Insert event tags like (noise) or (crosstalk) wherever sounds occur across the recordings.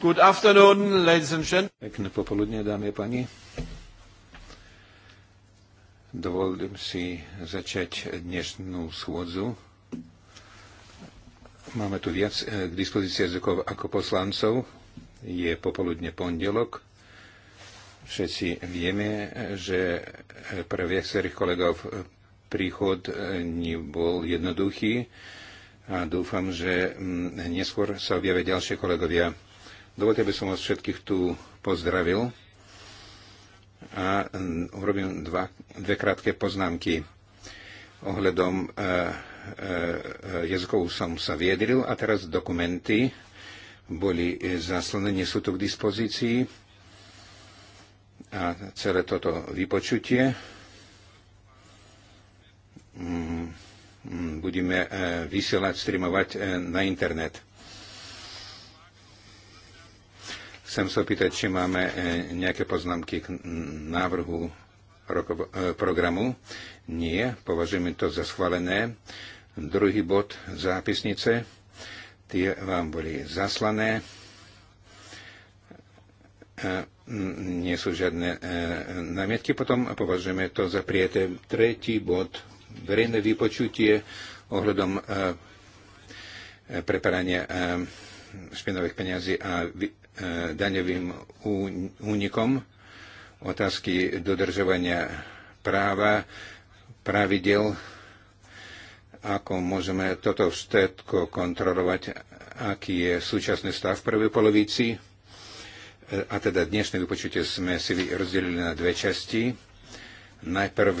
Good afternoon, ladies and gentlemen. Pekné popoludne, dámy a páni. Dovolím si začať dnešnú schôdzu. Máme tu viac eh, k dispozícii jazykov ako poslancov. Je popoludne pondelok. Všetci vieme, že pre viacerých kolegov príchod eh, nebol jednoduchý a dúfam, že mm, neskôr sa objavia ďalšie kolegovia Dovolte, aby som vás všetkých tu pozdravil a mm, urobím dva, dve krátke poznámky ohľadom e, e, e jazykov som sa viedril a teraz dokumenty boli zaslané, nie sú tu k dispozícii a celé toto vypočutie mm, mm, budeme e, vysielať, streamovať e, na internet. Chcem sa opýtať, či máme e, nejaké poznámky k návrhu e, programu. Nie, považujeme to za schválené. Druhý bod zápisnice, tie vám boli zaslané. E, nie sú žiadne námietky, potom považujeme to za prijaté. Tretí bod, verejné vypočutie ohľadom preparania špinových peniazy a Eh, daňovým únikom, otázky dodržovania práva, pravidel, ako môžeme toto všetko kontrolovať, aký je súčasný stav v prvej polovici. Eh, a teda dnešné vypočutie sme si rozdelili na dve časti. Najprv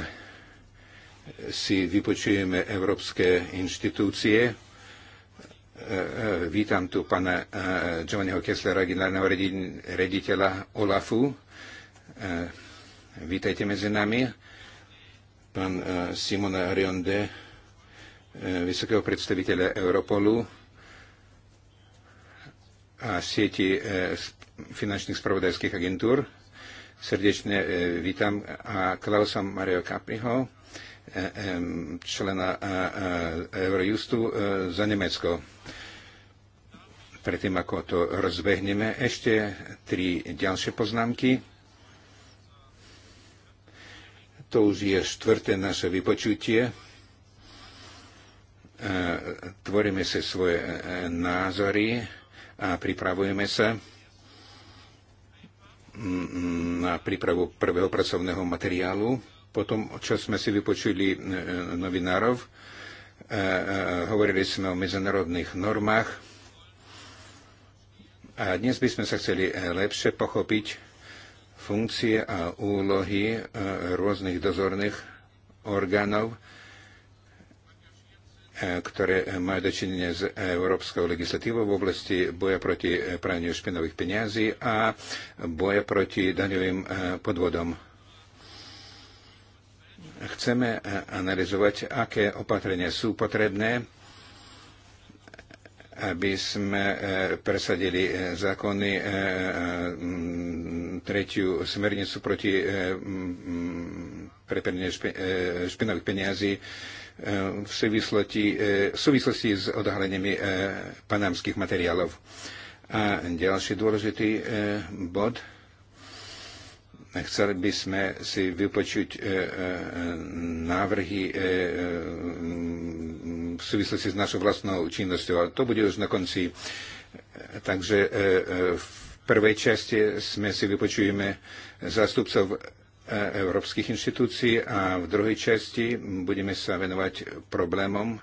si vypočujeme európske inštitúcie, E, e, vítam tu pána e, Giovanniho Kesslera, generálneho rediteľa OLAFu. Vítajte medzi nami. Pán Simon Rionde, vysokého predstaviteľa Europolu a sieti finančných spravodajských agentúr. Srdečne vítam a Klausa Mario Capriho, Eh, eh, člena eh, Eurojustu za Nemecko. Predtým, ako to rozbehneme, ešte tri ďalšie poznámky. To už je štvrté naše vypočutie. Tvoríme si svoje názory a pripravujeme sa mm, mm, na prípravu prvého pracovného materiálu potom, čo sme si vypočuli e, novinárov, e, e, hovorili sme o medzinárodných normách a dnes by sme sa chceli lepšie pochopiť funkcie a úlohy rôznych dozorných orgánov, ktoré majú dočinenie s európskou legislatívou v oblasti boja proti praniu špinových peniazí a boja proti daňovým podvodom. Chceme e, analyzovať, aké opatrenia sú potrebné, aby sme e, presadili e, zákony tretiu smernicu proti preperne špinavých peniazí v súvislosti, v súvislosti s odhaleniami panamských materiálov. A ďalší dôležitý bod Chceli by sme si vypočuť e, e, návrhy e, v súvislosti s našou vlastnou činnosťou, ale to bude už na konci. Takže v prvej časti sme si vypočujeme zástupcov európskych inštitúcií a v druhej časti budeme sa venovať problémom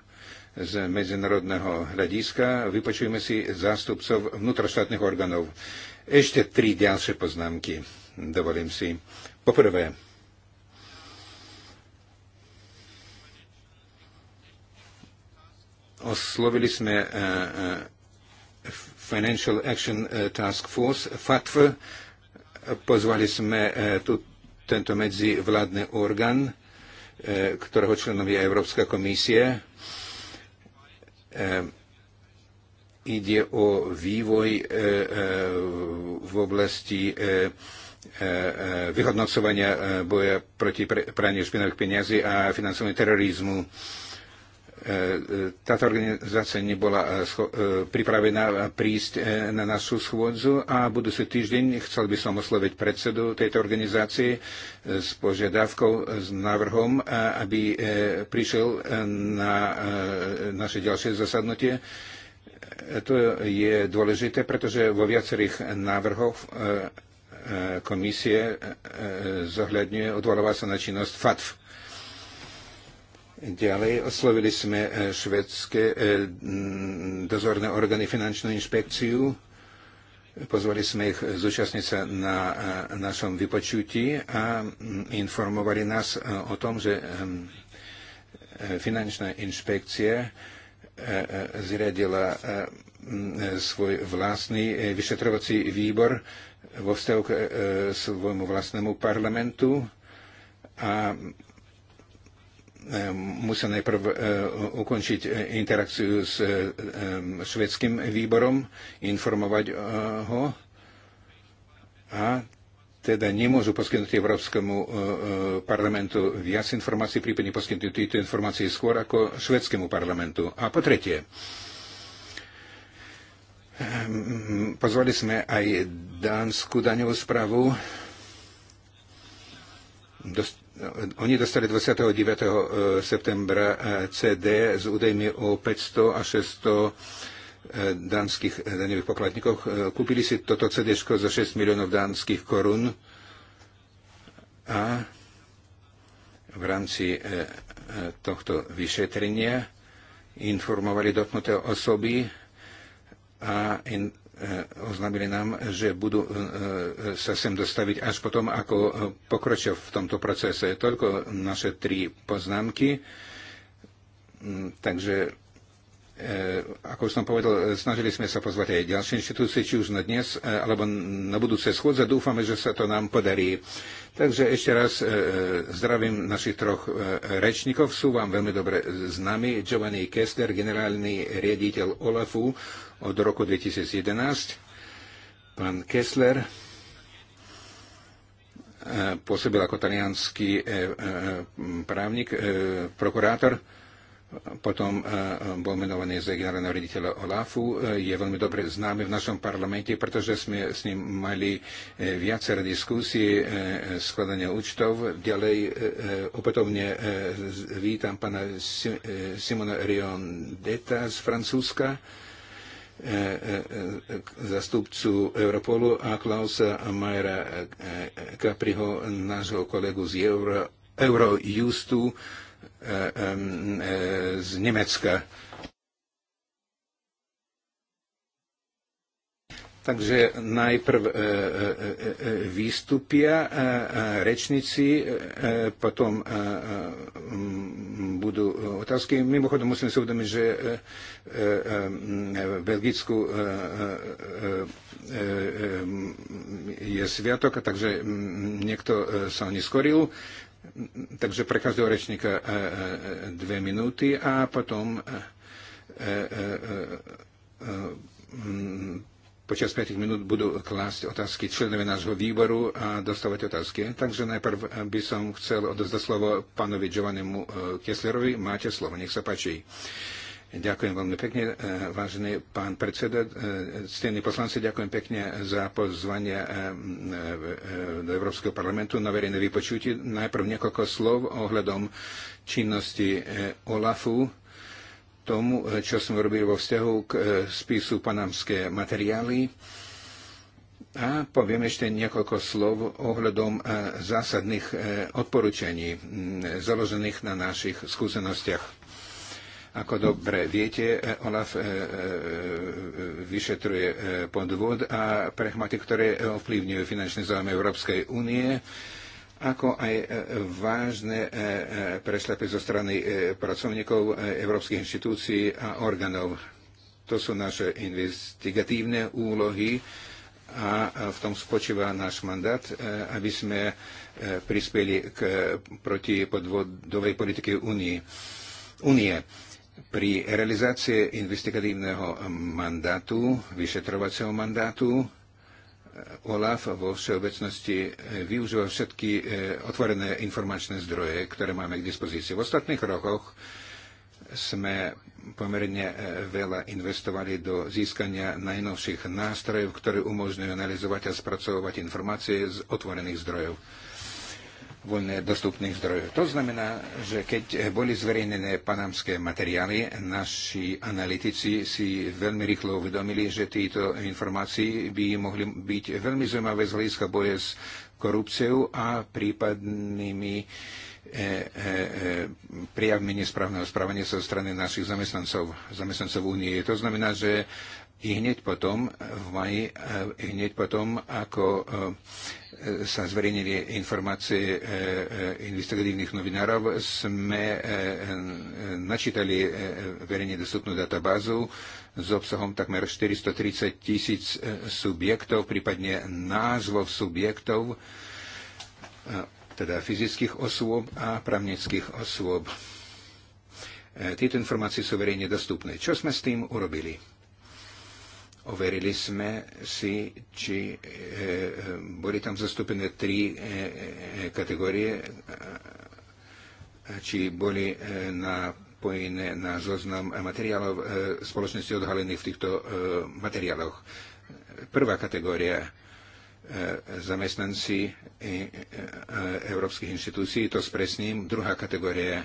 z medzinárodného hľadiska. Vypočujeme si zástupcov vnútroštátnych orgánov. Ešte tri ďalšie poznámky dovolím si. Poprvé, oslovili sme eh, eh, Financial Action eh, Task Force, FATF, pozvali sme tu tento medzivládny orgán, ktorého členom je Európska komisie. Ide o vývoj v oblasti E, e, vyhodnocovania e, boja proti praniu špinavých peniazy a financovaniu terorizmu. Táto organizácia nebola pripravená prísť na našu schôdzu a budúci týždeň chcel by som osloviť predsedu tejto organizácie s požiadavkou, s návrhom, aby prišiel na naše ďalšie zasadnutie to je dôležité, pretože vo viacerých návrhoch E, komisie e, e, zohľadňuje, odvoláva sa na činnosť FATF. Ďalej oslovili sme švedské dozorné orgány finančnú inšpekciu. Pozvali sme ich zúčastniť sa na našom vypočutí a informovali nás o tom, že finančná inšpekcia zriadila svoj vlastný vyšetrovací výbor, vo vzťahu k e, svojmu vlastnému parlamentu a e, musel najprv e, ukončiť interakciu s švedským výborom, informovať ho a teda nemôžu poskytnúť Európskemu parlamentu viac informácií, prípadne poskytnúť tieto informácie skôr ako švedskému parlamentu. A po tretie, Ehm, pozvali sme aj dánsku daňovú správu. Dost, eh, oni dostali 29. Eh, septembra eh, CD s údajmi o 500 a 600 dánskych daňových pokladníkoch. Kúpili si toto CD za 6 miliónov dánskych korún a v rámci tohto vyšetrenia informovali dotknuté osoby a in, e, oznámili nám, že budú e, e, sa sem dostaviť až potom, ako pokročia v tomto procese. Toľko naše tri poznámky. Mm, takže E, ako už som povedal, e, snažili sme sa pozvať aj ďalšie inštitúcie, či už na dnes e, alebo na budúce schôdze. Dúfame, že sa to nám podarí. Takže ešte raz zdravím našich troch rečníkov. Sú vám veľmi dobre známi. Giovanni Kessler, generálny riaditeľ OLAFu od roku 2011. Pán Kessler pôsobil ako talianský právnik, prokurátor potom e, bol menovaný za generálneho riaditeľa OLAFu. E, je veľmi dobre známy v našom parlamente, pretože sme s ním mali e, viaceré diskusie, skladania účtov. Ďalej opätovne vítam pana Simona Riondeta z Francúzska zastupcu Europolu a Klausa Majera Capriho, nášho kolegu z Euro, Eurojustu, z Nemecka. Takže najprv výstupia rečníci, potom budú otázky. Mimochodom musím si uvedomiť, že v Belgicku je sviatok, takže niekto sa neskoril. Takže pre každého rečníka e, e, dve minúty a potom e, počas 5 minút budú klásť otázky členové nášho výboru a dostávať otázky. Takže najprv by som chcel odozdať slovo pánovi Giovannemu Kesslerovi. Máte slovo, nech sa páči. Uh, Ďakujem veľmi pekne, e, vážený pán predseda. Stejní e, poslanci, ďakujem pekne za pozvanie e, do Európskeho parlamentu na verejné vypočutie. Najprv niekoľko slov ohľadom činnosti OLAFu tomu, čo sme robili vo vzťahu k spisu panamské materiály. A poviem ešte niekoľko slov ohľadom zásadných odporúčaní založených na našich skúsenostiach. Ako dobre viete, Olaf e, e, vyšetruje e, podvod a prehmaty, ktoré ovplyvňujú finančné záujmy Európskej únie ako aj vážne prešlepy zo strany pracovníkov európskych inštitúcií a orgánov. To sú naše investigatívne úlohy a v tom spočíva náš mandát, aby sme prispeli k protipodvodovej politike únie. Pri realizácie investigatívneho mandátu, vyšetrovacieho mandátu, e, OLAF vo všeobecnosti e, využíva všetky e, otvorené informačné zdroje, ktoré máme k dispozícii. V ostatných rokoch sme pomerne veľa investovali do získania najnovších nástrojov, ktoré umožňujú analyzovať a spracovať informácie z otvorených zdrojov voľne dostupných zdrojov. To znamená, že keď boli zverejnené panamské materiály, naši analytici si veľmi rýchlo uvedomili, že tieto informácie by mohli byť veľmi zaujímavé z hľadiska boje s korupciou a prípadnými e, e, e, prijavmi nesprávneho správania zo strany našich zamestnancov, zamestnancov únie. To znamená, že i hneď potom, v maji, e, i hneď potom, ako e, sa zverejnili informácie e, e, investigatívnych novinárov, sme e, načítali verejne dostupnú databázu s obsahom takmer 430 tisíc subjektov, prípadne názvov subjektov, teda fyzických osôb a právnických osôb. Tieto informácie sú verejne dostupné. Čo sme s tým urobili? Overili sme si, či e, e, boli tam zastúpené tri e, e, e kategórie, či boli e, napojené na zoznam materiálov e, spoločnosti odhalených v týchto e, materiáloch. Prvá kategória e, zamestnanci e, e, európskych inštitúcií, to spresním. Druhá kategória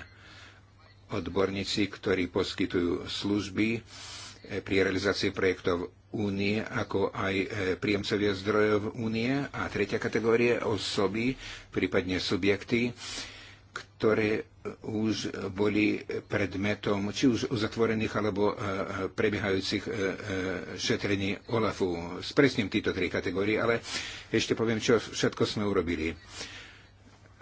odborníci, ktorí poskytujú služby pri realizácii projektov únie, ako aj e, príjemcovia zdrojov únie a tretia kategória osoby, prípadne subjekty, ktoré už boli predmetom či už uzatvorených alebo e, e, prebiehajúcich šetrení OLAFu. Spresním tieto tri kategórie, ale ešte poviem, čo všetko sme urobili.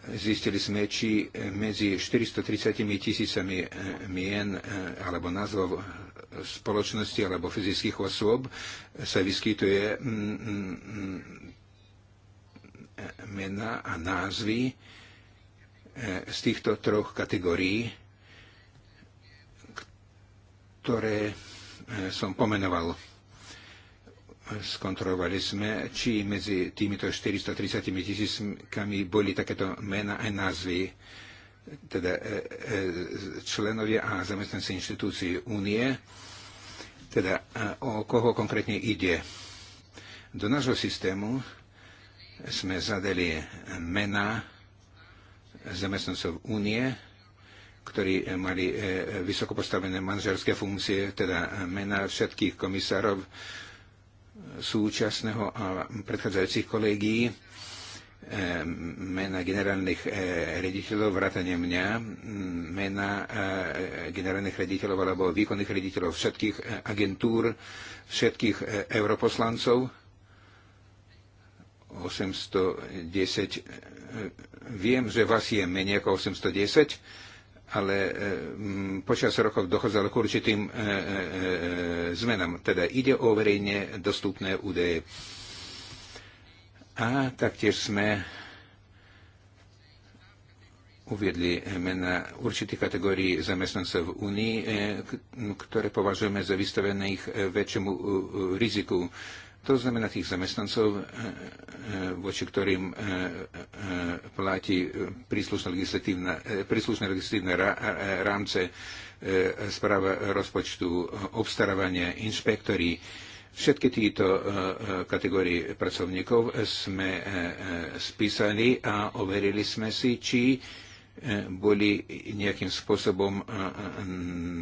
Zistili sme, či medzi 430 tisícami mien alebo názvov spoločnosti alebo fyzických osôb sa vyskytuje mm, mm, mm, mena a názvy e, z týchto troch kategórií, ktoré e, som pomenoval. Skontrolovali sme, či medzi týmito 430 tisíckami boli takéto mena a názvy teda e, členovia a zamestnanci inštitúcií únie teda o koho konkrétne ide. Do nášho systému sme zadali mena zamestnancov únie, ktorí mali e, vysoko postavené manželské funkcie, teda mena všetkých komisárov súčasného a predchádzajúcich kolegií mena generálnych e, rediteľov, vrátane mňa, mena e, generálnych rediteľov alebo výkonných rediteľov všetkých e, agentúr, všetkých europoslancov, 810. Viem, že vás je menej ako 810, ale počas rokov dochádzalo k určitým zmenám. Teda ide o verejne dostupné údaje. A taktiež sme uviedli mena určitých kategórií zamestnancov v Únii, e, ktoré považujeme za ich e, väčšiemu e, riziku. To znamená tých zamestnancov, voči ktorým platí príslušné legislatívne, príslušné legislatívne rámce správa rozpočtu, obstarávania, inšpektorí, Všetky tieto e, e, kategórie pracovníkov e, sme spísali a overili sme si, či boli nejakým spôsobom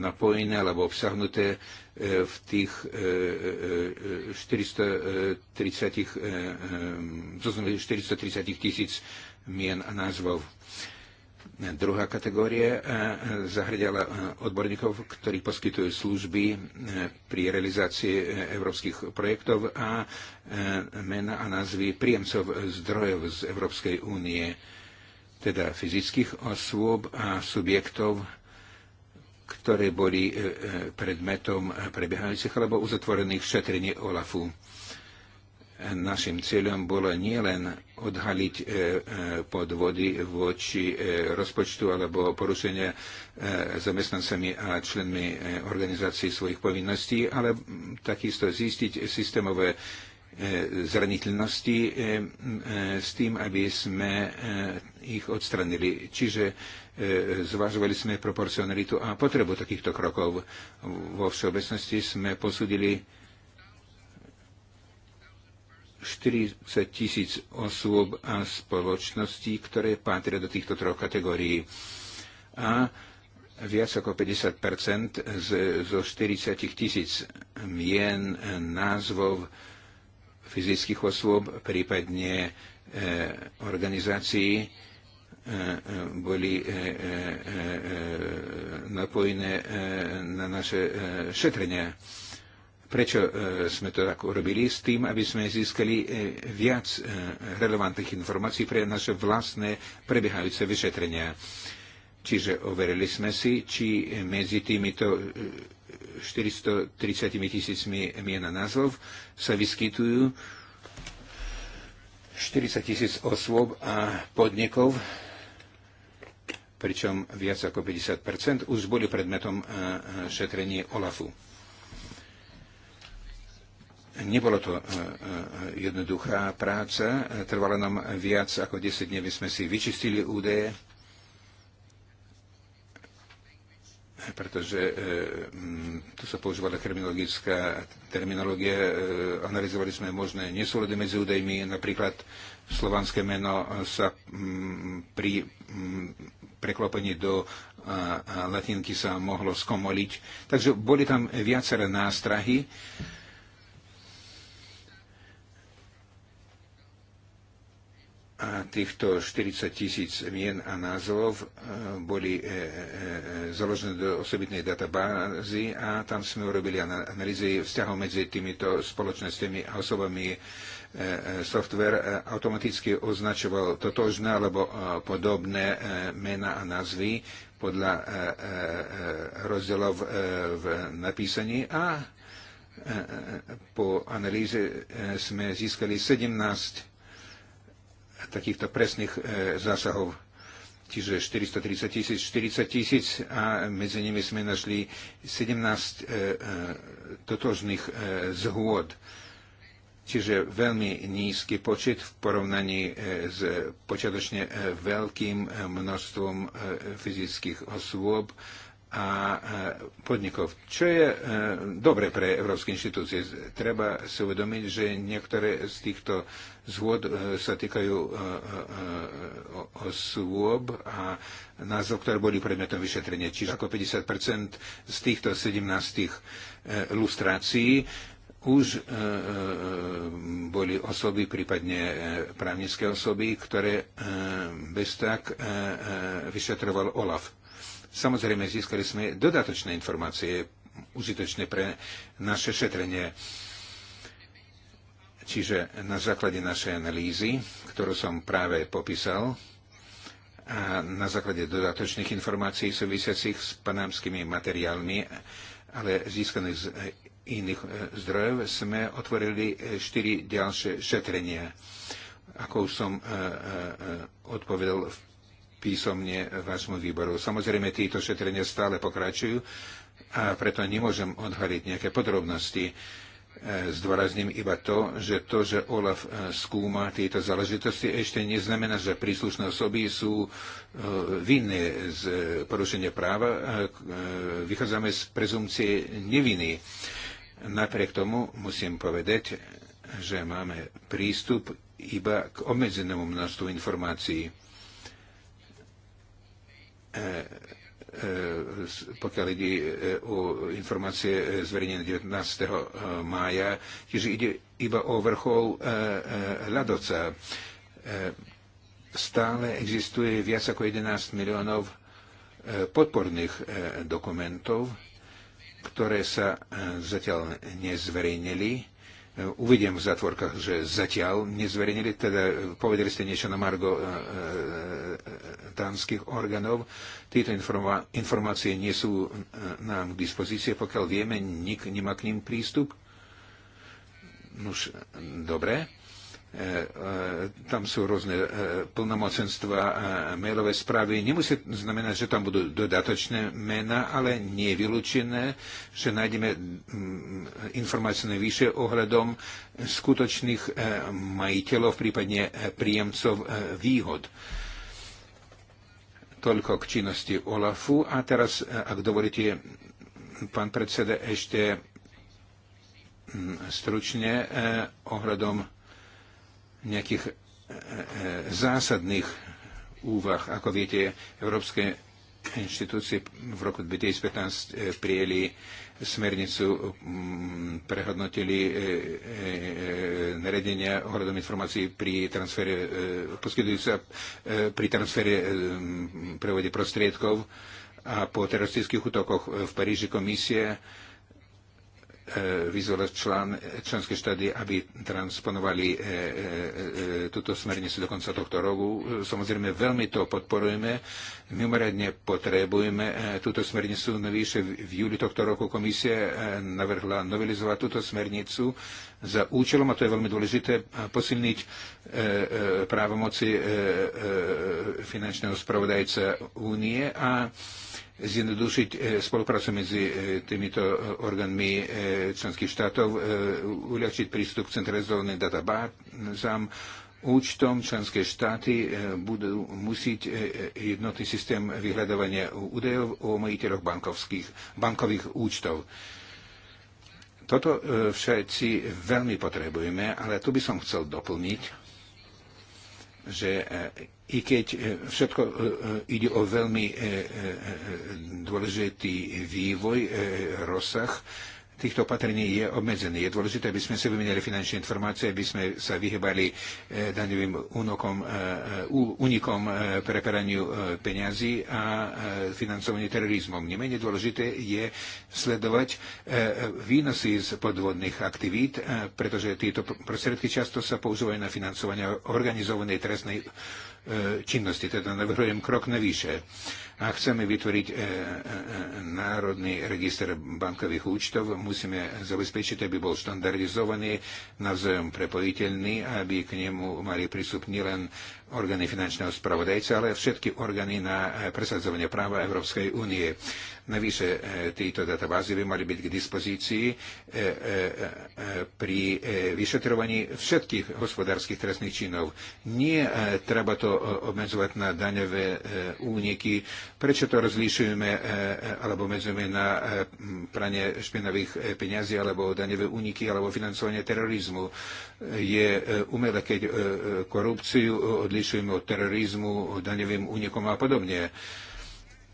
napojené alebo obsahnuté v tých 430, 430 tisíc mien a názvov. Druhá kategória e, e, zahrňala e, odborníkov, ktorí poskytujú služby pri realizácii európskych projektov a mena a názvy príjemcov zdrojov z Európskej únie, teda fyzických osôb a subjektov, ktoré boli predmetom prebiehajúcich alebo uzatvorených šetrení OLAFu. Našim cieľom bolo nielen odhaliť e, e, podvody voči e, rozpočtu alebo porušenia zamestnancami a členmi organizácií svojich povinností, ale takisto zistiť systémové zraniteľnosti s tým, aby sme ich odstranili. Čiže zvažovali sme proporcionalitu a potrebu takýchto krokov. Vo všeobecnosti sme posudili 40 tisíc osôb a spoločností, ktoré patria do týchto troch kategórií. A viac ako 50 z, zo 40 tisíc mien, názvov fyzických osôb, prípadne e, organizácií, e, e boli e e, e, e, napojené e, na naše e, šetrenia. Prečo e, sme to tak urobili? S tým, aby sme získali e, viac e, relevantných informácií pre naše vlastné prebiehajúce vyšetrenia. Čiže overili sme si, či medzi týmito 430 tisícmi mien a názov sa vyskytujú 40 tisíc osôb a podnikov, pričom viac ako 50 už boli predmetom šetrenie OLAFu. Nebolo to e, e, jednoduchá práca, trvalo nám viac ako 10 dní, aby sme si vyčistili údaje, pretože e, tu sa používala kriminologická terminológia, analyzovali sme možné nesúlady medzi údajmi, napríklad slovanské meno sa pri preklopení do latinky sa mohlo skomoliť. Takže boli tam viaceré nástrahy. a týchto 40 tisíc mien a názvov e, boli e, e, založené do osobitnej databázy a tam sme urobili analýzy vzťahov medzi týmito spoločnosťami a osobami. Software automaticky označoval totožné alebo podobné mena a názvy podľa rozdielov v napísaní a po analýze sme získali 17 takýchto presných e, zásahov. Čiže 430 tisíc, 40 tisíc a medzi nimi sme našli 17 e, e, totožných zhôd. Čiže veľmi nízky počet v porovnaní s počiatočne veľkým množstvom fyzických osôb a podnikov. Čo je e, dobre pre európske inštitúcie? Treba si uvedomiť, že niektoré z týchto zhôd e, sa týkajú e, osôb a názov, ktoré boli predmetom vyšetrenia. Čiže ako 50 z týchto 17 lustrácií už boli osoby, prípadne právnické osoby, ktoré bez tak vyšetroval OLAF. Samozrejme, získali sme dodatočné informácie, užitočné pre naše šetrenie. Čiže na základe našej analýzy, ktorú som práve popísal, a na základe dodatočných informácií súvisiacich s panamskými materiálmi, ale získaných z iných e, zdrojov, sme otvorili e, štyri ďalšie šetrenia. Ako už som e, odpovedal v písomne vášmu výboru. Samozrejme, títo šetrenia stále pokračujú a preto nemôžem odhaliť nejaké podrobnosti. E, zdôrazním iba to, že to, že OLAF e, skúma tieto záležitosti, ešte neznamená, že príslušné osoby sú e, vinné z porušenia práva. Vychádzame z prezumcie neviny. Napriek tomu musím povedať, že máme prístup iba k obmedzenému množstvu informácií. E, e, pokiaľ ide e, o informácie zverejnené 19. mája, čiže ide iba o vrchol ľadoca. Stále existuje viac ako 11 miliónov podporných dokumentov, ktoré sa zatiaľ nezverejnili E, uvidím v zatvorkách, že zatiaľ nezverejnili, teda e, povedali ste niečo na margo e, dánskych orgánov. Tieto informa- informácie nie sú nám k dispozícii, pokiaľ vieme, nik nemá k ním prístup. Nuž, dobre. E, e, tam sú rôzne e, plnomocenstva, mailové správy. Nemusí znamenať, že tam budú dodatočné mená, ale nie je vylúčené, že nájdeme informácie najvyššie ohľadom skutočných majiteľov, prípadne príjemcov výhod. Toľko k činnosti OLAFu. A teraz, ak dovolíte, pán predseda, ešte stručne ohľadom nejakých e, e, zásadných úvah. Ako viete, Európske inštitúcie v roku 2015 e, prijeli smernicu, prehodnotili naredenia ohľadom informácií pri transfere, poskytujúca pri transfere prevode prostriedkov a po teroristických útokoch v Paríži komisie E, vyzvať člen, členské štády, aby transponovali e, e, túto smernicu do konca tohto roku. Samozrejme, veľmi to podporujeme. Mimoriadne potrebujeme túto smernicu. Navyše v júli tohto roku komisia navrhla novelizovať túto smernicu za účelom, a to je veľmi dôležité, posilniť právomoci finančného spravodajca únie a zjednodušiť e, spoluprácu medzi e, týmito e, orgánmi členských štátov, uľahčiť prístup k centralizovaným databázám, účtom členské štáty budú musieť jednotný systém vyhľadávania údajov o majiteľoch bankových účtov. Toto všetci veľmi potrebujeme, ale tu by som chcel doplniť, že e, i keď e, všetko e, ide o veľmi dôležitý vývoj, rozsah, týchto opatrení je obmedzený. Je dôležité, aby sme si vymenili finančné informácie, aby sme sa vyhybali e, daňovým únokom, e, e, únikom preperaniu peňazí a financovaniu terorizmom. Nemenej dôležité je sledovať výnosy z podvodných aktivít, pretože tieto prostriedky často sa používajú na financovanie organizovanej trestnej činnosti, teda navrhujem krok navyše ak chceme vytvoriť e, e, e, Národný register bankových účtov, musíme zabezpečiť, aby bol štandardizovaný, navzájom prepojiteľný, aby k nemu mali prístup nielen orgány finančného spravodajca, ale všetky orgány na eh, presadzovanie práva Európskej únie. Navyše eh, tieto databázy by mali byť k dispozícii eh, pri vyšetrovaní všetkých hospodárskych trestných činov. Nie treba to obmedzovať na daňové úniky. Prečo to rozlišujeme alebo medzujeme na pranie špinavých peňazí alebo daňové úniky alebo financovanie terorizmu? Je umelé, keď korupciu odlišujeme odlišujeme od terorizmu, daňovým únikom a podobne.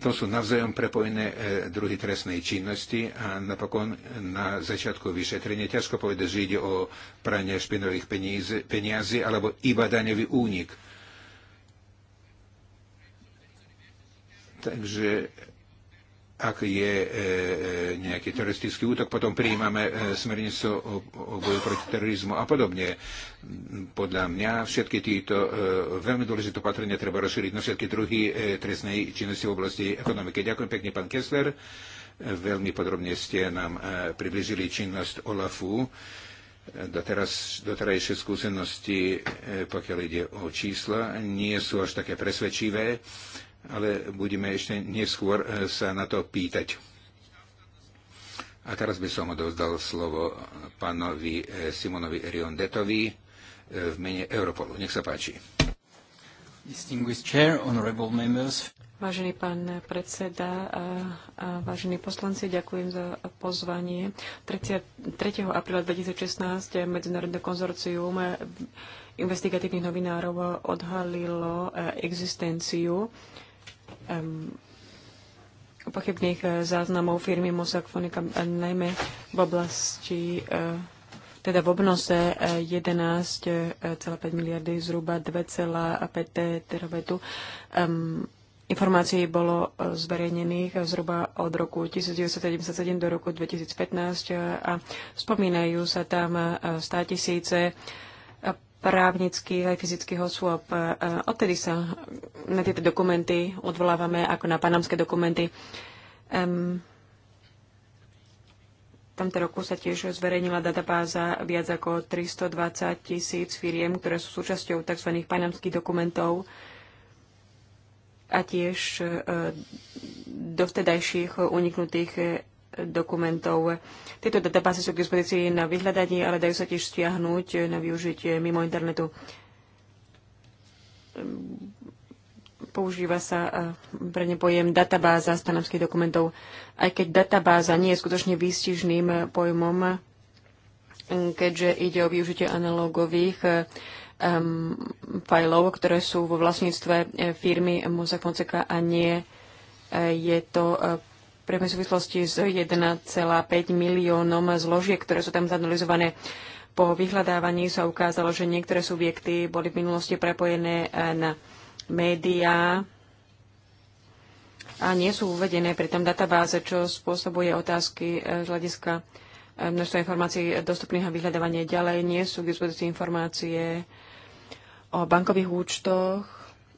To sú navzájom prepojené e, druhy trestnej činnosti a napokon na začiatku vyšetrenia ťažko povedať, že ide o pranie špinových peniazy, peniazy alebo iba daňový únik. Takže ak je e, e, nejaký teroristický útok, potom prijímame e, smernicu o, o boju proti terorizmu a podobne. Podľa mňa všetky títo veľmi dôležité opatrenia treba rozšíriť na všetky druhy trestnej činnosti v oblasti ekonomiky. Ďakujem pekne, pán Kessler. Veľmi podrobne ste nám približili činnosť OLAFu. doterajšie skúsenosti, pokiaľ ide o čísla, nie sú až také presvedčivé ale budeme ešte neskôr eh, sa na to pýtať. A teraz by som odovzdal slovo pánovi eh, Simonovi Riondetovi eh, v mene Europolu. Nech sa páči. Vážený pán predseda a, a vážení poslanci, ďakujem za pozvanie. 3. 3. apríla 2016 Medzinárodné konzorcium investigatívnych novinárov odhalilo existenciu um, pochybných eh, záznamov firmy Mossack Fonica, eh, najmä v oblasti, eh, teda v obnose 11,5 miliardy, zhruba 2,5 terabetu. Informácií bolo zverejnených zhruba od roku 1997 do roku 2015 a spomínajú sa tam 100 tisíce právnických aj fyzických osôb. E, odtedy sa na tieto dokumenty odvolávame ako na panamské dokumenty. Um, tomto roku sa tiež zverejnila databáza viac ako 320 tisíc firiem, ktoré sú súčasťou tzv. panamských dokumentov a tiež e, dovtedajších uniknutých dokumentov. Tieto databázy sú k dispozícii na vyhľadanie, ale dajú sa tiež stiahnuť na využitie mimo internetu. Používa sa e, pre ne pojem databáza stanovských dokumentov. Aj keď databáza nie je skutočne výstižným pojmom, keďže ide o využitie analogových um, fajlov, ktoré sú vo vlastníctve e, firmy Mossack Fonseca a nie je to Prvé súvislosti s 1,5 miliónom zložiek, ktoré sú tam zanalizované. Po vyhľadávaní sa ukázalo, že niektoré subjekty boli v minulosti prepojené e, na médiá a nie sú uvedené pri tom databáze, čo spôsobuje otázky e, z hľadiska e, množstva informácií dostupných a vyhľadávanie ďalej. Nie sú k dispozícii informácie o bankových účtoch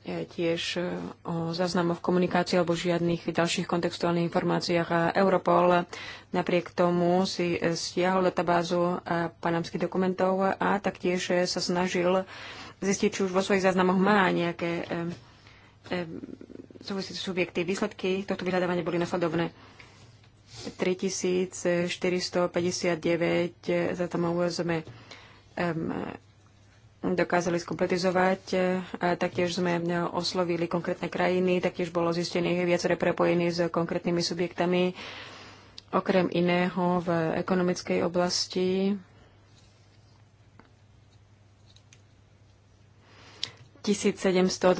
E, tiež e, o zaznamoch komunikácií alebo žiadnych ďalších kontextuálnych informáciách. A Europol napriek tomu si e, stiahol databázu panamských dokumentov a taktiež sa snažil zistiť, či už vo svojich záznamoch má nejaké súvisíce subjekty. Výsledky tohto vyhľadávania boli nasledovné. 3459 záznamov sme dokázali skompletizovať. E, taktiež sme oslovili konkrétne krajiny, taktiež bolo zistené viaceré prepojení s konkrétnymi subjektami, okrem iného v ekonomickej oblasti. Tisíc sedemsto e,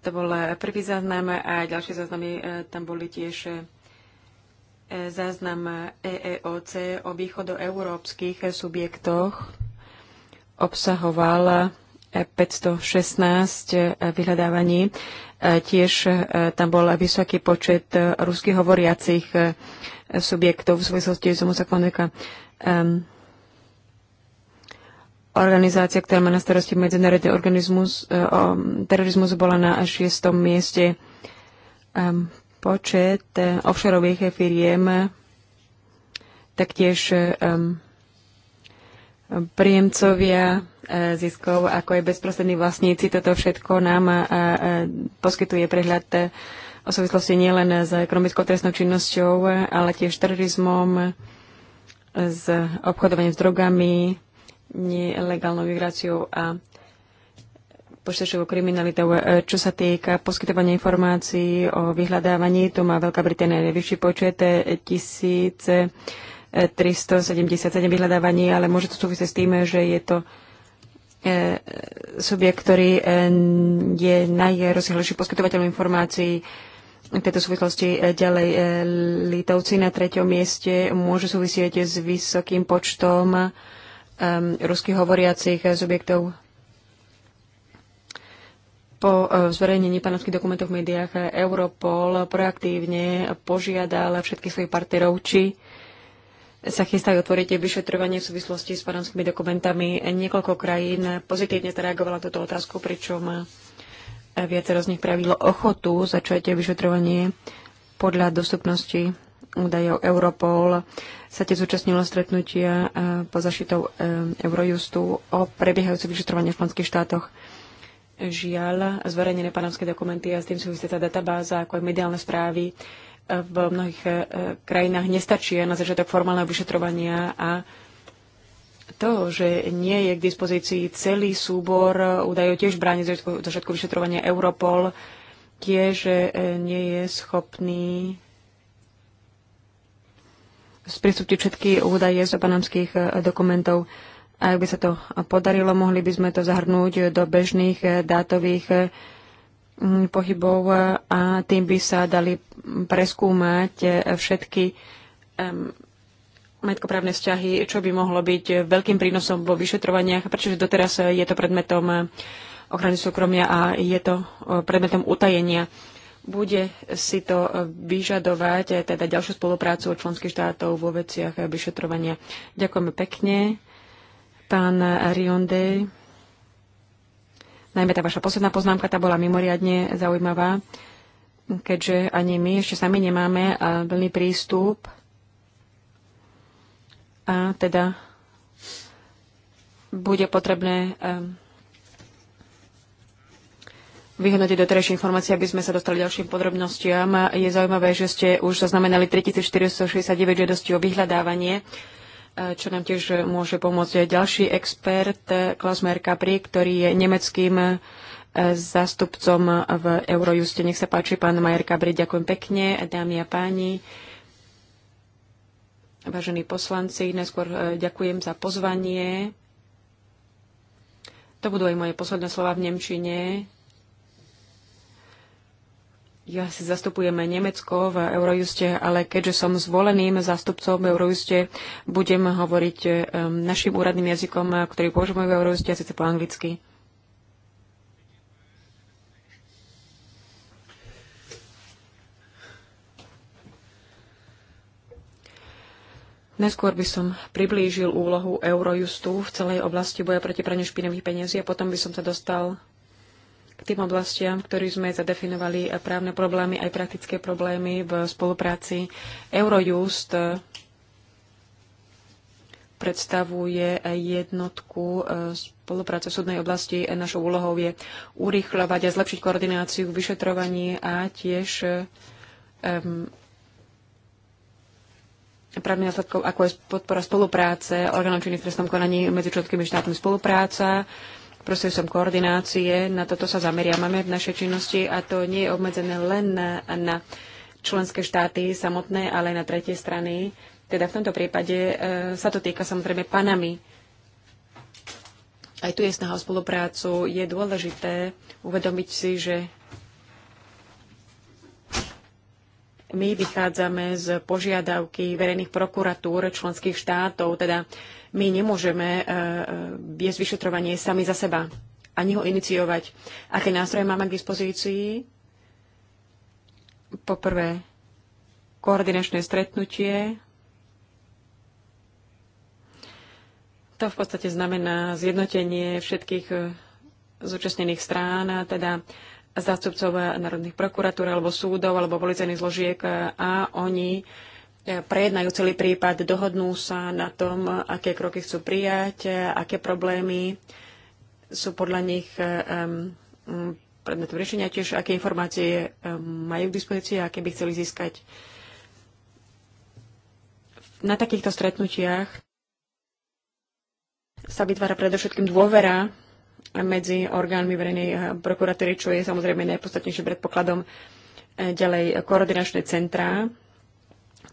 to bol prvý záznam a ďalšie záznamy e, tam boli tiež záznam EEOC o východoeurópskych subjektoch obsahoval 516 vyhľadávaní. Tiež e, tam bol vysoký počet rusky hovoriacich e, subjektov v súvislosti s homosexuálnymi organizácia, ktorá má na starosti medzinárodný organizmus, e, terorizmus bola na 6. mieste. Počet e, offshoreových firiem taktiež e, príjemcovia e, ziskov, ako aj bezprostrední vlastníci. Toto všetko nám poskytuje prehľad o súvislosti nielen s ekonomickou trestnou činnosťou, ale tiež terorizmom, s obchodovaním s drogami, nelegálnou migráciou a počítačovú kriminalitou. E, čo sa týka poskytovania informácií o vyhľadávaní, to má Veľká Británia najvyšší počet 1377 e, vyhľadávaní, ale môže to súvisieť s tým, že je to e, subjekt, ktorý je najrozsiahlejší poskytovateľom informácií v tejto súvislosti ďalej Litovci na treťom mieste môžu súvisieť s vysokým počtom ruských hovoriacich subjektov po e, zverejnení panovských dokumentov v médiách e, Europol proaktívne požiadal všetkých svojich partnerov, či sa chystajú otvoriť vyšetrovanie v súvislosti s panovskými dokumentami. Niekoľko krajín pozitívne zareagovalo na túto otázku, pričom e, viacero z nich prejavilo ochotu začať vyšetrovanie podľa dostupnosti údajov Europol. Sa tiež zúčastnilo stretnutia po zašitou Eurojustu o prebiehajúce vyšetrovanie v členských štátoch žiaľ zverejnené panamské dokumenty a s tým súvisí tá databáza, ako aj mediálne správy e, v mnohých e, krajinách nestačia na začiatok formálneho vyšetrovania a to, že nie je k dispozícii celý súbor údajov, tiež bráni za všetko vyšetrovania Europol, tiež e, nie je schopný sprístupniť všetky údaje z panamských dokumentov. A ak by sa to podarilo, mohli by sme to zahrnúť do bežných eh, dátových mm, pohybov a tým by sa dali preskúmať eh, všetky majetkoprávne vzťahy, čo by mohlo byť veľkým prínosom vo vyšetrovaniach, pretože doteraz eh, je to predmetom ochrany súkromia a je to predmetom utajenia. Bude si to vyžadovať teda ďalšiu spoluprácu od členských štátov vo veciach vyšetrovania. Ďakujeme pekne. Pán Rionde, najmä tá vaša posledná poznámka, tá bola mimoriadne zaujímavá, keďže ani my ešte sami nemáme plný prístup a teda bude potrebné vyhodnotiť doterajšie informácie, aby sme sa dostali ďalším podrobnostiam. Je zaujímavé, že ste už zaznamenali 3469 žiadostí o vyhľadávanie E, čo nám tiež môže pomôcť. Ďalší expert, e, Klaus Merkapri, ktorý je nemeckým e, zástupcom v Eurojuste. Nech sa páči, pán Majer Kabri, ďakujem pekne, dámy a páni. Vážení poslanci, neskôr ďakujem za pozvanie. To budú aj moje posledné slova v Nemčine. Ja si zastupujeme Nemecko v Eurojuste, ale keďže som zvoleným zástupcom v Eurojuste, budem hovoriť eh, našim úradným jazykom, eh, ktorý používajú v Eurojuste, a síce po anglicky. Neskôr by som priblížil úlohu Eurojustu v celej oblasti boja proti praniu špinavých peniazí a potom by som sa dostal k tým oblastiam, ktorí sme zadefinovali právne problémy, aj praktické problémy v spolupráci. Eurojust predstavuje jednotku e, spolupráce v súdnej oblasti. E, našou úlohou je urýchľovať a zlepšiť koordináciu v vyšetrovaní a tiež um, právnych následkov, ako je podpora spolupráce orgánov činných v trestnom konaní medzi členskými štátmi spolupráca, prostredstvom koordinácie. Na toto sa zameriavame v našej činnosti a to nie je obmedzené len na, na členské štáty samotné, ale aj na tretie strany. Teda v tomto prípade e, sa to týka samozrejme panami. Aj tu je snaha o spoluprácu. Je dôležité uvedomiť si, že My vychádzame z požiadavky verejných prokuratúr členských štátov, teda my nemôžeme e, e, viesť vyšetrovanie sami za seba ani ho iniciovať. Aké nástroje máme k dispozícii? Poprvé, koordinačné stretnutie. To v podstate znamená zjednotenie všetkých e, zúčastnených strán, teda zástupcov národných prokuratúr alebo súdov alebo policajných zložiek a oni e, prejednajú celý prípad, dohodnú sa na tom, aké kroky chcú prijať, aké problémy sú podľa nich um, predmetom riešenia, tiež aké informácie e, majú k dispozícii a aké by chceli získať. Na takýchto stretnutiach sa vytvára predovšetkým dôvera medzi orgánmi verejnej eh, prokuratúry, čo je samozrejme najpodstatnejším predpokladom. Eh, ďalej koordinačné centrá.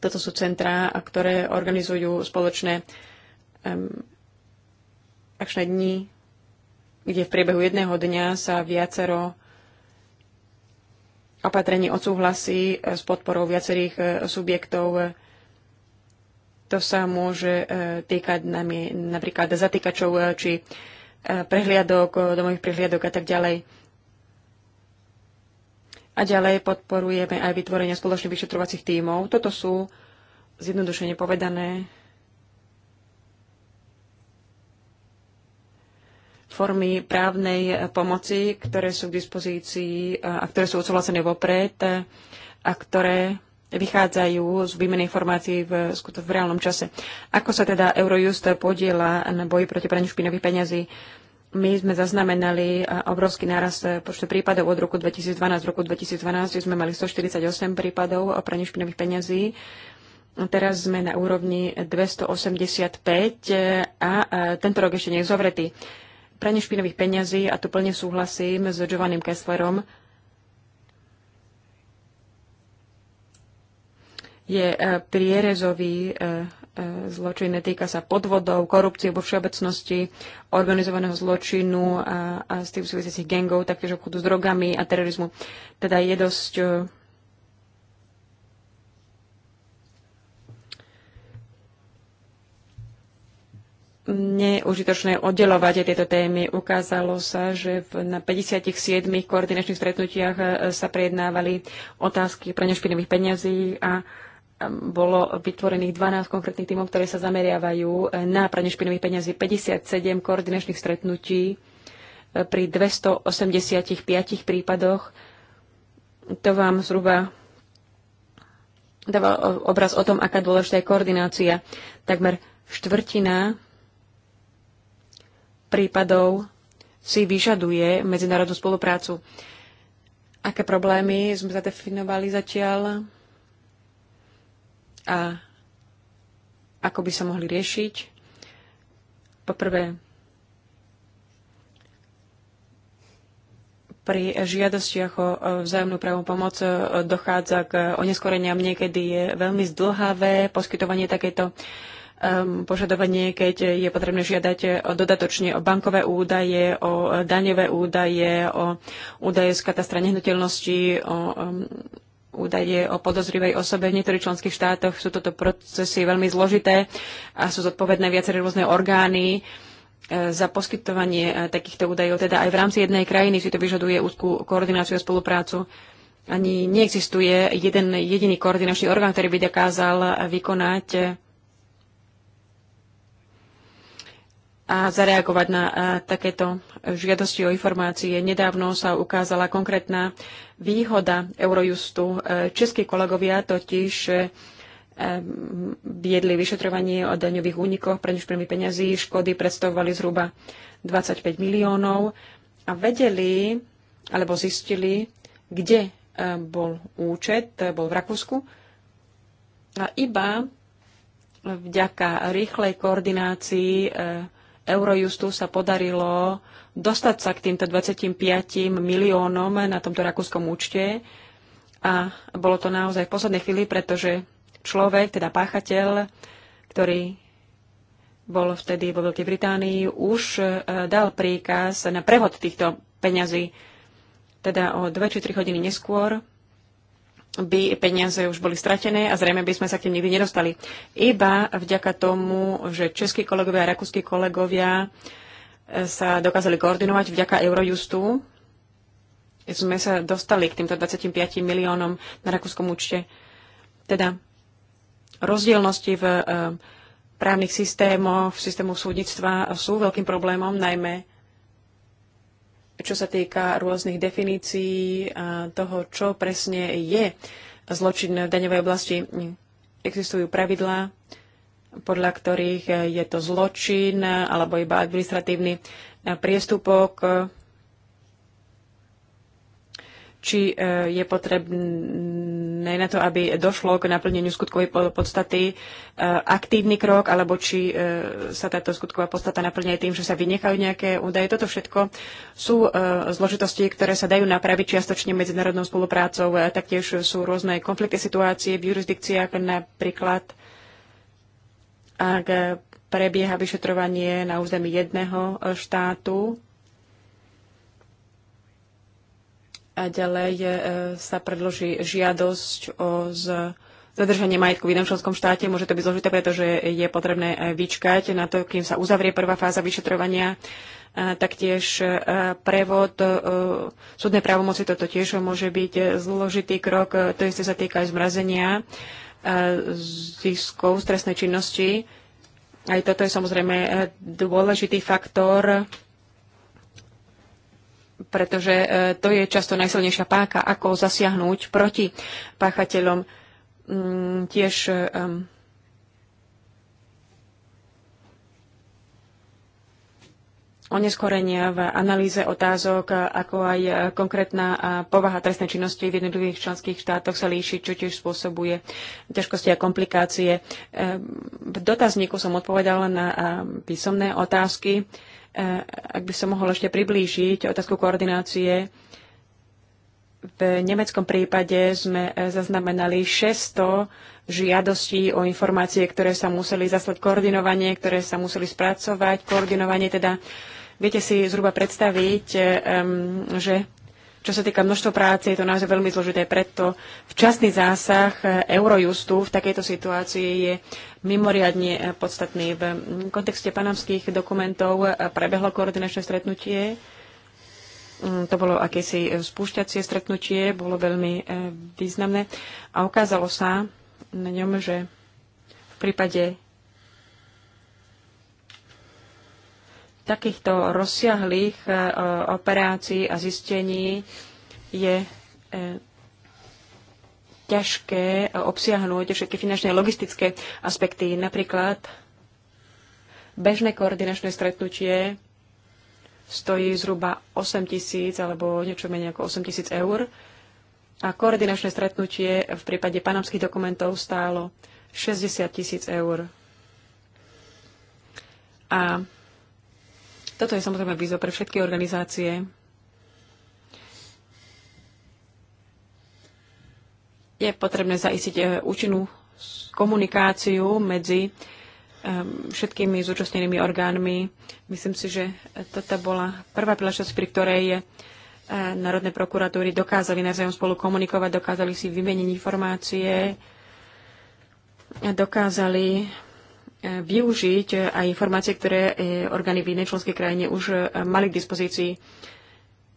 Toto sú centrá, ktoré organizujú spoločné um, akčné dni, kde v priebehu jedného dňa sa viacero opatrení odsúhlasí eh, s podporou viacerých subjektov. To sa môže týkať nami napríklad zatýkačov či Eh, prehliadok, eh, domových prehliadok a tak ďalej. A ďalej podporujeme aj vytvorenie spoločných vyšetrovacích tímov. Toto sú, zjednodušene povedané, formy právnej pomoci, ktoré sú k dispozícii eh, a ktoré sú odsúhlasené vopred a ktoré vychádzajú z výmeny informácií v, skuto, v reálnom čase. Ako sa teda Eurojust podiela na boji proti praniu špinových peňazí? My sme zaznamenali obrovský nárast e, počtu prípadov od roku 2012. V roku 2012 sme mali 148 prípadov o praní špinových peňazí. Teraz sme na úrovni 285 e, a e, tento rok ešte nie je zovretý. Pranie špinových peňazí, a tu plne súhlasím s Giovannim Kesslerom, je e, prierezový e, e, zločin, týka sa podvodov, korupcie vo všeobecnosti, organizovaného zločinu a, a s tým súvisiacich gengov, taktiež obchodu s drogami a terorizmu. Teda je dosť neužitočné oddelovať tieto témy. Ukázalo sa, že na 57 koordinačných stretnutiach sa prejednávali otázky pre nešpinových peňazí a bolo vytvorených 12 konkrétnych tímov, ktoré sa zameriavajú eh, na pranie špinových peňazí, 57 koordinačných stretnutí eh, pri 285 prípadoch. To vám zhruba dáva eh, obraz o tom, aká dôležitá je koordinácia. Takmer štvrtina prípadov si vyžaduje medzinárodnú spoluprácu. Aké problémy sme zadefinovali zatiaľ? a ako by sa mohli riešiť. Poprvé, pri žiadostiach o vzájomnú právnu pomoc e, dochádza k e, oneskoreniam. Niekedy je veľmi zdlhavé poskytovanie takéto um, požadovanie, keď je potrebné žiadať o dodatočne o bankové údaje, o daňové údaje, o údaje z katastra nehnuteľnosti, o um, údaje o podozrivej osobe v niektorých členských štátoch. Sú toto procesy veľmi zložité a sú zodpovedné viaceré rôzne orgány e, za poskytovanie e, takýchto údajov. Teda aj v rámci jednej krajiny si to vyžaduje úzkú koordináciu a spoluprácu. Ani neexistuje jeden jediný koordinačný orgán, ktorý by dokázal e, vykonať a zareagovať na takéto žiadosti o informácie. Nedávno sa ukázala konkrétna výhoda Eurojustu. Českí kolegovia totiž eh, viedli vyšetrovanie o daňových únikoch, prenešpremi peňazí, škody predstavovali zhruba 25 miliónov a vedeli alebo zistili, kde eh, bol účet, eh, bol v Rakúsku a iba vďaka rýchlej koordinácii Eurojustu sa podarilo dostať sa k týmto 25 miliónom na tomto rakúskom účte. A bolo to naozaj v poslednej chvíli, pretože človek, teda páchateľ, ktorý bol vtedy vo Veľkej Británii, už e, dal príkaz na prehod týchto peňazí. Teda o 2 či 3 hodiny neskôr by peniaze už boli stratené a zrejme by sme sa k tým nikdy nedostali. Iba vďaka tomu, že českí kolegovia a rakúsky kolegovia sa dokázali koordinovať vďaka Eurojustu. Sme sa dostali k týmto 25 miliónom na rakúskom účte. Teda rozdielnosti v eh, právnych systémoch, v systému súdnictva sú veľkým problémom, najmä čo sa týka rôznych definícií a eh, toho, čo presne je zločin v daňovej oblasti. Existujú pravidlá, podľa ktorých eh, je to zločin eh, alebo iba administratívny eh, priestupok, či je potrebné na to, aby došlo k naplneniu skutkovej podstaty aktívny krok, alebo či sa táto skutková podstata naplňuje tým, že sa vynechajú nejaké údaje. Toto všetko sú zložitosti, ktoré sa dajú napraviť čiastočne medzinárodnou spoluprácou. Taktiež sú rôzne konflikty situácie v jurisdikciách, napríklad ak prebieha vyšetrovanie na území jedného e, štátu a ďalej e, sa predloží žiadosť o z zadržanie majetku v jednom členskom štáte. Môže to byť zložité, pretože je potrebné e, vyčkať na to, kým sa uzavrie prvá fáza vyšetrovania. Taktiež prevod súdnej právomoci toto tiež môže byť zložitý krok. To isté sa týka aj zmrazenia E, ziskov z trestnej činnosti. Aj toto je samozrejme e, dôležitý faktor, pretože e, to je často najsilnejšia páka, ako zasiahnuť proti páchateľom. Mm, tiež oneskorenia v analýze otázok, ako aj konkrétna povaha trestnej činnosti v jednotlivých členských štátoch sa líši, čo tiež spôsobuje ťažkosti a komplikácie. Ehm, v dotazníku som odpovedala na písomné otázky. Ehm, ak by som mohol ešte priblížiť otázku koordinácie, v nemeckom prípade sme e, zaznamenali 600 žiadostí o informácie, ktoré sa museli zaslať koordinovanie, ktoré sa museli spracovať, koordinovanie teda Viete si zhruba predstaviť, eh, že čo sa týka množstva práce, je to naozaj veľmi zložité. Preto včasný zásah eh, Eurojustu v takejto situácii je mimoriadne eh, podstatný. V mm, kontexte panamských dokumentov prebehlo koordinačné stretnutie. Mm, to bolo akési spúšťacie stretnutie, bolo veľmi významné a ukázalo sa na ňom, že v prípade takýchto rozsiahlých e, operácií a zistení je e, ťažké obsiahnuť všetky finančné a logistické aspekty. Napríklad bežné koordinačné stretnutie stojí zhruba 8 tisíc alebo niečo menej ako 8 tisíc eur a koordinačné stretnutie v prípade panamských dokumentov stálo 60 tisíc eur. A toto je samozrejme výzva pre všetky organizácie. Je potrebné zaistiť eh, účinnú komunikáciu medzi ehm, všetkými zúčastnenými orgánmi. Myslím si, že toto bola prvá príležitosť, pri ktorej eh, národné prokuratúry dokázali navzájom spolu komunikovať, dokázali si vymeniť informácie, dokázali využiť eh, aj informácie, ktoré eh, orgány v inej členskej krajine už eh, mali k dispozícii.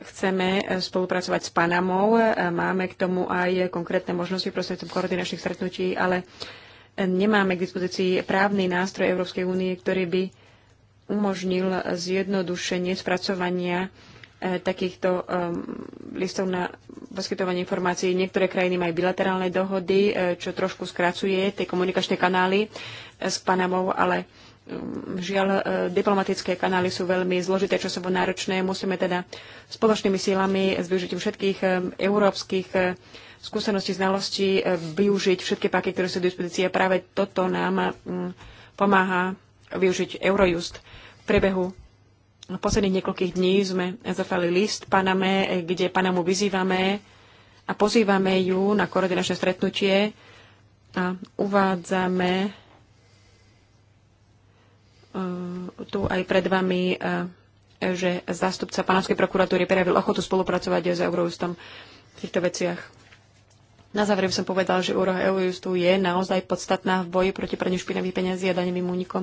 Chceme spolupracovať s Panamou, máme k tomu aj konkrétne možnosti prostredníctvom koordinačných stretnutí, ale nemáme k dispozícii právny nástroj Európskej únie, ktorý by umožnil zjednodušenie spracovania E, takýchto listov na poskytovanie informácií. Niektoré krajiny majú bilaterálne dohody, e, čo trošku skracuje tie komunikačné kanály e, s Panamou, ale žiaľ, diplomatické kanály sú veľmi zložité, časovo náročné. Musíme teda spoločnými sílami s využitím všetkých európskych skúseností, znalostí využiť všetky páky, ktoré sú v dispozícii. A práve toto nám pomáha využiť Eurojust v priebehu v no, posledných niekoľkých dní sme zafali list Paname, kde Panamu vyzývame a pozývame ju na koordinačné stretnutie a uvádzame e, tu aj pred vami, e, že zástupca Panamskej prokuratúry prejavil ochotu spolupracovať s Eurojustom v týchto veciach. Na záver by som povedal, že úroha Eurojustu je naozaj podstatná v boji proti praniu špinavých peniazí a daňovým únikom.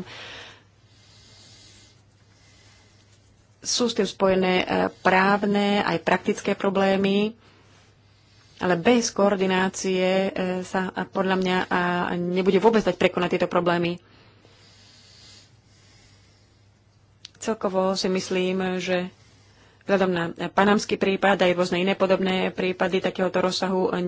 sú s tým spojené e, právne aj praktické problémy, ale bez koordinácie e, sa podľa mňa nebude vôbec dať prekonať tieto problémy. Celkovo si myslím, že vzhľadom na panamský prípad aj rôzne iné podobné prípady takéhoto rozsahu e,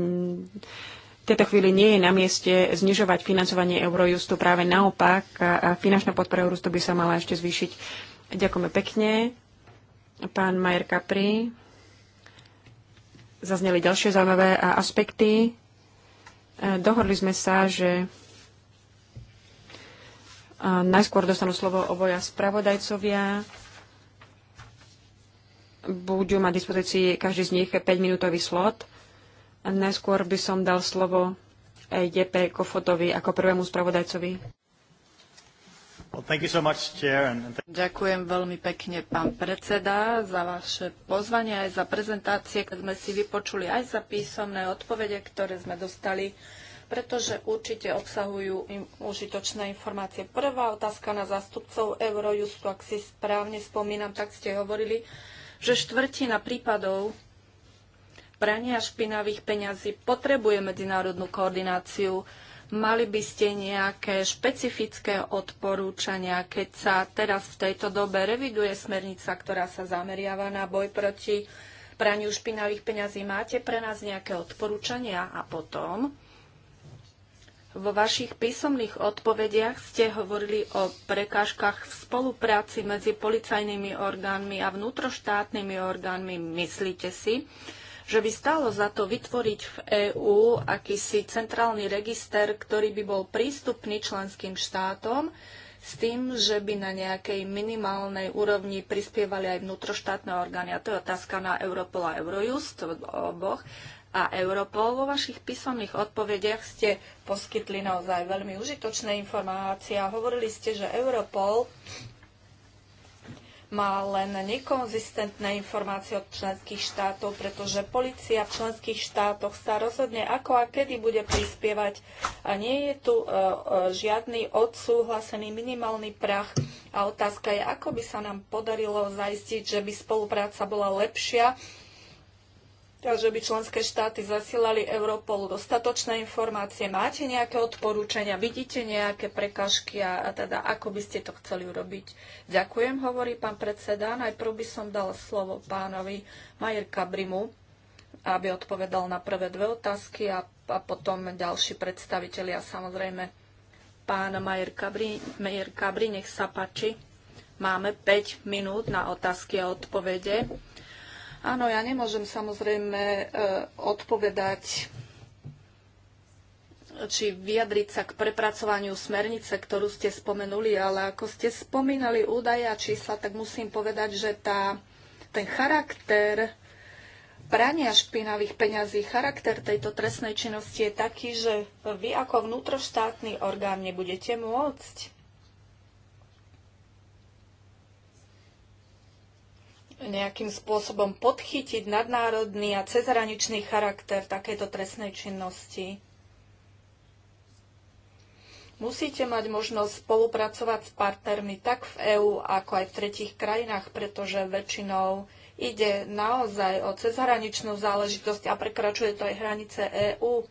v tejto chvíli nie je na mieste znižovať financovanie Eurojustu. Práve naopak, finančná podpora Eurojustu by sa mala ešte zvýšiť. Ďakujeme pekne. Pán Majer Kapri. Zazneli ďalšie zaujímavé eh, aspekty. Eh, dohodli sme sa, že eh, najskôr dostanú slovo oboja spravodajcovia. Budú mať dispozícii každý z nich 5-minútový slot. Najskôr by som dal slovo JP Kofotovi ako prvému spravodajcovi. Ďakujem veľmi pekne, pán predseda, za vaše pozvanie aj za prezentácie, ktoré sme si vypočuli, aj za písomné odpovede, ktoré sme dostali, pretože určite obsahujú im užitočné informácie. Prvá otázka na zástupcov Eurojustu, ak si správne spomínam, tak ste hovorili, že štvrtina prípadov prania špinavých peňazí potrebuje medzinárodnú koordináciu. Mali by ste nejaké špecifické odporúčania, keď sa teraz v tejto dobe reviduje smernica, ktorá sa zameriava na boj proti praniu špinavých peňazí. Máte pre nás nejaké odporúčania? A potom, vo vašich písomných odpovediach ste hovorili o prekážkach v spolupráci medzi policajnými orgánmi a vnútroštátnymi orgánmi. Myslíte si, že by stálo za to vytvoriť v EÚ akýsi centrálny register, ktorý by bol prístupný členským štátom s tým, že by na nejakej minimálnej úrovni prispievali aj vnútroštátne orgány. A to je otázka na Europol a Eurojust, oboch. A Europol vo vašich písomných odpovediach ste poskytli naozaj veľmi užitočné informácie a hovorili ste, že Europol má len nekonzistentné informácie od členských štátov, pretože policia v členských štátoch sa rozhodne, ako a kedy bude prispievať. A nie je tu e, e, žiadny odsúhlasený minimálny prach. A otázka je, ako by sa nám podarilo zaistiť, že by spolupráca bola lepšia že by členské štáty zasilali Europolu dostatočné informácie. Máte nejaké odporúčania? Vidíte nejaké prekažky a, a teda ako by ste to chceli urobiť? Ďakujem, hovorí pán predseda. Najprv by som dal slovo pánovi Majer Kabrimu, aby odpovedal na prvé dve otázky a, a potom ďalší predstavitelia. Samozrejme, pán Majer Kabri, Majer Kabri, nech sa páči. Máme 5 minút na otázky a odpovede. Áno, ja nemôžem samozrejme e, odpovedať či vyjadriť sa k prepracovaniu smernice, ktorú ste spomenuli, ale ako ste spomínali údaje a čísla, tak musím povedať, že tá, ten charakter prania špinavých peňazí, charakter tejto trestnej činnosti je taký, že vy ako vnútroštátny orgán nebudete môcť nejakým spôsobom podchytiť nadnárodný a cezhraničný charakter takéto trestnej činnosti. Musíte mať možnosť spolupracovať s partnermi tak v EÚ, ako aj v tretich krajinách, pretože väčšinou ide naozaj o cezhraničnú záležitosť a prekračuje to aj hranice EÚ.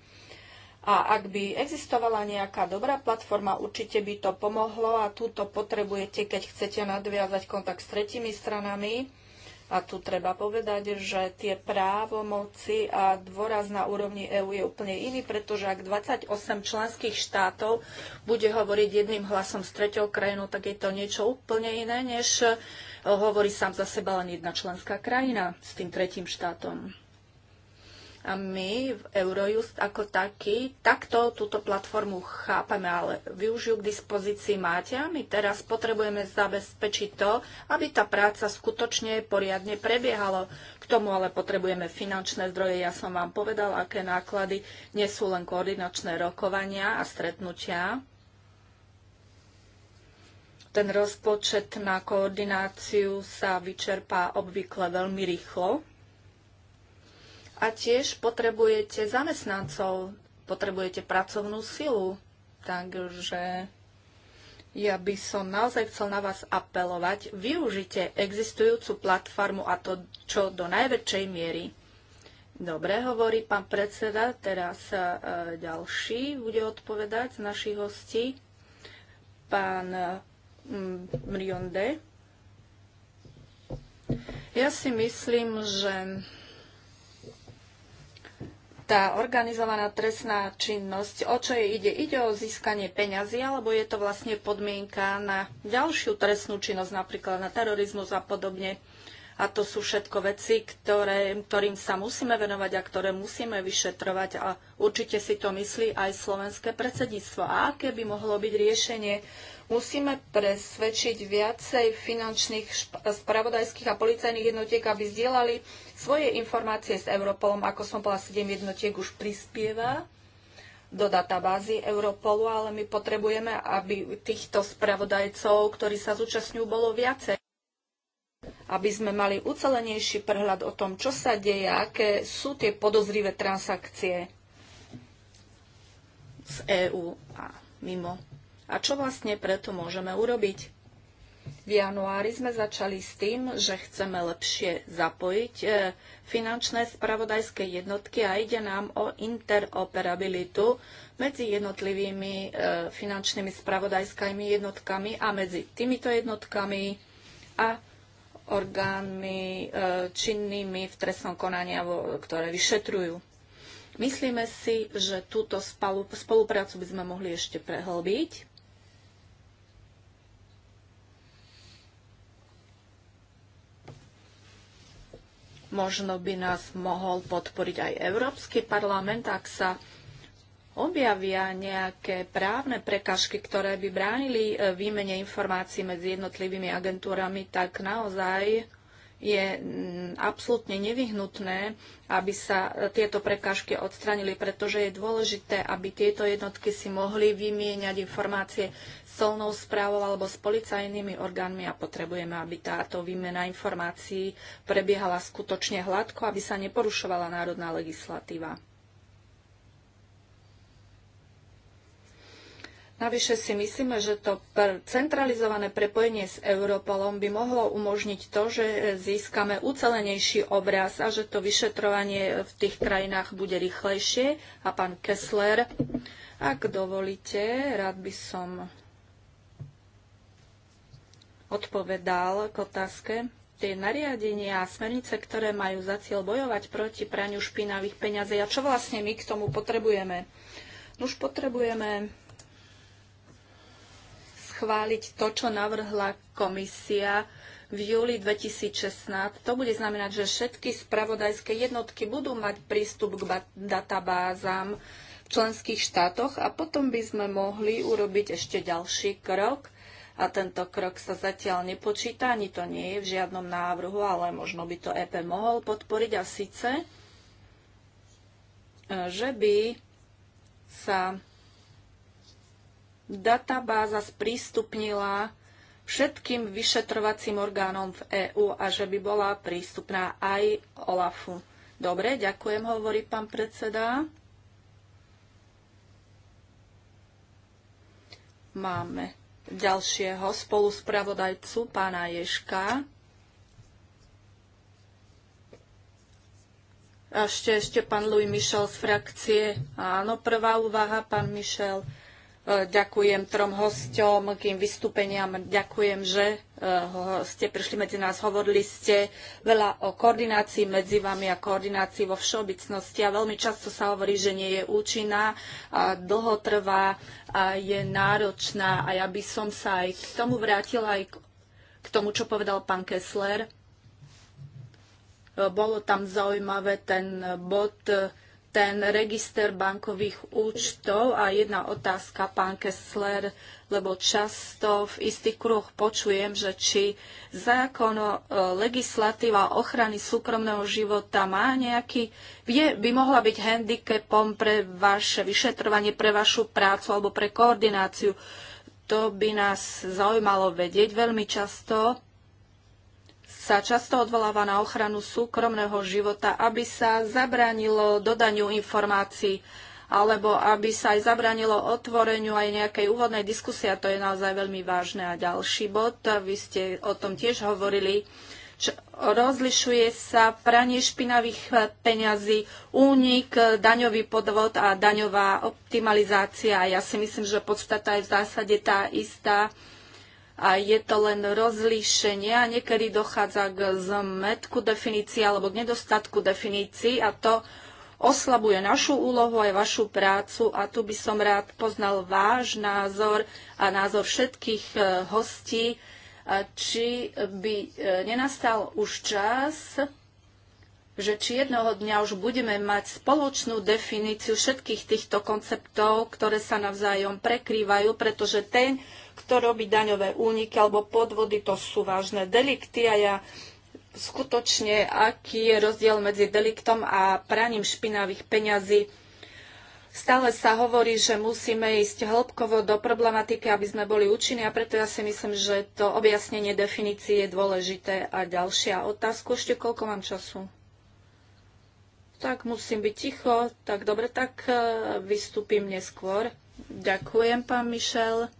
A ak by existovala nejaká dobrá platforma, určite by to pomohlo a túto potrebujete, keď chcete nadviazať kontakt s tretimi stranami a tu treba povedať, že tie právomoci a dôraz na úrovni EÚ je úplne iný, pretože ak 28 členských štátov bude hovoriť jedným hlasom s treťou krajinou, tak je to niečo úplne iné, než hovorí sám za seba len jedna členská krajina s tým tretím štátom. A my v Eurojust ako taký takto túto platformu chápame, ale využijú k dispozícii máte a my teraz potrebujeme zabezpečiť to, aby tá práca skutočne poriadne prebiehalo. K tomu ale potrebujeme finančné zdroje. Ja som vám povedal, aké náklady nie sú len koordinačné rokovania a stretnutia. Ten rozpočet na koordináciu sa vyčerpá obvykle veľmi rýchlo a tiež potrebujete zamestnancov, potrebujete pracovnú silu. Takže ja by som naozaj chcel na vás apelovať, využite existujúcu platformu a to čo do najväčšej miery. Dobre, hovorí pán predseda, teraz e, ďalší bude odpovedať z našich hostí, pán mm, Mrionde. Ja si myslím, že tá organizovaná trestná činnosť, o čo jej ide? Ide o získanie peňazí, alebo je to vlastne podmienka na ďalšiu trestnú činnosť, napríklad na terorizmus a podobne. A to sú všetko veci, ktoré, ktorým sa musíme venovať a ktoré musíme vyšetrovať. A určite si to myslí aj slovenské predsedníctvo. A aké by mohlo byť riešenie? Musíme presvedčiť viacej finančných spravodajských a policajných jednotiek, aby zdieľali svoje informácie s Europolom, ako som bola 7 jednotiek, už prispieva do databázy Europolu, ale my potrebujeme, aby týchto spravodajcov, ktorí sa zúčastňujú, bolo viacej aby sme mali ucelenejší prehľad o tom, čo sa deje, aké sú tie podozrivé transakcie z EÚ a mimo. A čo vlastne preto môžeme urobiť? V januári sme začali s tým, že chceme lepšie zapojiť e, finančné spravodajské jednotky a ide nám o interoperabilitu medzi jednotlivými e, finančnými spravodajskými jednotkami a medzi týmito jednotkami a orgánmi e, činnými v trestnom konaní, ktoré vyšetrujú. Myslíme si, že túto spoluprácu by sme mohli ešte prehlbiť Možno by nás mohol podporiť aj Európsky parlament, ak sa objavia nejaké právne prekažky, ktoré by bránili e, výmene informácií medzi jednotlivými agentúrami, tak naozaj je mm, absolútne nevyhnutné, aby sa e, tieto prekážky odstranili, pretože je dôležité, aby tieto jednotky si mohli vymieňať informácie colnou správou alebo s policajnými orgánmi a potrebujeme, aby táto výmena informácií prebiehala skutočne hladko, aby sa neporušovala národná legislatíva. Navyše si myslíme, že to centralizované prepojenie s Europolom by mohlo umožniť to, že získame ucelenejší obraz a že to vyšetrovanie v tých krajinách bude rýchlejšie. A pán Kessler, ak dovolíte, rád by som odpovedal k otázke. Tie nariadenia a smernice, ktoré majú za cieľ bojovať proti praniu špinavých peňazí. A čo vlastne my k tomu potrebujeme? Už potrebujeme schváliť to, čo navrhla komisia v júli 2016. To bude znamenať, že všetky spravodajské jednotky budú mať prístup k databázám v členských štátoch a potom by sme mohli urobiť ešte ďalší krok – a tento krok sa zatiaľ nepočíta, ani to nie je v žiadnom návrhu, ale možno by to EP mohol podporiť a síce, e, že by sa databáza sprístupnila všetkým vyšetrovacím orgánom v EÚ a že by bola prístupná aj OLAFu. Dobre, ďakujem, hovorí pán predseda. Máme ďalšieho spoluspravodajcu, pána Ješka. Ešte, ešte pán Louis Michel z frakcie. Áno, prvá úvaha, pán Michel. E, ďakujem trom hosťom k im vystúpeniam. Ďakujem, že Eh, ste prišli medzi nás, hovorili ste veľa o koordinácii medzi vami a koordinácii vo všeobecnosti a veľmi často sa hovorí, že nie je účinná a dlho trvá a je náročná a ja by som sa aj k tomu vrátila, aj k tomu, čo povedal pán Kessler. Eh, bolo tam zaujímavé ten bod, eh, ten register bankových účtov a jedna otázka, pán Kessler, lebo často v istých kruh počujem, že či zákon, e, legislatíva ochrany súkromného života má nejaký, je, by mohla byť handicapom pre vaše vyšetrovanie, pre vašu prácu alebo pre koordináciu. To by nás zaujímalo vedieť veľmi často sa často odvoláva na ochranu súkromného života, aby sa zabránilo dodaniu informácií alebo aby sa aj zabránilo otvoreniu aj nejakej úvodnej diskusie a to je naozaj veľmi vážne. A ďalší bod, vy ste o tom tiež hovorili, čo, rozlišuje sa pranie špinavých peňazí, únik, daňový podvod a daňová optimalizácia. Ja si myslím, že podstata je v zásade tá istá a je to len rozlíšenie a niekedy dochádza k zmetku definícií alebo k nedostatku definícií a to oslabuje našu úlohu aj vašu prácu a tu by som rád poznal váš názor a názor všetkých e, hostí, e, či by e, nenastal už čas, že či jednoho dňa už budeme mať spoločnú definíciu všetkých týchto konceptov, ktoré sa navzájom prekrývajú, pretože ten, kto robí daňové úniky alebo podvody, to sú vážne delikty a ja skutočne, aký je rozdiel medzi deliktom a praním špinavých peňazí. Stále sa hovorí, že musíme ísť hĺbkovo do problematiky, aby sme boli účinní a preto ja si myslím, že to objasnenie definície je dôležité. A ďalšia otázka, ešte koľko mám času? Tak musím byť ticho, tak dobre, tak e, vystúpim neskôr. Ďakujem, pán Mišel.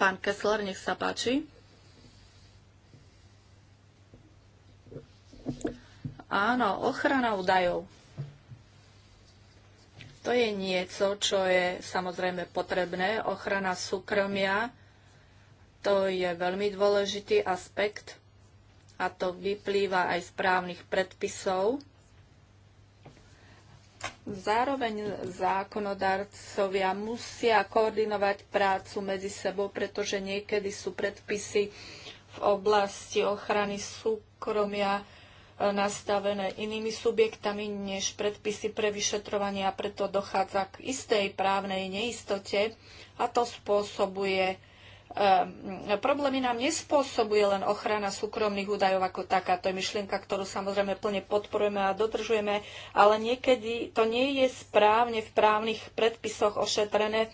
Pán Kessler, nech sa páči. Áno, ochrana údajov. To je niečo, čo je samozrejme potrebné. Ochrana súkromia, to je veľmi dôležitý aspekt a to vyplýva aj z právnych predpisov. Zároveň zákonodarcovia musia koordinovať prácu medzi sebou, pretože niekedy sú predpisy v oblasti ochrany súkromia e, nastavené inými subjektami než predpisy pre vyšetrovanie a preto dochádza k istej právnej neistote a to spôsobuje Ehm, problémy nám nespôsobuje len ochrana súkromných údajov ako taká. To je myšlienka, ktorú samozrejme plne podporujeme a dodržujeme, ale niekedy to nie je správne v právnych predpisoch ošetrené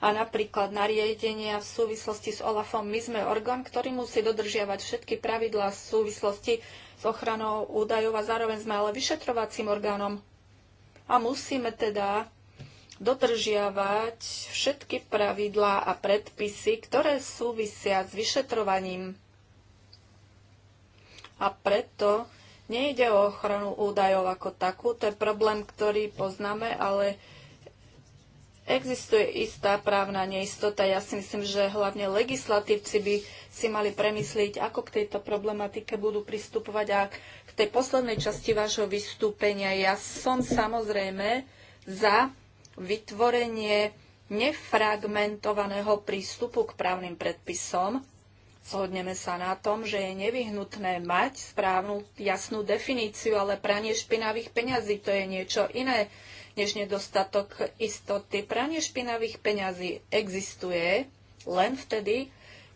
a napríklad nariadenia v súvislosti s OLAFom. My sme orgán, ktorý musí dodržiavať všetky pravidlá v súvislosti s ochranou údajov a zároveň sme ale vyšetrovacím orgánom. A musíme teda dodržiavať všetky pravidlá a predpisy, ktoré súvisia s vyšetrovaním. A preto nejde o ochranu údajov ako takú, to je problém, ktorý poznáme, ale existuje istá právna neistota. Ja si myslím, že hlavne legislatívci by si mali premyslieť, ako k tejto problematike budú pristupovať. A k tej poslednej časti vášho vystúpenia ja som samozrejme za vytvorenie nefragmentovaného prístupu k právnym predpisom. Zhodneme sa na tom, že je nevyhnutné mať správnu, jasnú definíciu, ale pranie špinavých peňazí to je niečo iné než nedostatok istoty. Pranie špinavých peňazí existuje len vtedy,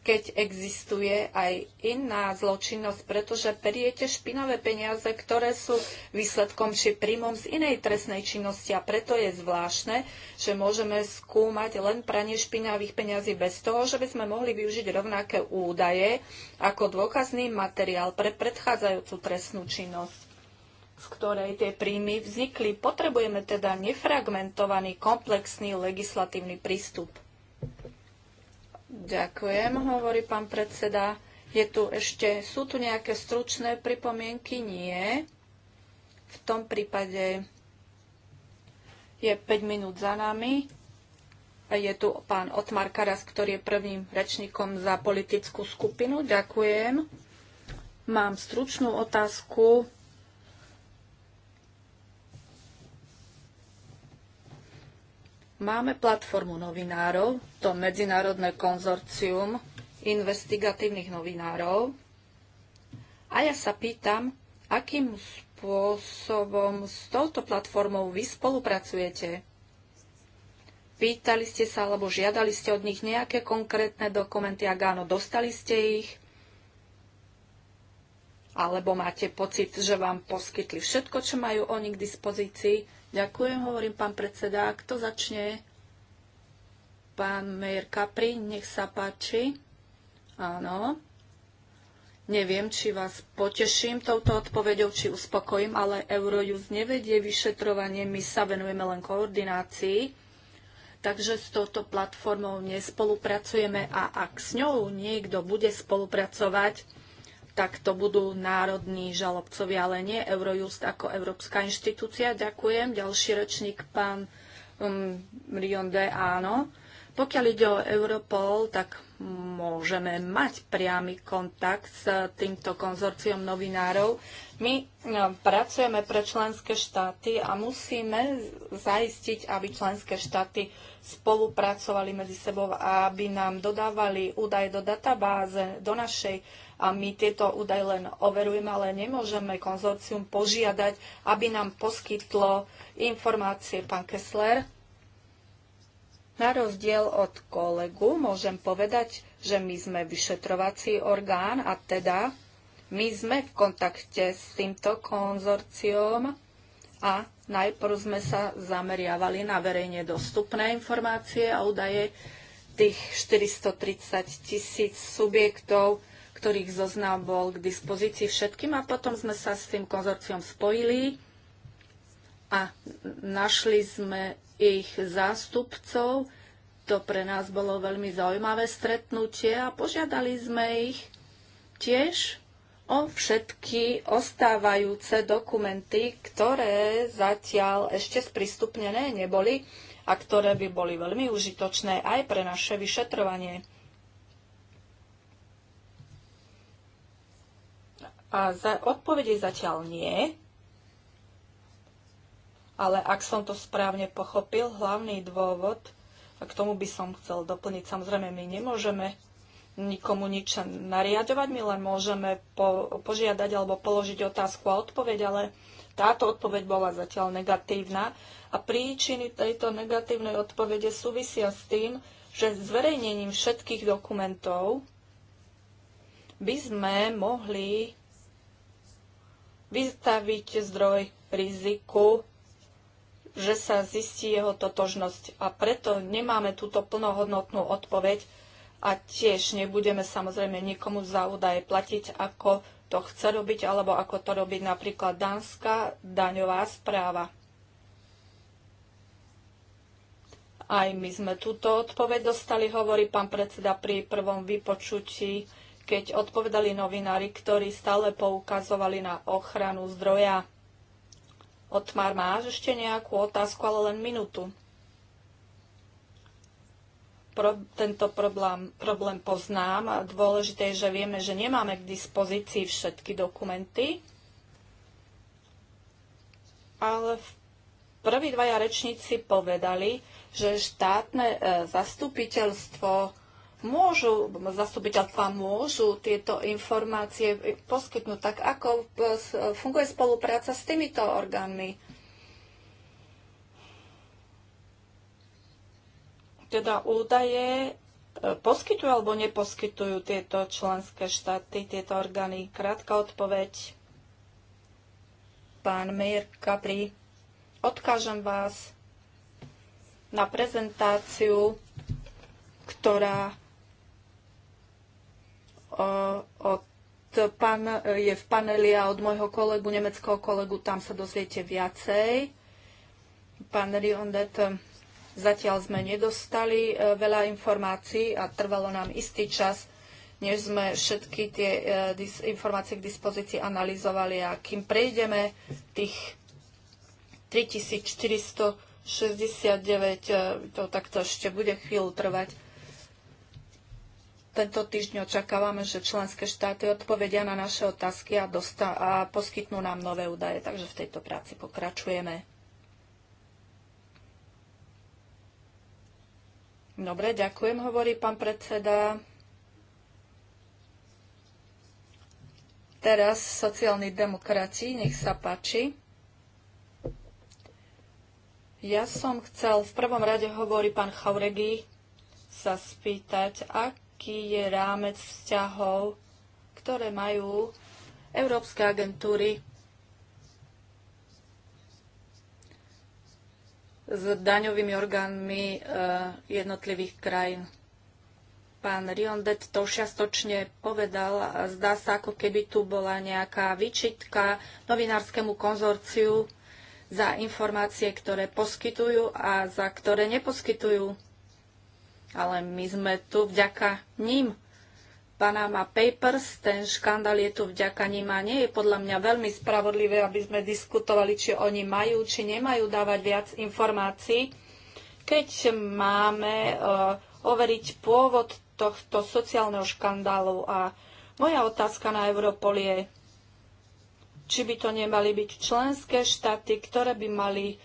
keď existuje aj iná zločinnosť, pretože periete špinavé peniaze, ktoré sú výsledkom či príjmom z inej trestnej činnosti. A preto je zvláštne, že môžeme skúmať len pranie špinavých peňazí bez toho, že by sme mohli využiť rovnaké údaje ako dôkazný materiál pre predchádzajúcu trestnú činnosť z ktorej tie príjmy vznikli. Potrebujeme teda nefragmentovaný, komplexný legislatívny prístup. Ďakujem, hovorí pán predseda. Je tu ešte, sú tu nejaké stručné pripomienky? Nie. V tom prípade je 5 minút za nami. Je tu pán Otmar Karas, ktorý je prvým rečníkom za politickú skupinu. Ďakujem. Mám stručnú otázku Máme platformu novinárov, to Medzinárodné konzorcium investigatívnych novinárov. A ja sa pýtam, akým spôsobom s touto platformou vy spolupracujete? Pýtali ste sa alebo žiadali ste od nich nejaké konkrétne dokumenty, ak áno, dostali ste ich? Alebo máte pocit, že vám poskytli všetko, čo majú oni k dispozícii? Ďakujem, hovorím pán predseda. Kto začne? Pán Mejer Kapri, nech sa páči. Áno. Neviem, či vás poteším touto odpoveďou, či uspokojím, ale Eurojust nevedie vyšetrovanie, my sa venujeme len koordinácii, takže s touto platformou nespolupracujeme a ak s ňou niekto bude spolupracovať, tak to budú národní žalobcovia, ale nie Eurojust ako európska inštitúcia. Ďakujem. Ďalší rečník, pán um, Rionde, áno. Pokiaľ ide o Europol, tak môžeme mať priamy kontakt s týmto konzorciom novinárov. My no, pracujeme pre členské štáty a musíme zaistiť, aby členské štáty spolupracovali medzi sebou a aby nám dodávali údaje do databáze, do našej a my tieto údaje len overujeme, ale nemôžeme konzorcium požiadať, aby nám poskytlo informácie pán Kessler. Na rozdiel od kolegu môžem povedať, že my sme vyšetrovací orgán a teda my sme v kontakte s týmto konzorciom a najprv sme sa zameriavali na verejne dostupné informácie a údaje tých 430 tisíc subjektov, ktorých zoznam bol k dispozícii všetkým a potom sme sa s tým konzorciom spojili a našli sme ich zástupcov. To pre nás bolo veľmi zaujímavé stretnutie a požiadali sme ich tiež o všetky ostávajúce dokumenty, ktoré zatiaľ ešte sprístupnené neboli a ktoré by boli veľmi užitočné aj pre naše vyšetrovanie. A za, odpovede zatiaľ nie, ale ak som to správne pochopil, hlavný dôvod, a k tomu by som chcel doplniť, samozrejme my nemôžeme nikomu nič nariadovať, my len môžeme po, požiadať alebo položiť otázku a odpoveď, ale táto odpoveď bola zatiaľ negatívna a príčiny tejto negatívnej odpovede súvisia s tým, že zverejnením všetkých dokumentov by sme mohli vystaviť zdroj riziku, že sa zistí jeho totožnosť. A preto nemáme túto plnohodnotnú odpoveď a tiež nebudeme samozrejme nikomu za údaje platiť, ako to chce robiť, alebo ako to robí napríklad dánska daňová správa. Aj my sme túto odpoveď dostali, hovorí pán predseda pri prvom vypočutí keď odpovedali novinári, ktorí stále poukazovali na ochranu zdroja. Otmar, máš ešte nejakú otázku, ale len minútu. Pro, tento problém, problém poznám a dôležité je, že vieme, že nemáme k dispozícii všetky dokumenty, ale v prví dvaja rečníci povedali, že štátne e, zastupiteľstvo môžu, zastupiteľstva môžu tieto informácie poskytnúť. Tak ako e, e, funguje spolupráca s týmito orgánmi? Teda údaje e, poskytujú alebo neposkytujú tieto členské štáty, tieto orgány? Krátka odpoveď. Pán Mejer Kapri, odkážem vás na prezentáciu, ktorá od pan, je v paneli a od môjho kolegu, nemeckého kolegu, tam sa dozviete viacej. Pán Riondet, e, zatiaľ sme nedostali e, veľa informácií a trvalo nám istý čas, než sme všetky tie e, informácie k dispozícii analyzovali a kým prejdeme tých 3469, to takto ešte bude chvíľu trvať, tento týždeň očakávame, že členské štáty odpovedia na naše otázky a, dosta- a poskytnú nám nové údaje, takže v tejto práci pokračujeme. Dobre, ďakujem, hovorí pán predseda. Teraz sociálni demokrati, nech sa páči. Ja som chcel, v prvom rade hovorí pán Chauregi, sa spýtať, ak aký je rámec vzťahov, ktoré majú európske agentúry s daňovými orgánmi e, jednotlivých krajín. Pán Riondet to šiastočne povedal a zdá sa, ako keby tu bola nejaká vyčitka novinárskému konzorciu za informácie, ktoré poskytujú a za ktoré neposkytujú ale my sme tu vďaka ním. Panama Papers, ten škandál je tu vďaka ním a nie je podľa mňa veľmi spravodlivé, aby sme diskutovali, či oni majú, či nemajú dávať viac informácií, keď máme uh, overiť pôvod tohto sociálneho škandálu. A moja otázka na Europol je, či by to nemali byť členské štáty, ktoré by mali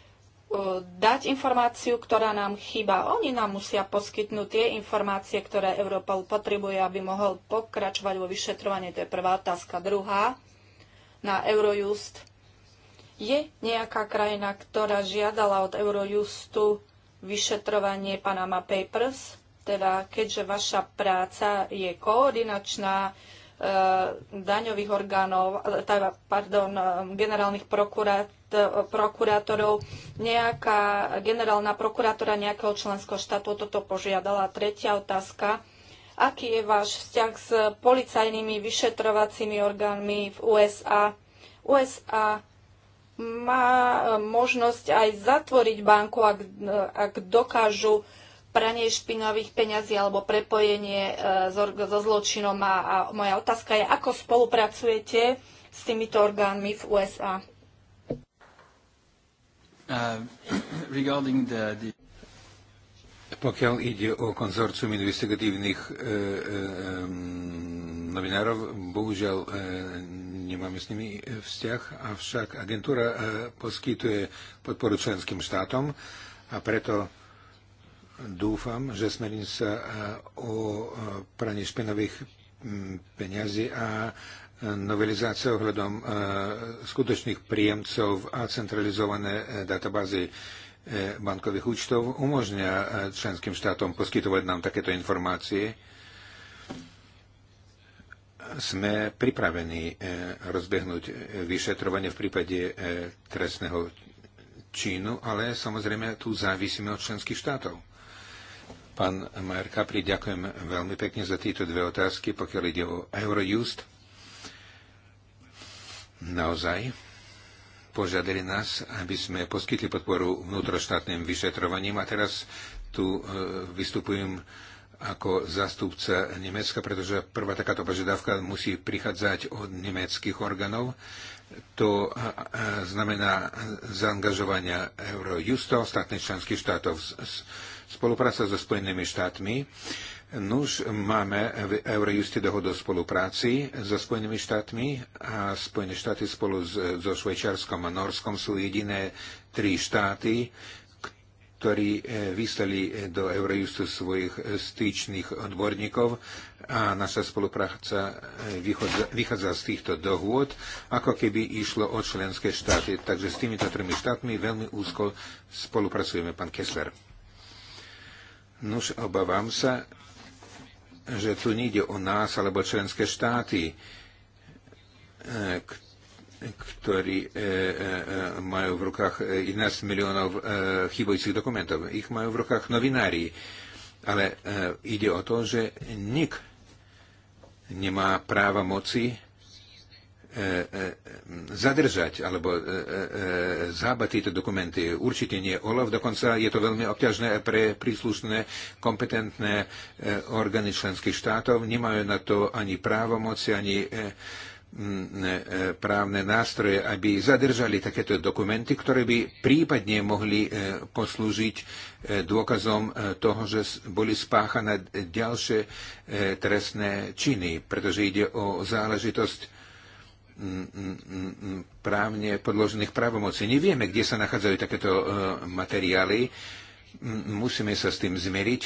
E, dať informáciu, ktorá nám chýba. Oni nám musia poskytnúť tie informácie, ktoré Europol potrebuje, aby mohol pokračovať vo vyšetrovaní. To je prvá otázka. Druhá na Eurojust. Je nejaká krajina, ktorá žiadala od Eurojustu vyšetrovanie Panama Papers? Teda keďže vaša práca je koordinačná, Eh, daňových orgánov, pardon, eh, generálnych prokurát, eh, prokurátorov. Nejaká generálna prokurátora nejakého členského štátu toto požiadala. Tretia otázka. Aký je váš vzťah s policajnými vyšetrovacími orgánmi v USA? USA má možnosť aj zatvoriť banku, ak, ak dokážu pranie špinových peňazí alebo prepojenie e, so zločinom. A moja otázka je, ako spolupracujete s týmito orgánmi v USA? Uh, (coughs) the, the... Pokiaľ ide o konzorcium investigatívnych e, e, novinárov, bohužiaľ e, nemáme s nimi e, vzťah, avšak agentúra e, poskytuje podporu členským štátom a preto Dúfam, že smernica e, o e, praní špinavých peňazí a e, novelizácia ohľadom skutočných príjemcov a centralizované databázy bankových účtov umožňa členským štátom poskytovať nám takéto informácie. Sme pripravení rozbehnúť vyšetrovanie v prípade trestného čínu, ale samozrejme tu závisíme od členských štátov. Pán Majer Kapri, ďakujem veľmi pekne za tieto dve otázky, pokiaľ ide o Eurojust. Naozaj požiadali nás, aby sme poskytli podporu vnútroštátnym vyšetrovaním a teraz tu e, vystupujem ako zástupca Nemecka, pretože prvá takáto požiadavka musí prichádzať od nemeckých orgánov. To e, e, znamená zaangažovania Eurojusta ostatných členských štátov. z, Spolupráca so Spojenými štátmi. Nuž máme v Eurojuste dohodu o spolupráci so Spojenými štátmi a Spojené štáty spolu so Švajčiarskom a Norskom sú jediné tri štáty, ktorí eh, vyslali eh, do Eurojustu svojich eh, styčných odborníkov a naša spolupráca vychádza, z týchto dohôd, ako keby išlo o členské štáty. Takže s týmito tromi štátmi veľmi úzko spolupracujeme, pán Kessler. Nuž, obávam sa, že tu nejde o nás alebo členské štáty, e, ktorí e, e, majú v rukách 11 miliónov chybujúcich dokumentov. Ich majú v rukách novinári. Ale ide o to, že nik nemá práva moci E, e, zadržať alebo e, zhábať tieto dokumenty. Určite nie OLAF, dokonca je to veľmi obťažné pre príslušné kompetentné orgány členských štátov. Nemajú na to ani právomoci, ani právne nástroje, aby zadržali takéto dokumenty, ktoré by prípadne mohli poslúžiť dôkazom toho, že boli spáchané ďalšie trestné činy, pretože ide o záležitosť právne podložených právomocí. Nevieme, kde sa nachádzajú takéto e, materiály. Musíme sa s tým zmeriť,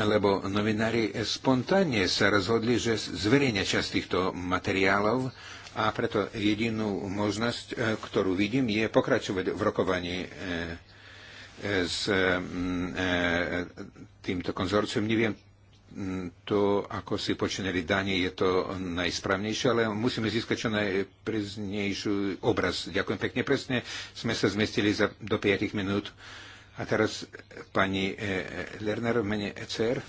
lebo novinári spontánne sa rozhodli, že zverejne časť týchto materiálov a preto jedinú možnosť, e, ktorú vidím, je pokračovať v rokovaní e, s týmto konzorciom. Neviem to, ako si počínali danie, je to najsprávnejšie, ale musíme získať čo najpreznejší obraz. Ďakujem pekne, presne sme sa zmestili za, do 5 minút. A teraz pani eh, Lerner v mene ECR.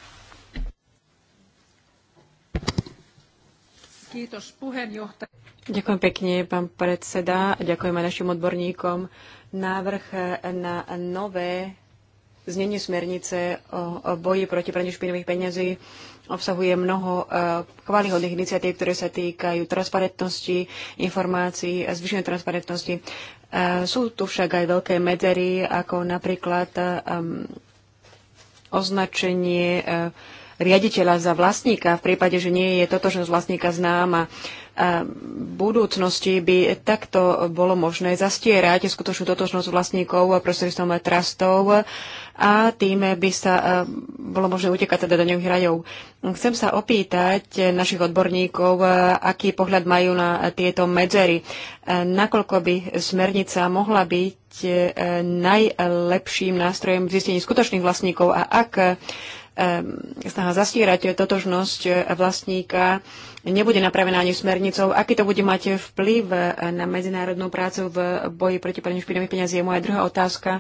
Ďakujem pekne, pán predseda. Ďakujem aj našim odborníkom. Návrh na nové znenie smernice o boji proti praniu špinových peňazí obsahuje mnoho kvalihodných e, iniciatív, ktoré sa týkajú transparentnosti informácií a zvyšenej transparentnosti. E, sú tu však aj veľké medzery, ako napríklad e, označenie riaditeľa za vlastníka v prípade, že nie je totožnosť vlastníka známa. V budúcnosti by takto bolo možné zastierať skutočnú totožnosť vlastníkov a prostredstvom trastov a tým by sa e, bolo možné utekať teda do daňových rajov. Chcem sa opýtať našich odborníkov, e, aký pohľad majú na tieto medzery. E, nakoľko by smernica mohla byť najlepším nástrojom v zistení skutočných vlastníkov a ak snaha zastierať totožnosť e, vlastníka nebude napravená ani smernicou. Aký to bude mať vplyv na medzinárodnú prácu v boji proti praniu špinavých peniazí? Moja druhá otázka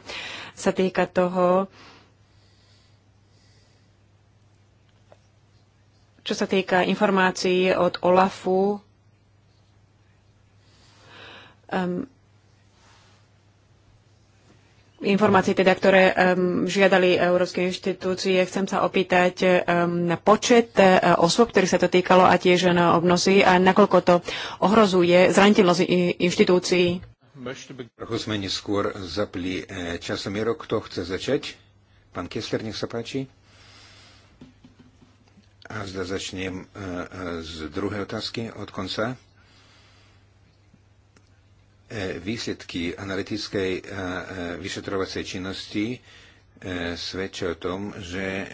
sa týka toho, čo sa týka informácií od OLAFu. Um, Informácie teda, ktoré um, žiadali európske inštitúcie. Chcem sa opýtať um, na počet uh, osôb, ktorých sa to týkalo a tiež na obnosy a nakoľko to ohrozuje zraniteľnosť inštitúcií. Trochu sme neskôr zapli e, časomieru. Kto chce začať? Pán Kessler, nech sa páči. A zda začnem e, z druhej otázky od konca. E, výsledky analytickej a e, e, vyšetrovacej činnosti svedčia o tom, že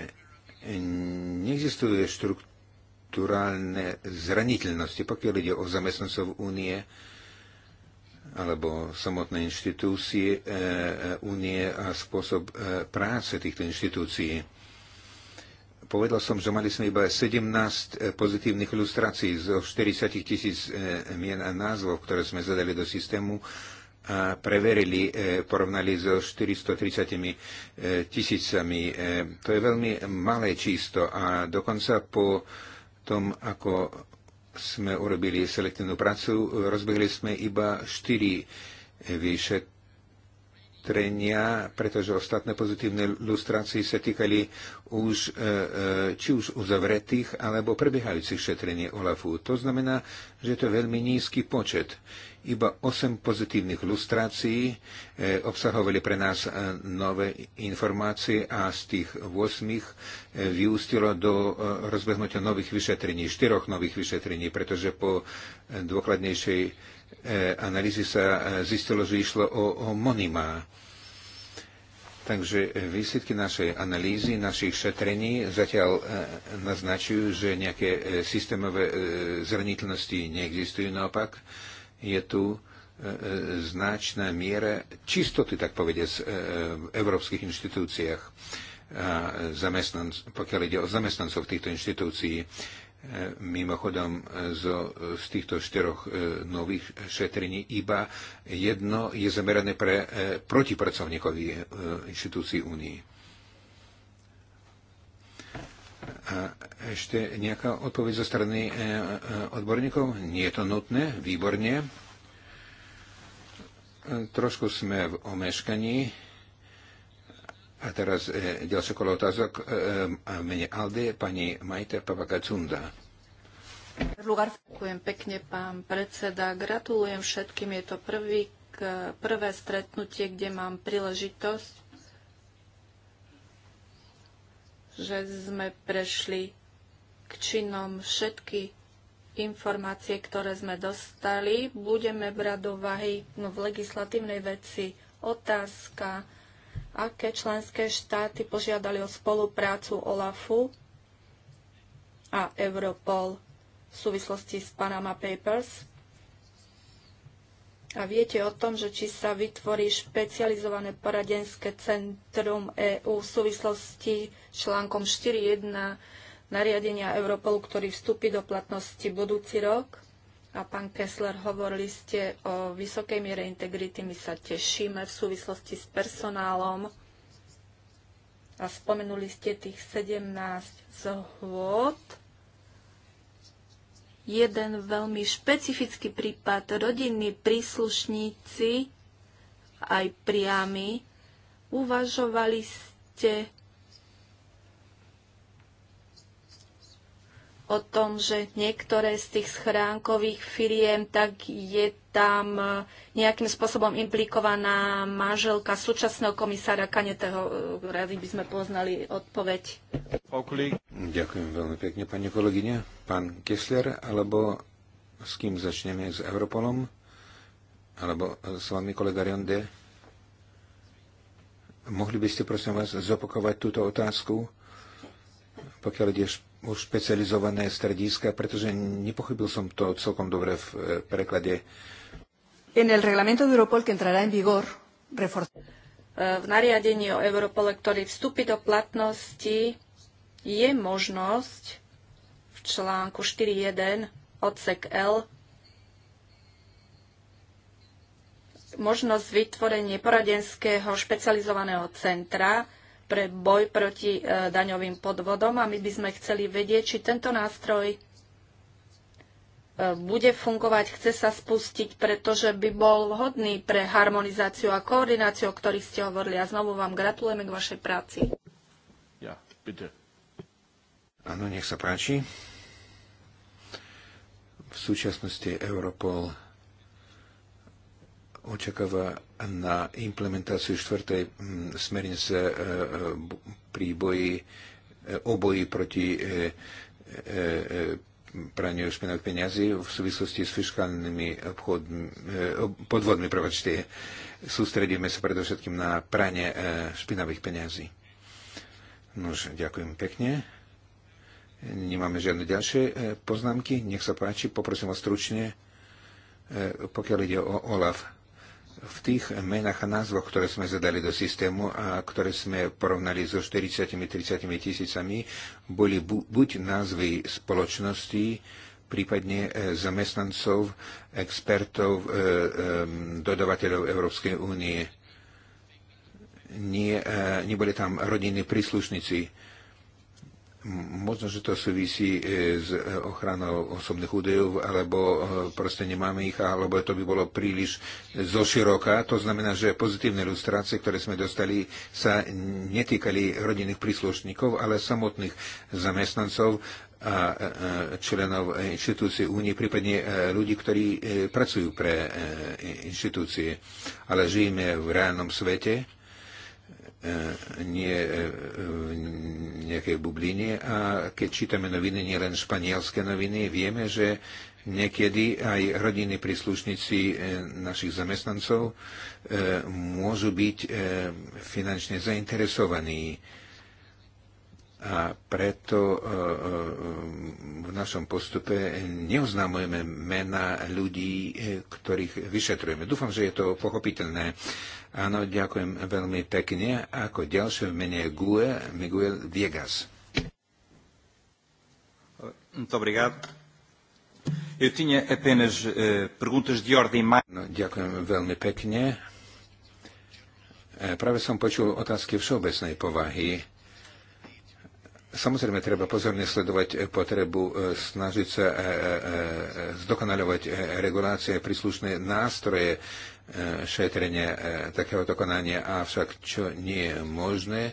neexistuje štruktúrálne zraniteľnosti, pokiaľ ide o zamestnancov únie alebo samotné inštitúcie únie a spôsob práce týchto inštitúcií Povedal som, že mali sme iba 17 eh, pozitívnych ilustrácií zo 40 tisíc eh, mien a názvov, ktoré sme zadali do systému a preverili, eh, porovnali so 430 tisícami. To je veľmi malé čisto a dokonca po tom, ako sme urobili selektívnu prácu, rozbehli sme iba 4 výšetky opatrenia, pretože ostatné pozitívne lustrácie sa týkali už e, e, či už uzavretých alebo prebiehajúcich šetrení OLAFu. To znamená, že to je veľmi nízky počet. Iba 8 pozitívnych lustrácií e, obsahovali pre nás nové informácie a z tých 8 vyústilo do rozbehnutia nových vyšetrení, štyroch nových vyšetrení, pretože po dôkladnejšej E, analýzy sa e, zistilo, že išlo o, o monimá. Takže e, výsledky našej analýzy, našich šetrení zatiaľ naznačujú, že nejaké systémové zraniteľnosti neexistujú. Naopak je tu značná miera čistoty, tak povediať, v európskych inštitúciách, a pokiaľ ide o zamestnancov týchto inštitúcií. E, mimochodom, e, zo, z týchto štyroch e, nových šetrení iba jedno je zamerané pre, protipracovníkov pracovníkovi inštitúcií únie. A ešte nejaká odpoveď zo strany odborníkov? Nie je to nutné? Výborne. Trošku sme v omeškaní a teraz e, ďalšie kolo otázok. E, e, mene Alde, pani Majte cunda. Ďakujem pekne, pán predseda. Gratulujem všetkým. Je to prvý, k, prvé stretnutie, kde mám príležitosť, že sme prešli k činom všetky informácie, ktoré sme dostali. Budeme brať do vahy no, v legislatívnej veci otázka, aké členské štáty požiadali o spoluprácu OLAFu a Europol v súvislosti s Panama Papers. A viete o tom, že či sa vytvorí špecializované poradenské centrum EÚ v súvislosti s článkom 4.1 nariadenia Europolu, ktorý vstúpi do platnosti budúci rok? A pán Kessler, hovorili ste o vysokej miere integrity. My sa tešíme v súvislosti s personálom. A spomenuli ste tých 17 zhôd. Jeden veľmi špecifický prípad. Rodinní príslušníci, aj priami, uvažovali ste o tom, že niektoré z tých schránkových firiem, tak je tam e, nejakým spôsobom implikovaná manželka súčasného komisára Kaneteho. E, Rady by sme poznali odpoveď. Ďakujem veľmi pekne, pani kolegyňa. Pán Kessler, alebo s kým začneme? S Europolom? Alebo s vami kolega Rionde? Mohli by ste, prosím vás, zopakovať túto otázku? Pokiaľ ide už špecializované strediska, pretože nepochybil som to celkom dobre v e, preklade. En el reglamento de Europol que entrará en vigor, reforz... E, v nariadení o Europole, ktorý vstúpi do platnosti, je možnosť v článku 4.1 odsek L možnosť vytvorenie poradenského špecializovaného centra pre boj proti e, daňovým podvodom a my by sme chceli vedieť, či tento nástroj e, bude fungovať, chce sa spustiť, pretože by bol vhodný pre harmonizáciu a koordináciu, o ktorých ste hovorili. A znovu vám gratulujeme k vašej práci. Ja, bitte. Áno, nech sa páči. V súčasnosti Europol očakáva na implementáciu štvrtej mm, smernice e, e, pri boji, e, oboji proti praniu špinavých peniazy v súvislosti s fiskálnymi podvodmi, prepačte, sústredíme sa predovšetkým na pranie špinavých peniazí. Nož, ďakujem pekne. Nemáme žiadne ďalšie poznámky. Nech sa páči, poprosím vás stručne, pokiaľ ide o OLAF v tých menách a názvoch, ktoré sme zadali do systému a ktoré sme porovnali so 40-30 tisícami, boli bu- buď názvy spoločností, prípadne e, zamestnancov, expertov, e, e, dodavateľov Európskej únie. Nie, e, neboli tam rodinní príslušníci Možno, že to súvisí e, s e, ochranou osobných údajov, alebo e, proste nemáme ich, alebo to by bolo príliš zoširoka. To znamená, že pozitívne ilustrácie, ktoré sme dostali, sa netýkali rodinných príslušníkov, ale samotných zamestnancov a členov inštitúcií únie, prípadne ľudí, ktorí pracujú pre inštitúcie. Ale žijeme v reálnom svete E, nie v e, e, nejakej bubline a keď čítame noviny, nielen španielské noviny, vieme, že niekedy aj rodinní príslušníci našich zamestnancov môžu byť finančne zainteresovaní. A preto v našom postupe neoznamujeme mena ľudí, ktorých vyšetrujeme. Dúfam, že je to pochopiteľné. Áno, ďakujem veľmi pekne. Ako ďalšie v mene GUE, Miguel Viegas. Muito obrigado. Eu tinha apenas uh, perguntas de ordem mais... No, ďakujem veľmi pekne. Eh, práve som počul otázky všeobecnej povahy. Samozrejme, treba pozorne sledovať eh, potrebu snažiť sa zdokonalovať regulácie príslušné nástroje E, šetrenia e, takéhoto konania, avšak čo nie je možné,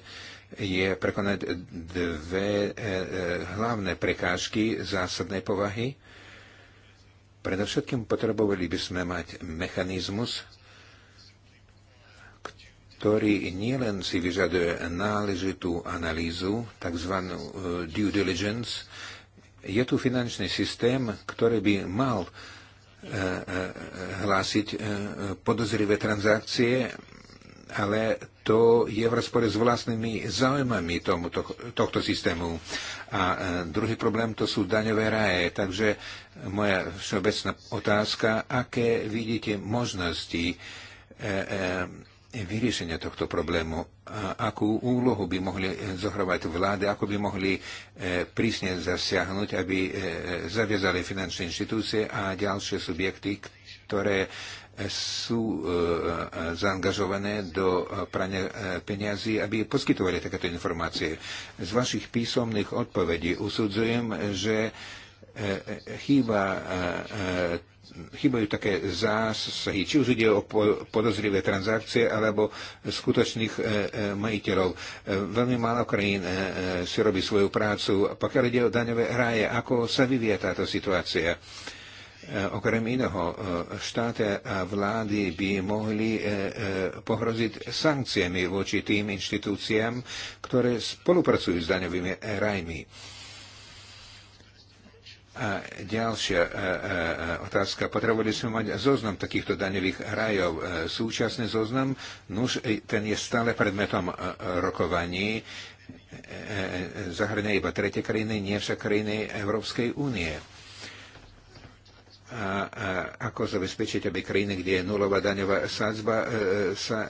je prekonať dve e, hlavné prekážky zásadnej povahy. Predovšetkým potrebovali by sme mať mechanizmus, ktorý nielen si vyžaduje náležitú analýzu, tzv. due diligence, je tu finančný systém, ktorý by mal uh, Eh, hlásiť eh, podozrivé transakcie, ale to je v rozpore s vlastnými záujmami tohto systému. A eh, druhý problém to sú daňové raje. Takže moja všeobecná otázka, aké vidíte možnosti vyriešenia tohto problému. Akú úlohu by mohli eh, zohrovať vlády, ako by mohli eh, prísne zasiahnuť, aby eh, zaviazali finančné inštitúcie a ďalšie subjekty, ktoré sú zaangažované do prania peniazy, aby poskytovali takéto informácie. Z vašich písomných odpovedí usudzujem, že chýba chýbajú také zásahy, či už ide o podozrivé transakcie alebo skutočných e, e, majiteľov. E, veľmi málo krajín si robí svoju prácu. Pokiaľ ide o daňové hraje, ako sa vyvie táto situácia? Okrem iného, štáty a vlády by mohli pohroziť sankciami voči tým inštitúciám, ktoré spolupracujú s daňovými rajmi a ďalšia e, e, e, otázka. Potrebovali sme mať zoznam takýchto daňových rajov. Súčasný zoznam, nuž, ten je stále predmetom rokovaní. Zahrňa iba tretie krajiny, nie však krajiny Európskej únie. A, a ako zabezpečiť, aby krajiny, kde je nulová daňová sadzba, sa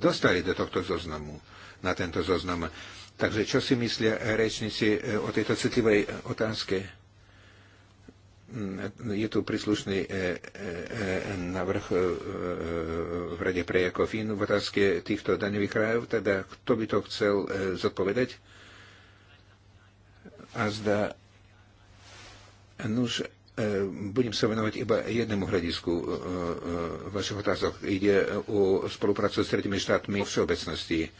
dostali do tohto zoznamu, na tento zoznam. Takže čo si myslia rečníci o tejto citlivej otázke? je tu príslušný e, e, e, navrh v Rade pre Jakofín v otázke týchto daňových rájov. teda kto by to chcel zodpovedať? A zda, nuž, budem sa venovať iba jednému hľadisku vašich otázok. Ide o spoluprácu s tretimi štátmi v všeobecnosti.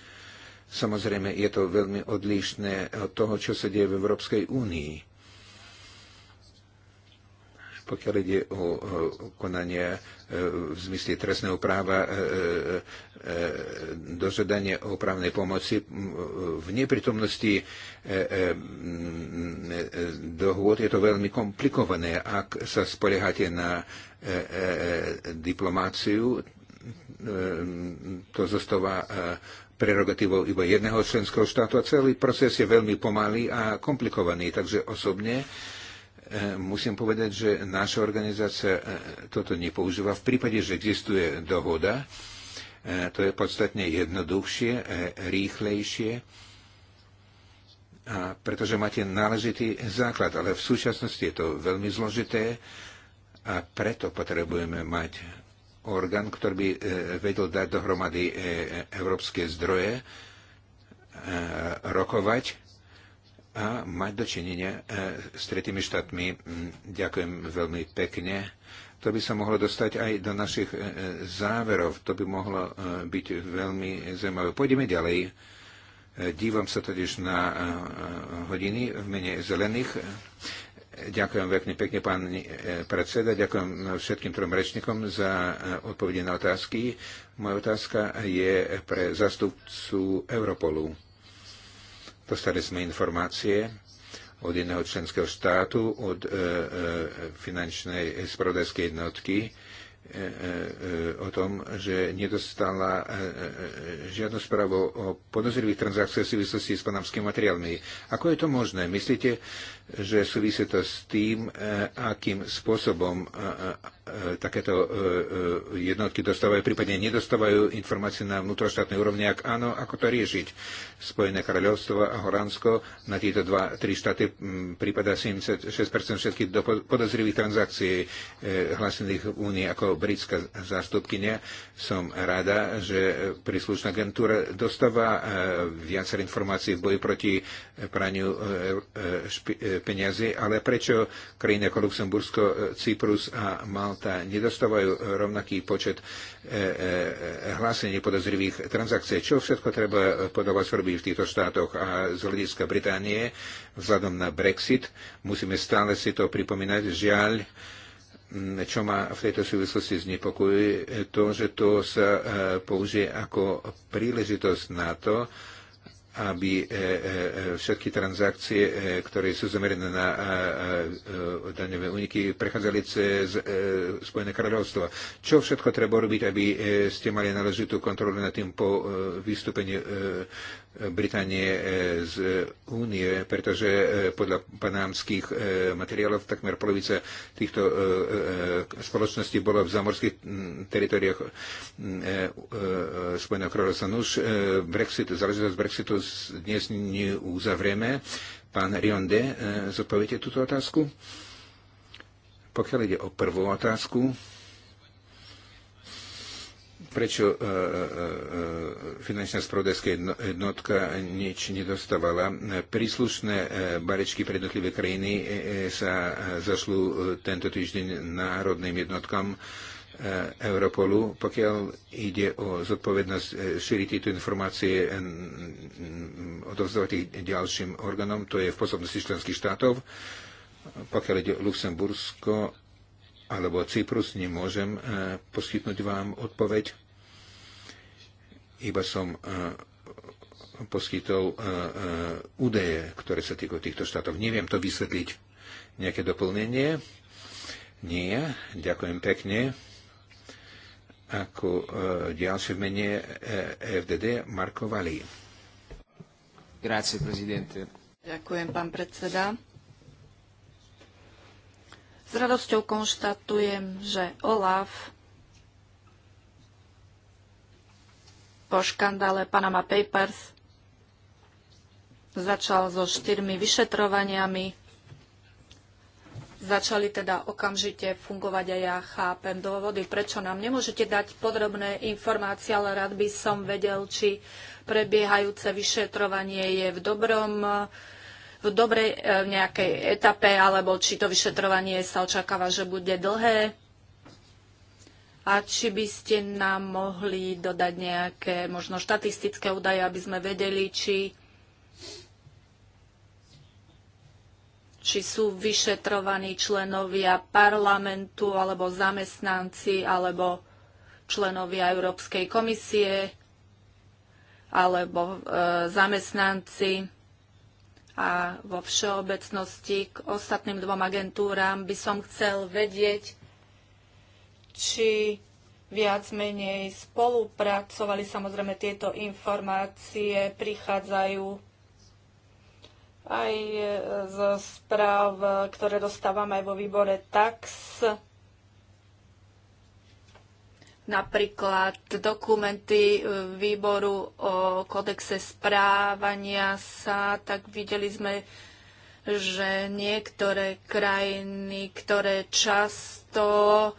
Samozrejme, je to veľmi odlišné od toho, čo sa deje v Európskej únii pokiaľ ide o konanie e, v zmysle trestného práva, e, e, dožadanie o právnej pomoci v neprítomnosti dohôd je to veľmi komplikované. Ak sa spoliehate na diplomáciu, to zostáva prerogatívou iba jedného členského štátu a celý proces je veľmi pomalý a komplikovaný. Takže osobne Eh, musím povedať, že naša organizácia eh, toto nepoužíva. V prípade, že existuje dohoda, eh, to je podstatne jednoduchšie, rýchlejšie, a pretože máte náležitý základ, ale v súčasnosti je to veľmi zložité a preto potrebujeme mať orgán, ktorý by vedel dať dohromady európske zdroje, rokovať a mať dočinenia e, s tretimi štátmi. Mm, ďakujem veľmi pekne. To by sa mohlo dostať aj do našich e, e, záverov. To by mohlo byť veľmi zaujímavé. Pôjdeme ďalej. Dívam sa totiž na hodiny v mene zelených. Ďakujem veľmi pekne, pán predseda. Ďakujem všetkým trom rečníkom za odpovede na otázky. Moja otázka je pre zastupcu Europolu. Dostali sme informácie od jedného členského štátu, od e, e, finančnej e, spravodajskej jednotky e, e, o tom, že nedostala e, e, e, žiadnu správu o podozrivých transakciách v súvislosti s panamskými materiálmi. Ako je to možné? Myslíte, že súvisí to s tým, e, akým spôsobom e, e, takéto jednotky dostávajú, prípadne nedostávajú informácie na vnútroštátnej úrovni. Ak áno, ako to riešiť? Spojené kráľovstvo a Horánsko na tieto dva, tri štáty prípada 76% všetkých podozrivých transakcií hlasených v Únii ako britská zástupkynia. Som rada, že príslušná agentúra dostáva viacer informácií v boji proti praniu špi- peniaze, ale prečo krajiny ako Luxembursko, e, Cyprus a Malta nedostávajú rovnaký počet e, e, hlásenie podozrivých transakcií? Čo všetko treba podľa vás robiť v týchto štátoch a z hľadiska Británie vzhľadom na Brexit? Musíme stále si to pripomínať. Žiaľ, čo ma v tejto súvislosti znepokojuje, to, že to sa použije ako príležitosť na to, aby e, e, e, všetky transakcie, ktoré sú zamerané na daňové úniky, prechádzali cez Spojené kráľovstvo. Čo všetko treba robiť, aby ste mali náležitú kontrolu nad tým po vystúpení Británie e, z únie, pretože e, podľa panámskych e, materiálov takmer polovica týchto spoločností bola v zamorských teritoriách Spojeného kráľovstva. Nuž, Brexit, záležitosť Brexitu dnes neuzavrieme. Pán Rionde, zodpoviete túto otázku? Pokiaľ ide o prvú otázku, prečo e, e, e, finančná spravodajská jednotka nič nedostávala. Príslušné barečky pre jednotlivé krajiny sa zašlú tento týždeň národným jednotkám Europolu, pokiaľ ide o zodpovednosť šíriť tieto informácie, odovzdávať ich ďalším orgánom, to je v pôsobnosti členských štátov. Pokiaľ ide o Luxembursko alebo Cyprus, nemôžem poskytnúť vám odpoveď. Iba som e, poskytol e, e, údaje, ktoré sa týkajú týchto štátov. Neviem to vysvetliť. Nejaké doplnenie? Nie. Ďakujem pekne. Ako ďalšie v mene FDD Marko Valí. Grazie, prezidente. Ďakujem, pán predseda. S radosťou konštatujem, že OLAF po škandále Panama Papers začal so štyrmi vyšetrovaniami. Začali teda okamžite fungovať a ja chápem dôvody, prečo nám nemôžete dať podrobné informácie, ale rád by som vedel, či prebiehajúce vyšetrovanie je v dobrom v dobrej eh, nejakej etape, alebo či to vyšetrovanie sa očakáva, že bude dlhé a či by ste nám mohli dodať nejaké možno štatistické údaje, aby sme vedeli, či, či sú vyšetrovaní členovia parlamentu alebo zamestnanci alebo členovia Európskej komisie alebo e, zamestnanci a vo všeobecnosti k ostatným dvom agentúram by som chcel vedieť, či viac menej spolupracovali. Samozrejme, tieto informácie prichádzajú aj e, zo správ, ktoré dostávame aj vo výbore TAX. Napríklad dokumenty e, výboru o kodexe správania sa, tak videli sme, že niektoré krajiny, ktoré často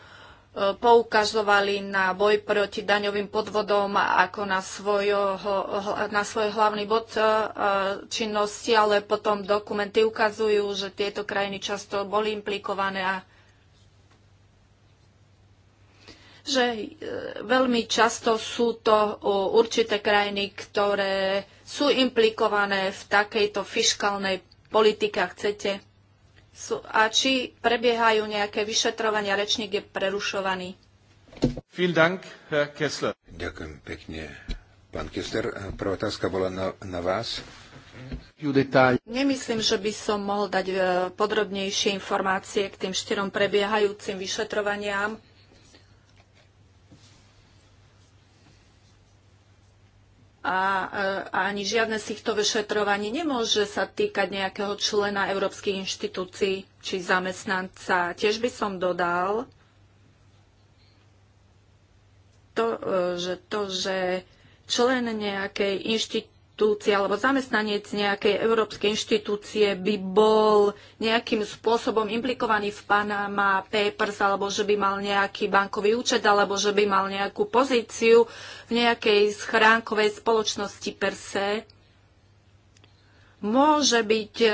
E, poukazovali na boj proti daňovým podvodom ako na, svojo, na svoj hlavný bod e, činnosti, ale potom dokumenty ukazujú, že tieto krajiny často boli implikované a že e, veľmi často sú to určité krajiny, ktoré sú implikované v takejto fiškálnej politike, chcete sú, a či prebiehajú nejaké vyšetrovania. Rečník je prerušovaný. Dank, Herr Kessler. Ďakujem pekne. Pán Kessler, prvá otázka bola na, na vás. Nemyslím, že by som mohol dať e, podrobnejšie informácie k tým štyrom prebiehajúcim vyšetrovaniam. a, a ani žiadne z týchto vyšetrovaní nemôže sa týkať nejakého člena európskych inštitúcií či zamestnanca. Tiež by som dodal to, e, že to, že člen nejakej inštitúcii inštitúcie alebo zamestnanec nejakej európskej inštitúcie by bol nejakým spôsobom implikovaný v Panama Papers alebo že by mal nejaký bankový účet alebo že by mal nejakú pozíciu v nejakej schránkovej spoločnosti per se, môže byť e,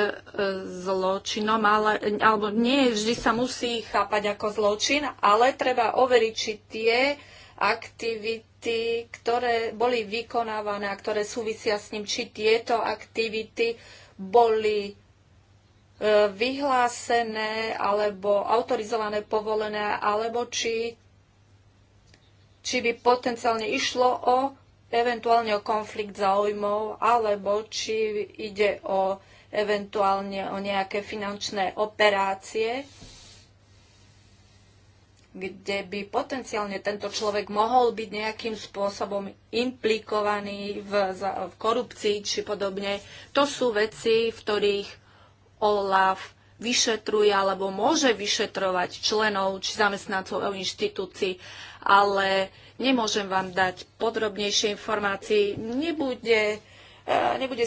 zločinom, ale, alebo nie vždy sa musí chápať ako zločin, ale treba overiť, či tie aktivity akty, ktoré boli vykonávané a ktoré súvisia s ním, či tieto aktivity boli e, vyhlásené alebo autorizované, povolené, alebo či, či by potenciálne išlo o eventuálne o konflikt záujmov, alebo či ide o eventuálne o nejaké finančné operácie kde by potenciálne tento človek mohol byť nejakým spôsobom implikovaný v, v korupcii či podobne. To sú veci, v ktorých OLAF vyšetruje alebo môže vyšetrovať členov či zamestnancov inštitúcií, ale nemôžem vám dať podrobnejšie informácie. Nebude, e, nebude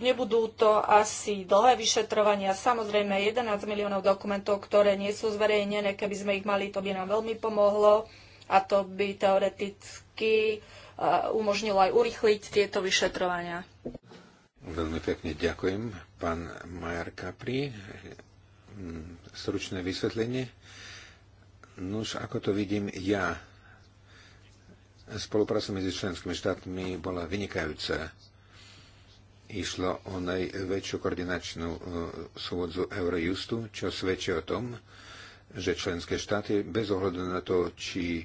Nebudú to asi dlhé vyšetrovania. Samozrejme, 11 miliónov dokumentov, ktoré nie sú zverejnené, keby sme ich mali, to by nám veľmi pomohlo a to by teoreticky eh, umožnilo aj urychliť tieto vyšetrovania. Veľmi pekne ďakujem. Pán Majar Kapri, stručné vysvetlenie. Nuž, ako to vidím ja, spolupráca medzi členskými štátmi bola vynikajúca išlo o najväčšiu koordinačnú e, súvodzu Eurojustu, čo svedčí o tom, že členské štáty bez ohľadu na to, či e,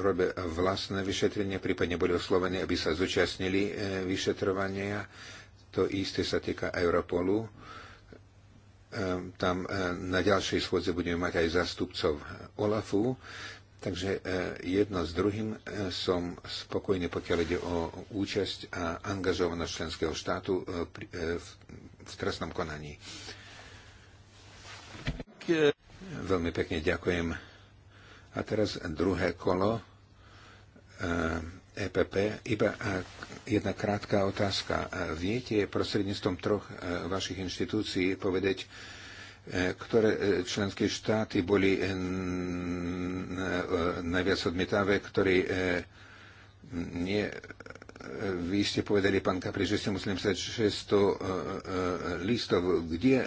robia vlastné vyšetrenie, prípadne boli oslovené, aby sa zúčastnili e, vyšetrovania. To isté sa týka Europolu. Tam na ďalšej schôdze budeme mať aj zástupcov OLAFu. Takže e, jedno s druhým e, som spokojný, pokiaľ ide o účasť a angažovanosť členského štátu e, v trestnom konaní. Veľmi pekne ďakujem. A teraz druhé kolo EPP. Iba jedna krátka otázka. Viete prostredníctvom troch vašich inštitúcií povedať, E, ktoré e, členské štáty boli e, najviac odmietavé, ktoré nie vy ste povedali, pán Kapri, že ste museli písať 600 listov. Kde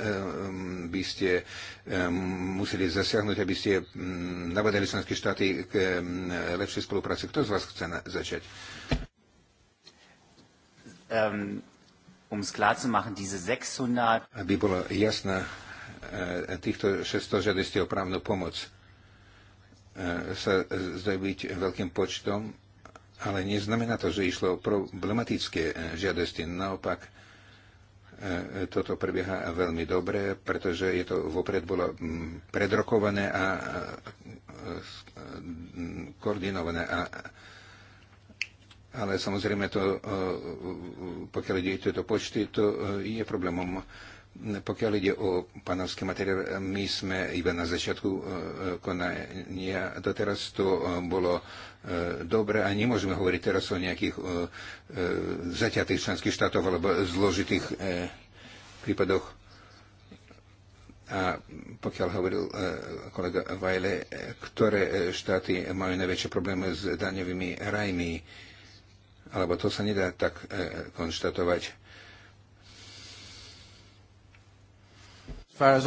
by ste museli zasiahnuť, aby ste navadali členské štáty k lepšej spolupráci? Kto z vás chce začať? Um, um klar zu machen, diese 600... Aby bola jasná E, týchto 600 žiadostí o právnu pomoc e, sa zdajú byť veľkým počtom, ale neznamená to, že išlo o problematické e, žiadosti. Naopak, toto prebieha veľmi dobre, pretože je to vopred bolo predrokované a koordinované. A, ale samozrejme, to, pokiaľ ide tieto počty, to je problémom pokiaľ ide o panovský materiál, my sme iba na začiatku e, e, konania. Doteraz to e, bolo dobre a nemôžeme hovoriť teraz o nejakých zaťatých členských štátoch, alebo zložitých prípadoch. A pokiaľ hovoril kolega Vajle, ktoré štáty majú najväčšie problémy s daňovými rajmi, alebo to sa nedá tak konštatovať Uh,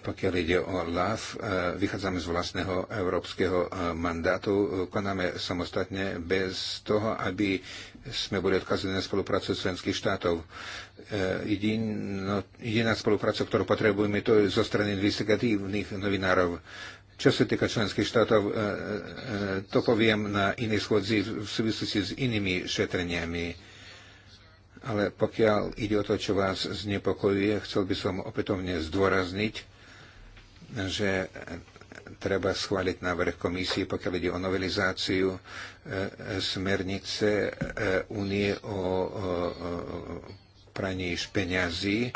Pokiaľ ide o LAF, uh, vychádzame z vlastného európskeho uh, mandátu, konáme samostatne bez toho, aby sme boli odkazaní na spoluprácu členských štátov. Jedino, jediná spolupráca, ktorú potrebujeme, to je zo strany investigatívnych novinárov. Čo sa týka členských štátov, to poviem na inej schodzi v súvislosti s inými šetreniami ale pokiaľ ide o to, čo vás znepokojuje, chcel by som opätovne zdôrazniť, že treba schváliť návrh komisie, pokiaľ ide o novelizáciu e, smernice e, o, o, o praní peňazí, e,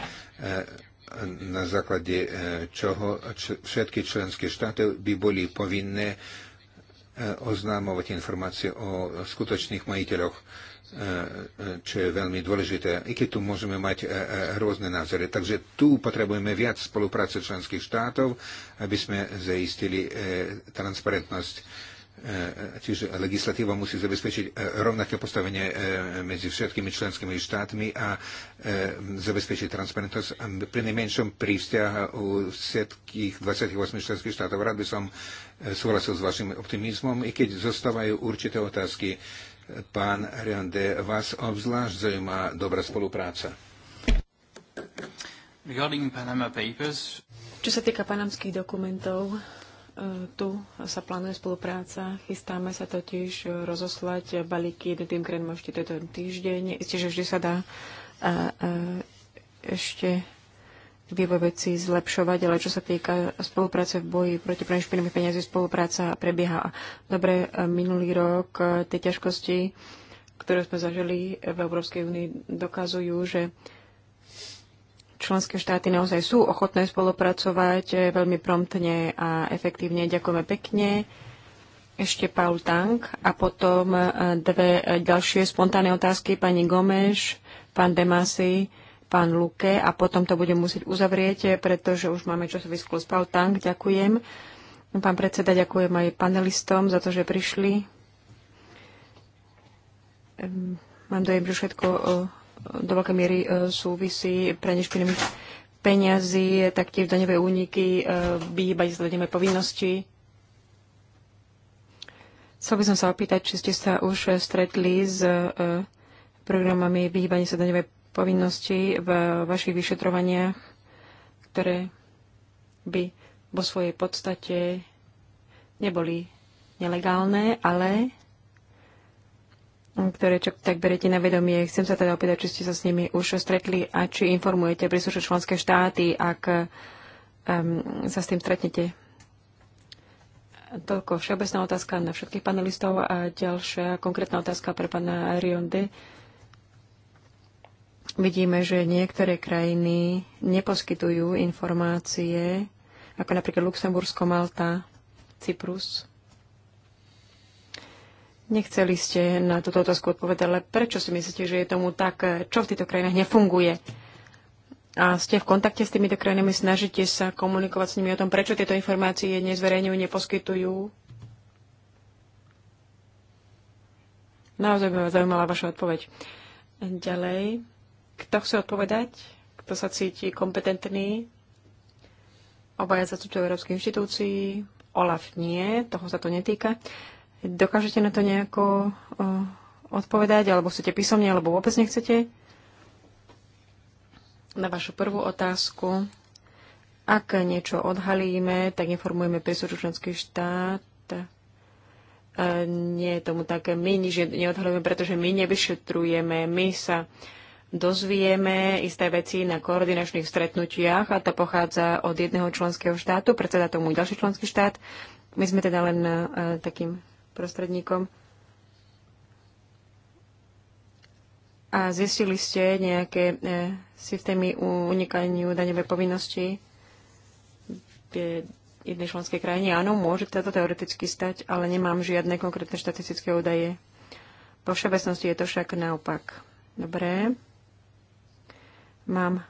na základe e, čoho všetky členské štáty by boli povinné e, oznámovať informácie o skutočných majiteľoch čo je veľmi dôležité, i keď tu môžeme mať e, e, rôzne názory. Takže tu potrebujeme viac spolupráce členských štátov, aby sme zaistili e, transparentnosť. Čiže legislatíva musí zabezpečiť rovnaké postavenie medzi všetkými členskými štátmi a zabezpečiť transparentnosť a pri najmenšom pri vzťahu všetkých 28 členských štátov. Rád by som súhlasil s vašim optimizmom, i keď zostávajú určité otázky Pán Riande, vás obzvlášť zaujíma dobrá spolupráca. Čo sa týka panamských dokumentov, e, tu sa plánuje spolupráca. Chystáme sa totiž rozoslať balíky do tým ešte tento týždeň. Isté, že vždy sa dá a, a, ešte vývoj veci zlepšovať, ale čo sa týka spolupráce v boji proti praní špinavých peniazí, spolupráca prebieha dobre. E, minulý rok e, tie ťažkosti, ktoré sme zažili v Európskej únii, dokazujú, že členské štáty naozaj sú ochotné spolupracovať e, veľmi promptne a efektívne. Ďakujeme pekne ešte Paul Tang a potom dve ďalšie spontánne otázky, pani Gomeš, pán Demasi pán Luke a potom to budem musieť uzavrieť, pretože už máme čo časový sklus. tank. ďakujem. Pán predseda, ďakujem aj panelistom za to, že prišli. Mám dojem, že všetko e, do veľkej miery e, súvisí pre nešpinných peniazy, taktiež daňové úniky, e, vyhýbať zvedené povinnosti. Chcel by som sa opýtať, či ste sa už stretli s programami vyhýbania sa daňovej povinnosti v vašich vyšetrovaniach, ktoré by vo svojej podstate neboli nelegálne, ale ktoré čo tak berete na vedomie. Chcem sa teda opýtať, či ste sa s nimi už stretli a či informujete príslušné členské štáty, ak um, sa s tým stretnete. Toľko všeobecná otázka na všetkých panelistov a ďalšia konkrétna otázka pre pána Rionde. Uh, vidíme, že niektoré krajiny neposkytujú informácie, ako napríklad Luxembursko, Malta, Cyprus. Nechceli ste na túto otázku odpovedať, ale prečo si myslíte, že je tomu tak? Čo v týchto krajinách nefunguje? A ste v kontakte s týmito krajinami, snažíte sa komunikovať s nimi o tom, prečo tieto informácie nezverejňujú, neposkytujú? Naozaj by ma zaujímala vaša odpoveď. Ďalej. Kto chce odpovedať? Kto sa cíti kompetentný? Obaja zastupcov európskych inštitúcii? Olaf nie, toho sa to netýka. Dokážete na to nejako odpovedať, alebo chcete písomne, alebo vôbec nechcete? Na vašu prvú otázku. Ak niečo odhalíme, tak informujeme príslušenský členský štát. E, nie je tomu také. My nič neodhalujeme, pretože my nevyšetrujeme. My sa uh, dozvieme isté veci na koordinačných stretnutiach a to pochádza od jedného členského štátu, predseda tomu ďalší členský štát. My sme teda len uh, takým prostredníkom. A zistili ste nejaké uh, systémy unikaniu daňovej povinnosti v jednej členskej krajine? Áno, môže sa to teoreticky stať, ale nemám žiadne konkrétne štatistické údaje. Po všeobecnosti je to však naopak. Dobre. Mám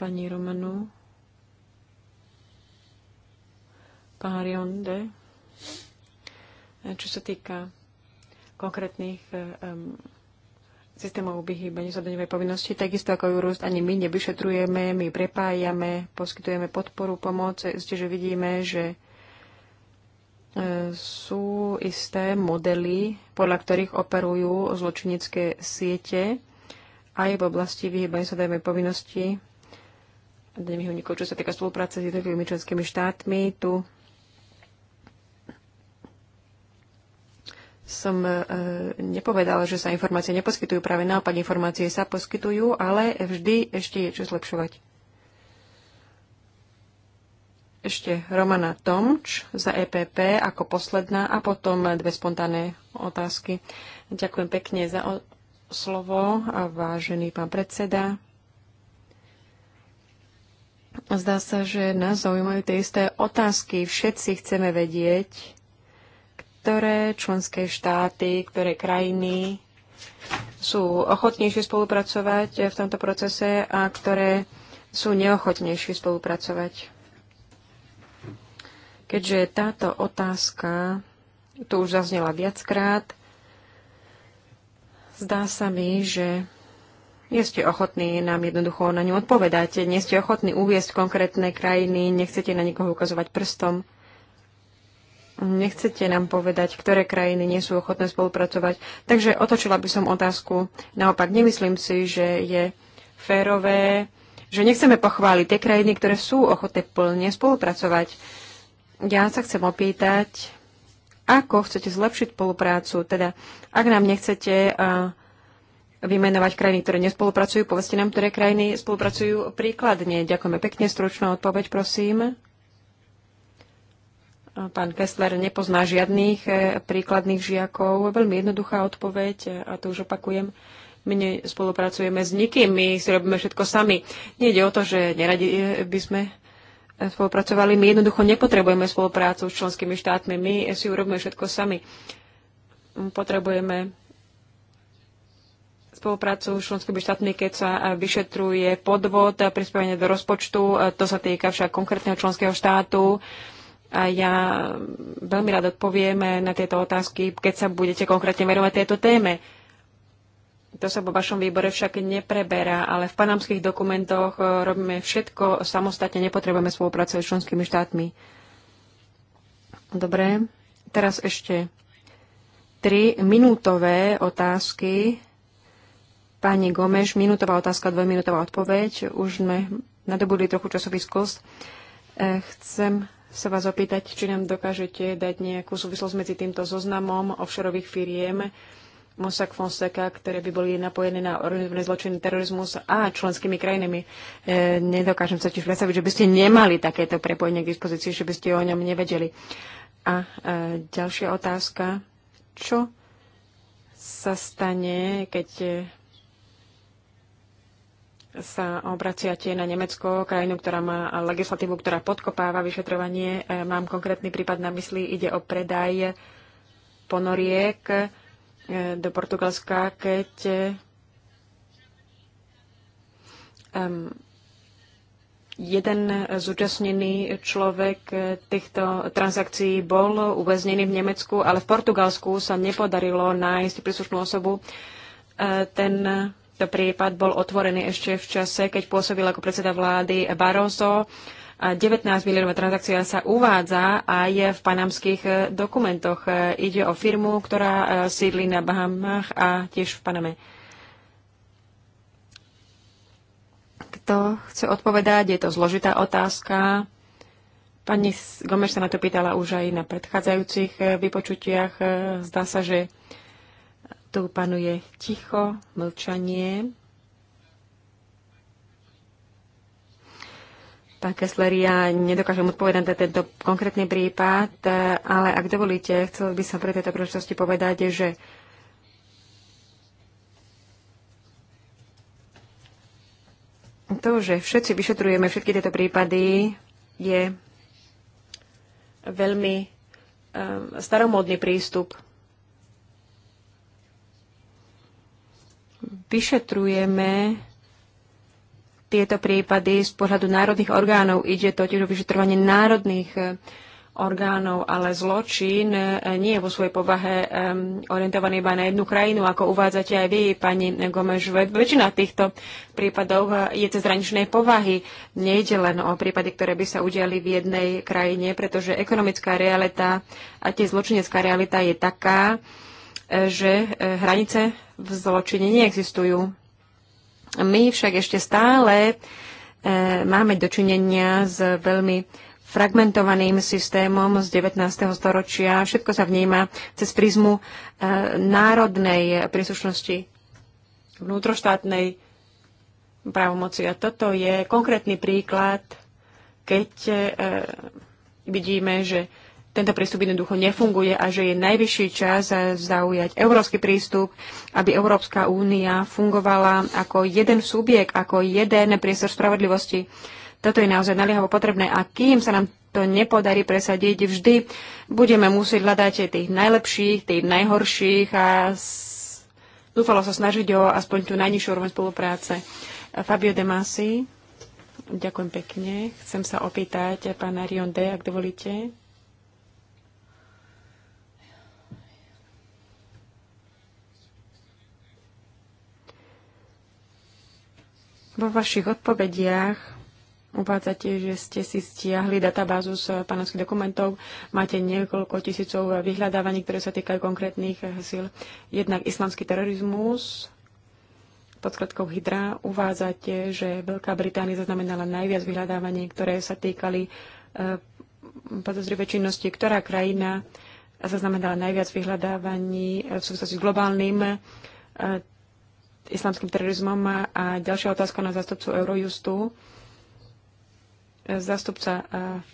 pani Romanu, pán Rionde, čo sa týka konkrétnych um, systémov vyhýbania sa daňovej povinnosti, takisto ako Eurust, ani my nevyšetrujeme, my prepájame, poskytujeme podporu, pomoc. Ešte, že vidíme, že eh, sú isté modely, podľa ktorých operujú zločinecké siete aj v oblasti vyhýbania sa dajme povinnosti daňových únikov, čo sa týka spolupráce s jednotlivými členskými štátmi. Tu som e, nepovedala, že sa informácie neposkytujú. Práve naopak informácie sa poskytujú, ale vždy ešte je čo zlepšovať. Ešte Romana Tomč za EPP ako posledná a potom dve spontánne otázky. Ďakujem pekne za slovo, a vážený pán predseda. Zdá sa, že nás zaujímajú tie isté otázky. Všetci chceme vedieť, ktoré členské štáty, ktoré krajiny sú ochotnejšie spolupracovať v tomto procese a ktoré sú neochotnejšie spolupracovať. Keďže táto otázka tu už zaznela viackrát, Zdá sa mi, že nie ste ochotní nám jednoducho na ňu odpovedať. Nie ste ochotní uviesť konkrétne krajiny, nechcete na nikoho ukazovať prstom. Nechcete nám povedať, ktoré krajiny nie sú ochotné spolupracovať. Takže otočila by som otázku. Naopak, nemyslím si, že je férové, že nechceme pochváliť tie krajiny, ktoré sú ochotné plne spolupracovať. Ja sa chcem opýtať, ako chcete zlepšiť spoluprácu. Teda, ak nám nechcete vymenovať krajiny, ktoré nespolupracujú, povedzte nám, ktoré krajiny spolupracujú príkladne. Ďakujeme pekne, stručná odpoveď, prosím. Pán Kessler nepozná žiadnych e, príkladných žiakov. Veľmi jednoduchá odpoveď, e, a to už opakujem. My nespolupracujeme s nikým, my si robíme všetko sami. Nie ide o to, že neradi e, by sme spolupracovali. My jednoducho nepotrebujeme spoluprácu s členskými štátmi. My si urobíme všetko sami. Potrebujeme spoluprácu s členskými štátmi, keď sa vyšetruje podvod a prispievanie do rozpočtu. To sa týka však konkrétneho členského štátu. A ja veľmi rád odpoviem na tieto otázky, keď sa budete konkrétne venovať tejto téme. To sa vo vašom výbore však nepreberá, ale v panamských dokumentoch e, robíme všetko samostatne, nepotrebujeme spolupracovať s členskými štátmi. Dobre, teraz ešte tri minútové otázky. Pani Gomeš, minútová otázka, dvojminútová odpoveď. Už sme nadobudli trochu časový skos. E, chcem sa vás opýtať, či nám dokážete dať nejakú súvislosť medzi týmto zoznamom offshoreových firiem, Mossack Fonseca, ktoré by boli napojené na organizovaný zločiny, terorizmus a členskými krajinami. E, nedokážem sa tiež predstaviť, že by ste nemali takéto prepojenie k dispozícii, že by ste o ňom nevedeli. A e, ďalšia otázka. Čo sa stane, keď e, sa obraciate na Nemecko, krajinu, ktorá má legislatívu, ktorá podkopáva vyšetrovanie. E, mám konkrétny prípad na mysli, ide o predaj ponoriek E, do Portugalska, keď um, jeden zúčastnený človek týchto transakcií bol uväznený v Nemecku, ale v Portugalsku sa nepodarilo nájsť príslušnú osobu. E, ten prípad bol otvorený ešte v čase, keď pôsobil ako predseda vlády Barroso a 19 miliónová transakcia sa uvádza aj v panamských eh, dokumentoch. Eh, ide o firmu, ktorá eh, sídli na Bahamách a tiež v Paname. Kto chce odpovedať? Je to zložitá otázka. Pani Gomeš sa na to pýtala už aj na predchádzajúcich vypočutiach. Zdá sa, že tu panuje ticho, mlčanie. Pán Kessler, ja nedokážem odpovedať na tento konkrétny prípad, ale ak dovolíte, chcel by som pre tejto príležitosti povedať, že to, že všetci vyšetrujeme všetky tieto prípady, je veľmi eh, staromódny prístup. Vyšetrujeme tieto prípady z pohľadu národných orgánov. Ide totiž o vyšetrovanie národných e, orgánov, ale zločin e, nie je vo svojej povahe e, orientovaný iba na jednu krajinu, ako uvádzate aj vy, pani Gomeš. Väčšina týchto prípadov je hraničnej povahy. Nejde len o prípady, ktoré by sa udiali v jednej krajine, pretože ekonomická realita a tie zločinecká realita je taká, že hranice v zločine neexistujú. My však ešte stále e, máme dočinenia s veľmi fragmentovaným systémom z 19. storočia. Všetko sa vníma cez prízmu e, národnej príslušnosti vnútroštátnej právomoci. A toto je konkrétny príklad, keď e, vidíme, že tento prístup jednoducho nefunguje a že je najvyšší čas zaujať európsky prístup, aby Európska únia fungovala ako jeden subjekt, ako jeden priestor spravodlivosti. Toto je naozaj naliehavo potrebné a kým sa nám to nepodarí presadiť, vždy budeme musieť hľadať tých najlepších, tých najhorších a dúfalo sa snažiť o aspoň tú najnižšiu úroveň spolupráce. Fabio De Masi, ďakujem pekne. Chcem sa opýtať pána Rionde, ak dovolíte. Vo vašich odpovediach uvádzate, že ste si stiahli databázu z panovských dokumentov. Máte niekoľko tisícov vyhľadávaní, ktoré sa týkajú konkrétnych síl. Jednak islamský terorizmus, pod skratkou Hydra uvádzate, že Veľká Británia zaznamenala najviac vyhľadávaní, ktoré sa týkali eh, podozrivej podozrivé činnosti. Ktorá krajina zaznamenala najviac vyhľadávaní v súvislosti s globálnym eh, islamským terorizmom. A ďalšia otázka na zástupcu Eurojustu. Zástupca e,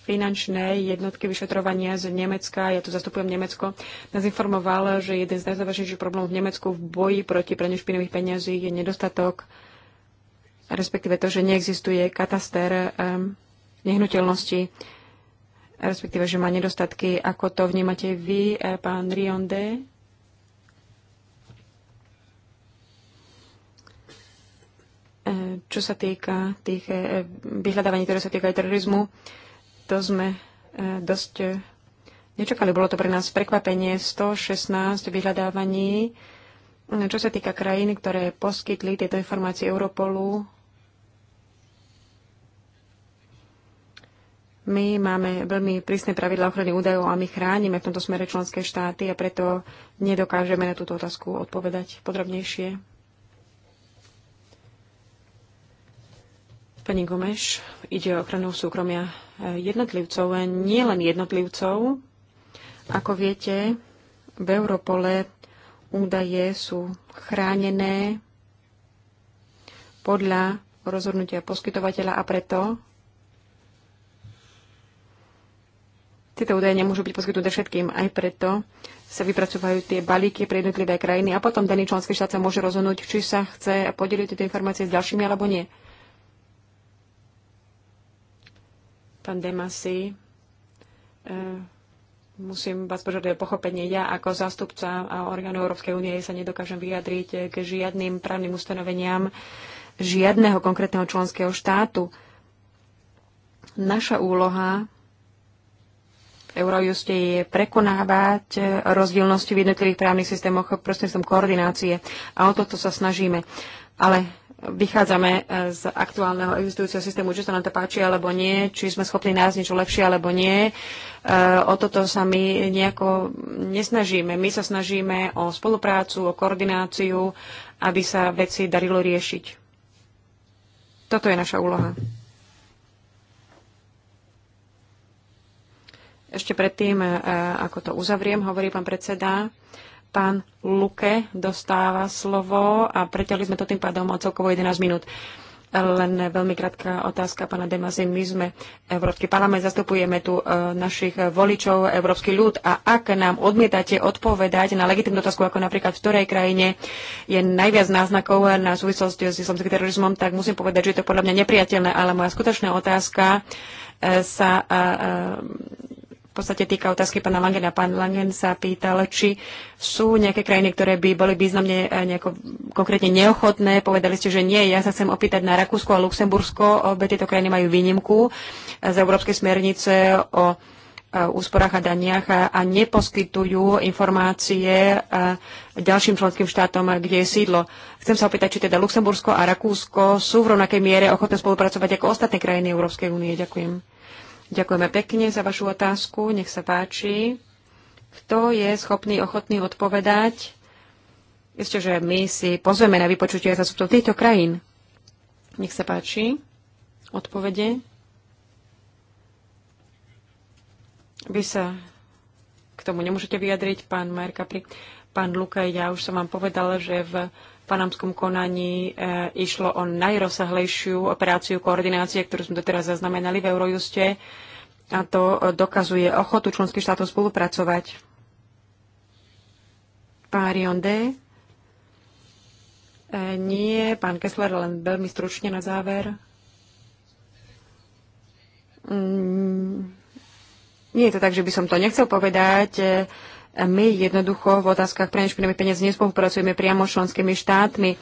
finančnej jednotky vyšetrovania z Nemecka, ja tu zastupujem Nemecko, nás informoval, že jeden z najzávažnejších problémov v Nemecku v boji proti praniu špinových peniazí je nedostatok, respektíve to, že neexistuje kataster e, nehnuteľnosti, respektíve, že má nedostatky. Ako to vnímate vy, e, pán Rionde? Čo sa týka tých eh, vyhľadávaní, ktoré sa týkajú terorizmu, to sme eh, dosť eh, nečakali. Bolo to pre nás prekvapenie 116 vyhľadávaní. Mm, čo sa týka krajín, ktoré poskytli tieto informácie Europolu, My máme veľmi prísne pravidla ochrany údajov a my chránime v tomto smere členské štáty a preto nedokážeme na túto otázku odpovedať podrobnejšie. Pani Gomeš, ide o ochranu súkromia eh, jednotlivcov, eh, nie len jednotlivcov. Ako viete, v Europole údaje sú chránené podľa rozhodnutia poskytovateľa a preto tieto údaje nemôžu byť poskytnuté všetkým. Aj preto sa vypracovajú tie balíky pre jednotlivé krajiny a potom daný členský štát sa môže rozhodnúť, či sa chce podeliť tieto informácie s ďalšími alebo nie. Pán Demasi, e, musím vás požiadať o pochopenie. Ja ako zástupca orgánu Európskej únie sa nedokážem vyjadriť k žiadnym právnym ustanoveniam žiadneho konkrétneho členského štátu. Naša úloha v Eurojuste je prekonávať rozdielnosti v jednotlivých právnych systémoch prostredstvom koordinácie. A o toto sa snažíme. Ale vychádzame e, z aktuálneho existujúceho systému, či sa nám to páči alebo nie, či sme schopní nájsť niečo lepšie alebo nie. E, o toto sa my nejako nesnažíme. My sa snažíme o spoluprácu, o koordináciu, aby sa veci darilo riešiť. Toto je naša úloha. Ešte predtým, e, ako to uzavriem, hovorí pán predseda, Pán Luke dostáva slovo a preťahli sme to tým pádom o celkovo 11 minút. Len veľmi krátka otázka pána Demasi. My sme Európsky parlament, zastupujeme tu e, našich voličov, Európsky ľud a ak nám odmietate odpovedať na legitimnú otázku, ako napríklad v ktorej krajine je najviac náznakov na súvislosti s islamským terorizmom, tak musím povedať, že je to podľa mňa nepriateľné, ale moja skutočná otázka e, sa e, podstate týka otázky pána Langena. Pán Langen sa pýtal, či sú nejaké krajiny, ktoré by boli významne e, nejako konkrétne neochotné. Povedali ste, že nie. Ja sa chcem opýtať na Rakúsko a Luxembursko. Obe tieto krajiny majú výnimku z Európskej smernice o e, úsporách a daniach a neposkytujú informácie e, ďalším členským štátom, kde je sídlo. Chcem sa opýtať, či teda Luxembursko a Rakúsko sú v rovnakej miere ochotné spolupracovať ako ostatné krajiny Európskej únie. Ďakujem. Ďakujeme pekne za vašu otázku. Nech sa páči. Kto je schopný, ochotný odpovedať? Isté, že my si pozveme na vypočutie zastupcov týchto krajín. Nech sa páči. Odpovede. Vy sa k tomu nemôžete vyjadriť, pán Majer Kapri. Pán Luka, ja už som vám povedala, že v panamskom konaní e, išlo o najrozsahlejšiu operáciu koordinácie, ktorú sme doteraz zaznamenali v Eurojuste a to eh, dokazuje ochotu členských štátov spolupracovať. Pán Rionde? E, nie, pán Kessler, len veľmi stručne na záver. Mm, nie je to tak, že by som to nechcel povedať. E, my jednoducho v otázkach pre špinavých peniazí nespolupracujeme priamo s členskými štátmi, e,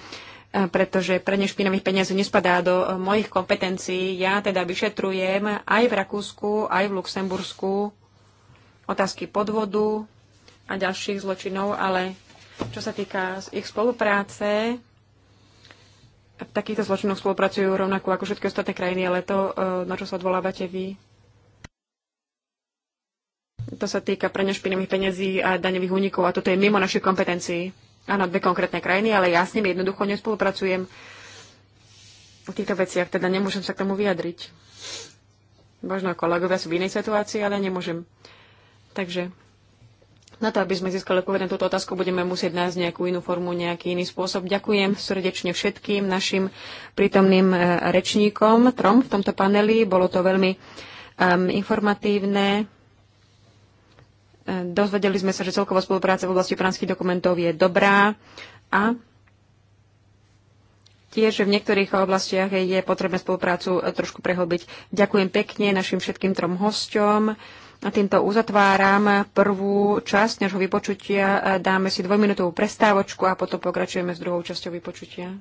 pretože pre špinavých peniazí nespadá do e, mojich kompetencií. Ja teda vyšetrujem aj v Rakúsku, aj v Luxembursku otázky podvodu a ďalších zločinov, ale čo sa týka ich spolupráce, v takýchto zločinoch spolupracujú rovnako ako všetky ostatné krajiny, ale to, e, na čo sa odvolávate vy, to sa týka prania špinavých peniazí a daňových únikov a toto je mimo našich kompetencií. Áno, dve konkrétne krajiny, ale ja s nimi jednoducho nespolupracujem v týchto veciach, teda nemôžem sa k tomu vyjadriť. Možno kolegovia sú v inej situácii, ale nemôžem. Takže na to, aby sme získali odpoveď na túto otázku, budeme musieť nájsť nejakú inú formu, nejaký iný spôsob. Ďakujem srdečne všetkým našim prítomným eh, rečníkom, trom v tomto paneli. Bolo to veľmi um, informatívne. Dozvedeli sme sa, že celková spolupráca v oblasti franských dokumentov je dobrá a tiež že v niektorých oblastiach je potrebné spoluprácu e, trošku prehlbiť. Ďakujem pekne našim všetkým trom hosťom. A týmto uzatváram prvú časť nášho vypočutia. E, dáme si dvojminútovú prestávočku a potom pokračujeme s druhou časťou vypočutia.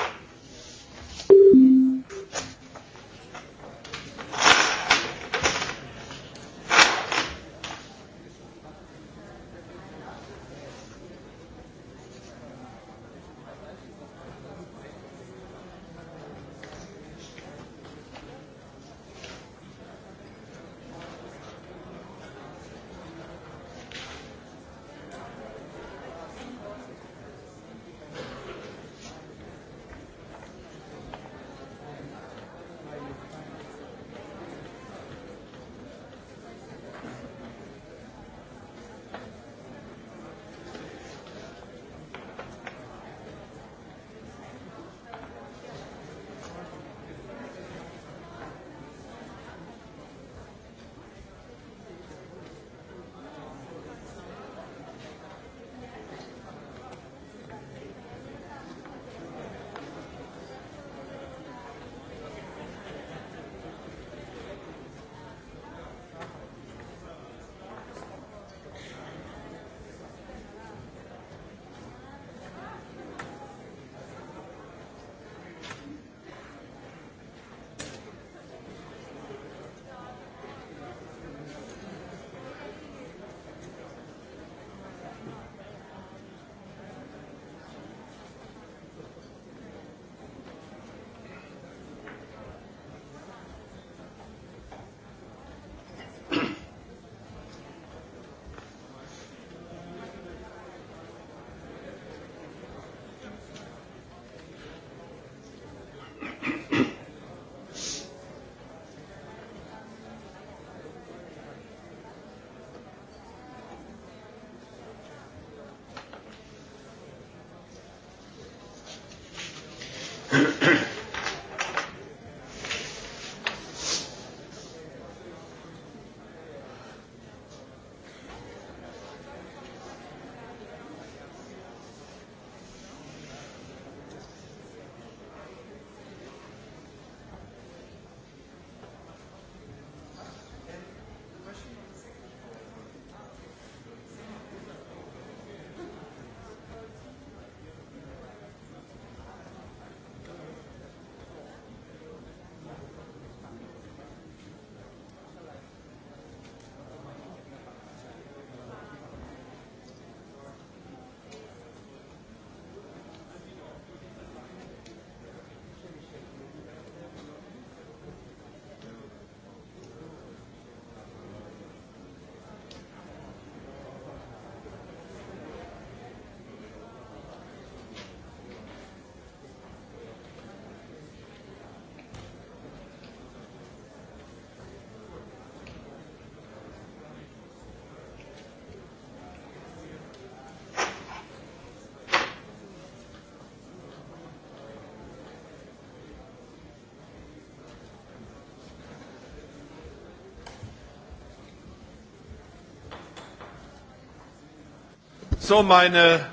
So, meine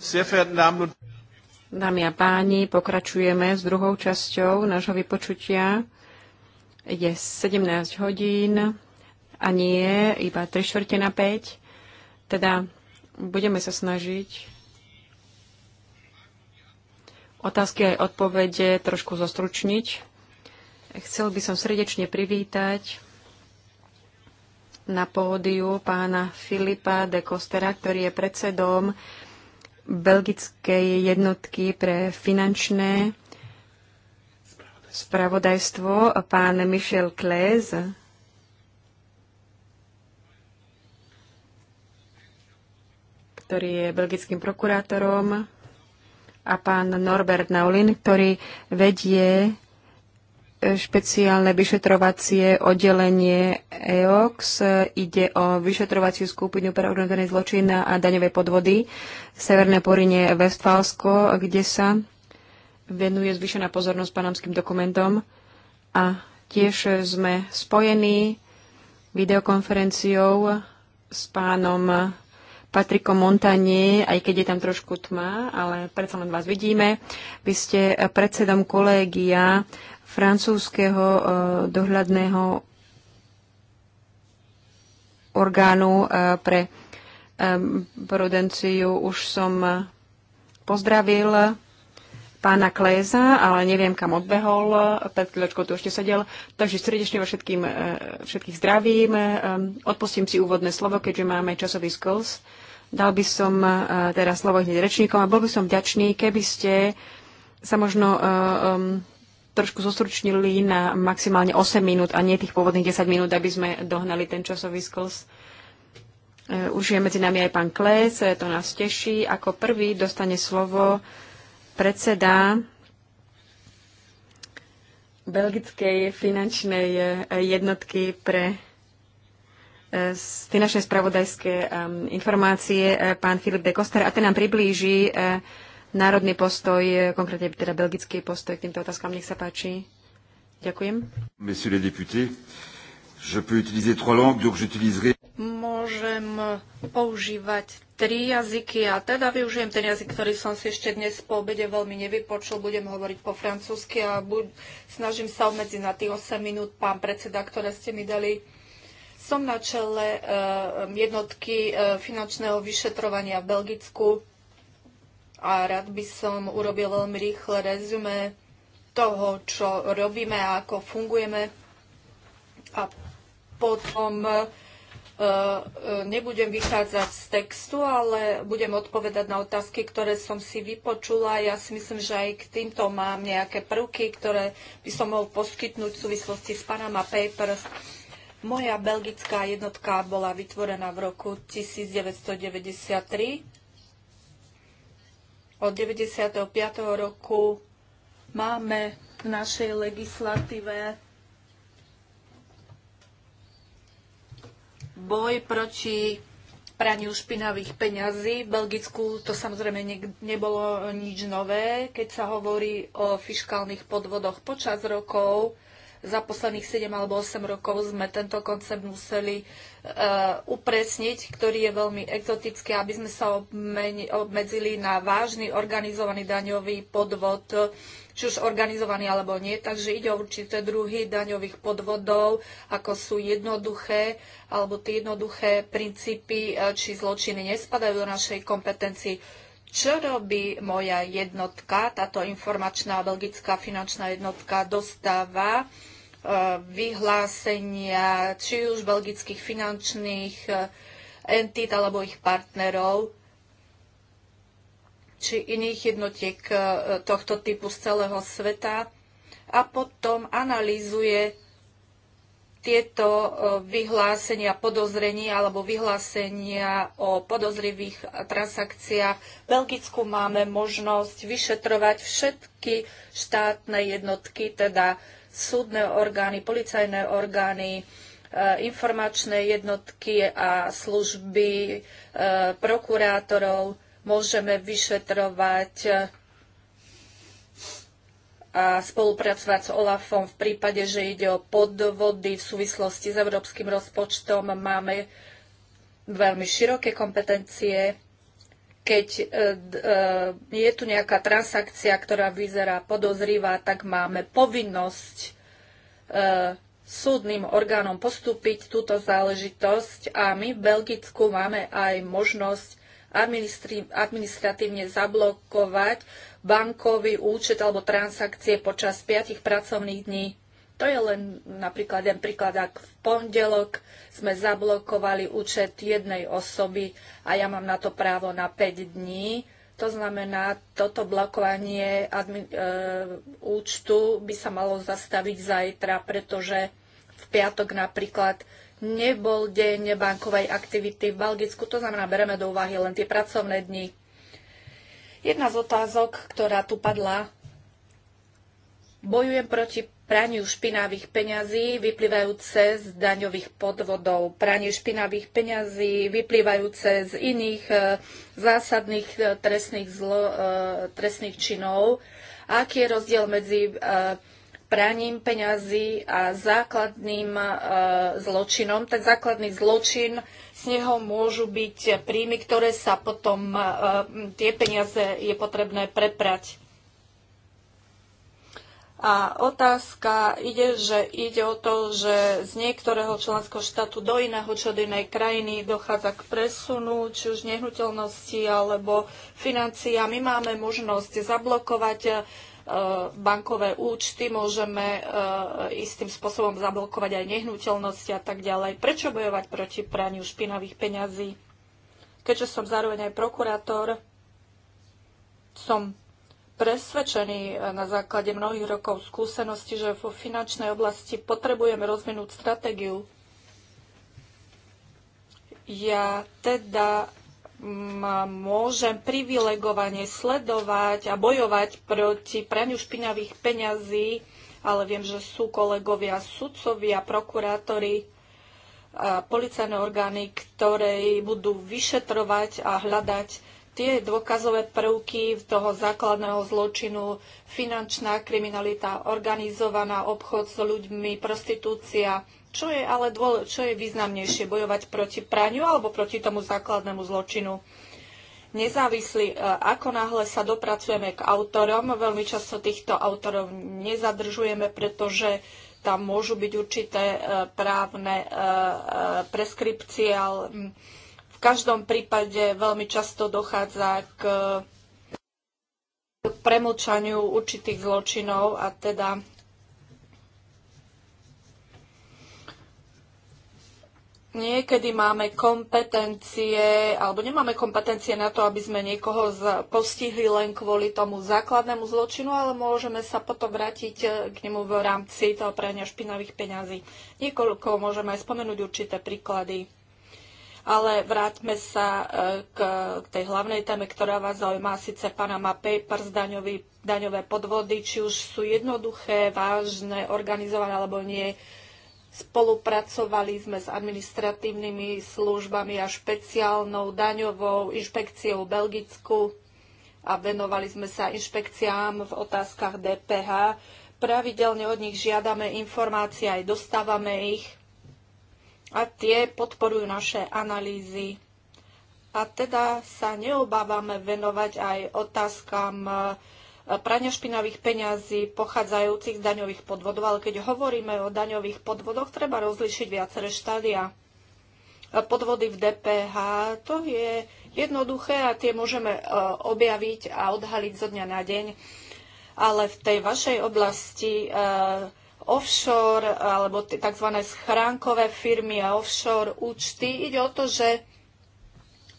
sehr verehrten Damen und Dámy a páni, pokračujeme s druhou časťou nášho vypočutia. Je 17 hodín a nie iba 3 čtvrte na 5. Teda budeme sa snažiť otázky aj odpovede trošku zostručniť. Chcel by som srdečne privítať na pódiu pána Filipa de Kostera, ktorý je predsedom Belgickej jednotky pre finančné spravodajstvo, pán Michel Klez. ktorý je belgickým prokurátorom a pán Norbert Naulin, ktorý vedie špeciálne vyšetrovacie oddelenie EOX. Ide o vyšetrovaciu skupinu pre organizovaný zločin a daňové podvody v Severnej Porine Westfalsko, kde sa venuje zvyšená pozornosť panamským dokumentom a tiež sme spojení videokonferenciou s pánom Patrikom Montanie, aj keď je tam trošku tma, ale predsa len vás vidíme. Vy ste predsedom kolégia francúzského e, dohľadného orgánu e, pre e, prudenciu už som pozdravil pána Kléza, ale neviem, kam odbehol. Pred chvíľočkou tu ešte sedel. Takže srdečne vo všetkým, všetkých zdravím. Odpustím si úvodné slovo, keďže máme časový skills. Dal by som teraz slovo hneď rečníkom a bol by som vďačný, keby ste sa možno um, trošku zostručnili na maximálne 8 minút a nie tých pôvodných 10 minút, aby sme dohnali ten časový skos. E, už je medzi nami aj pán Kles, e, to nás teší. Ako prvý dostane slovo predseda Belgickej finančnej e, jednotky pre finančné spravodajské informácie, pán Filip de Koster, a ten nám priblíži národný postoj, e, konkrétne teda belgický postoj k týmto otázkam. Nech sa páči. Ďakujem. Messieurs les députés, je peux utiliser trois langues, donc j'utiliserai... Môžem používať tri jazyky a teda využijem ten jazyk, ktorý som si ešte dnes po obede veľmi nevypočul. Budem hovoriť po francúzsky a buď, snažím sa obmedziť na tých 8 minút, pán predseda, ktoré ste mi dali. Som na čele e, jednotky e, finančného vyšetrovania v Belgicku a rád by som urobil veľmi rýchle rezume toho, čo robíme a ako fungujeme. A potom e, e, nebudem vychádzať z textu, ale budem odpovedať na otázky, ktoré som si vypočula. Ja si myslím, že aj k týmto mám nejaké prvky, ktoré by som mohol poskytnúť v súvislosti s Panama Papers. Moja belgická jednotka bola vytvorená v roku 1993 od 95. roku máme v našej legislatíve boj proti praniu špinavých peňazí. V Belgicku to samozrejme ne- nebolo nič nové, keď sa hovorí o fiškálnych podvodoch počas rokov. Za posledných 7 alebo 8 rokov sme tento koncept museli e, upresniť, ktorý je veľmi exotický, aby sme sa obmedzili na vážny organizovaný daňový podvod, či už organizovaný alebo nie. Takže ide o určité druhy daňových podvodov, ako sú jednoduché alebo tie jednoduché princípy e, či zločiny nespadajú do našej kompetencii. Čo robí moja jednotka, táto informačná belgická finančná jednotka, dostáva vyhlásenia či už belgických finančných e, entít alebo ich partnerov či iných jednotiek e, tohto typu z celého sveta a potom analýzuje tieto e, vyhlásenia podozrení alebo vyhlásenia o podozrivých transakciách. V Belgicku máme možnosť vyšetrovať všetky štátne jednotky, teda súdne orgány, policajné orgány, e, informačné jednotky a služby e, prokurátorov. Môžeme vyšetrovať e, a spolupracovať s OLAFom v prípade, že ide o podvody v súvislosti s európskym rozpočtom. Máme veľmi široké kompetencie keď e, e, je tu nejaká transakcia, ktorá vyzerá podozrivá, tak máme povinnosť e, súdnym orgánom postúpiť túto záležitosť a my v Belgicku máme aj možnosť administratívne zablokovať bankový účet alebo transakcie počas 5 pracovných dní. To je len napríklad jeden príklad, ak v pondelok sme zablokovali účet jednej osoby a ja mám na to právo na 5 dní, to znamená, toto blokovanie admin, e, účtu by sa malo zastaviť zajtra, pretože v piatok napríklad nebol deň bankovej aktivity v Belgicku, to znamená, bereme do úvahy len tie pracovné dni. Jedna z otázok, ktorá tu padla, bojujem proti praniu špinavých peňazí vyplývajúce z daňových podvodov, pranie špinavých peňazí vyplývajúce z iných e, zásadných e, trestných, zlo, e, trestných činov. aký je rozdiel medzi praním peňazí a základným zločinom? Tak základný zločin, z neho môžu byť príjmy, ktoré sa potom, tie peniaze je potrebné preprať a otázka ide, že ide o to, že z niektorého členského štátu do iného, či od inej krajiny dochádza k presunu, či už nehnuteľnosti alebo financií. A my máme možnosť zablokovať e, bankové účty, môžeme e, istým spôsobom zablokovať aj nehnuteľnosti a tak ďalej. Prečo bojovať proti praniu špinavých peňazí? Keďže som zároveň aj prokurátor, som presvedčení e, na základe mnohých rokov skúsenosti, že vo finančnej oblasti potrebujeme rozvinúť stratégiu. Ja teda môžem privilegovane sledovať a bojovať proti praniu špinavých peňazí, ale viem, že sú kolegovia, sudcovia, prokurátori, policajné orgány, ktoré budú vyšetrovať a hľadať tie dôkazové prvky toho základného zločinu, finančná kriminalita, organizovaná obchod s ľuďmi, prostitúcia. Čo je ale dôle, čo je významnejšie, bojovať proti praniu alebo proti tomu základnému zločinu? Nezávislí, e, ako náhle sa dopracujeme k autorom, veľmi často týchto autorov nezadržujeme, pretože tam môžu byť určité e, právne e, preskripcie, ale mm, každom prípade veľmi často dochádza k premlčaniu určitých zločinov a teda niekedy máme kompetencie, alebo nemáme kompetencie na to, aby sme niekoho postihli len kvôli tomu základnému zločinu, ale môžeme sa potom vrátiť eh, k nemu v rámci toho prania špinavých peňazí. Niekoľko môžeme aj spomenúť určité príklady. Ale vráťme sa e, k tej hlavnej téme, ktorá vás zaujíma, síce Panama Papers, daňový, daňové podvody, či už sú jednoduché, vážne, organizované alebo nie. Spolupracovali sme s administratívnymi službami a špeciálnou daňovou inšpekciou v Belgicku a venovali sme sa inšpekciám v otázkach DPH. Pravidelne od nich žiadame informácie, aj dostávame ich a tie podporujú naše analýzy. A teda sa neobávame venovať aj otázkam e, prania špinavých peňazí pochádzajúcich z daňových podvodov, ale keď hovoríme o daňových podvodoch, treba rozlišiť viaceré štádia. E, podvody v DPH, to je jednoduché a tie môžeme e, objaviť a odhaliť zo dňa na deň. Ale v tej vašej oblasti offshore alebo tzv. schránkové firmy a offshore účty. Ide o to, že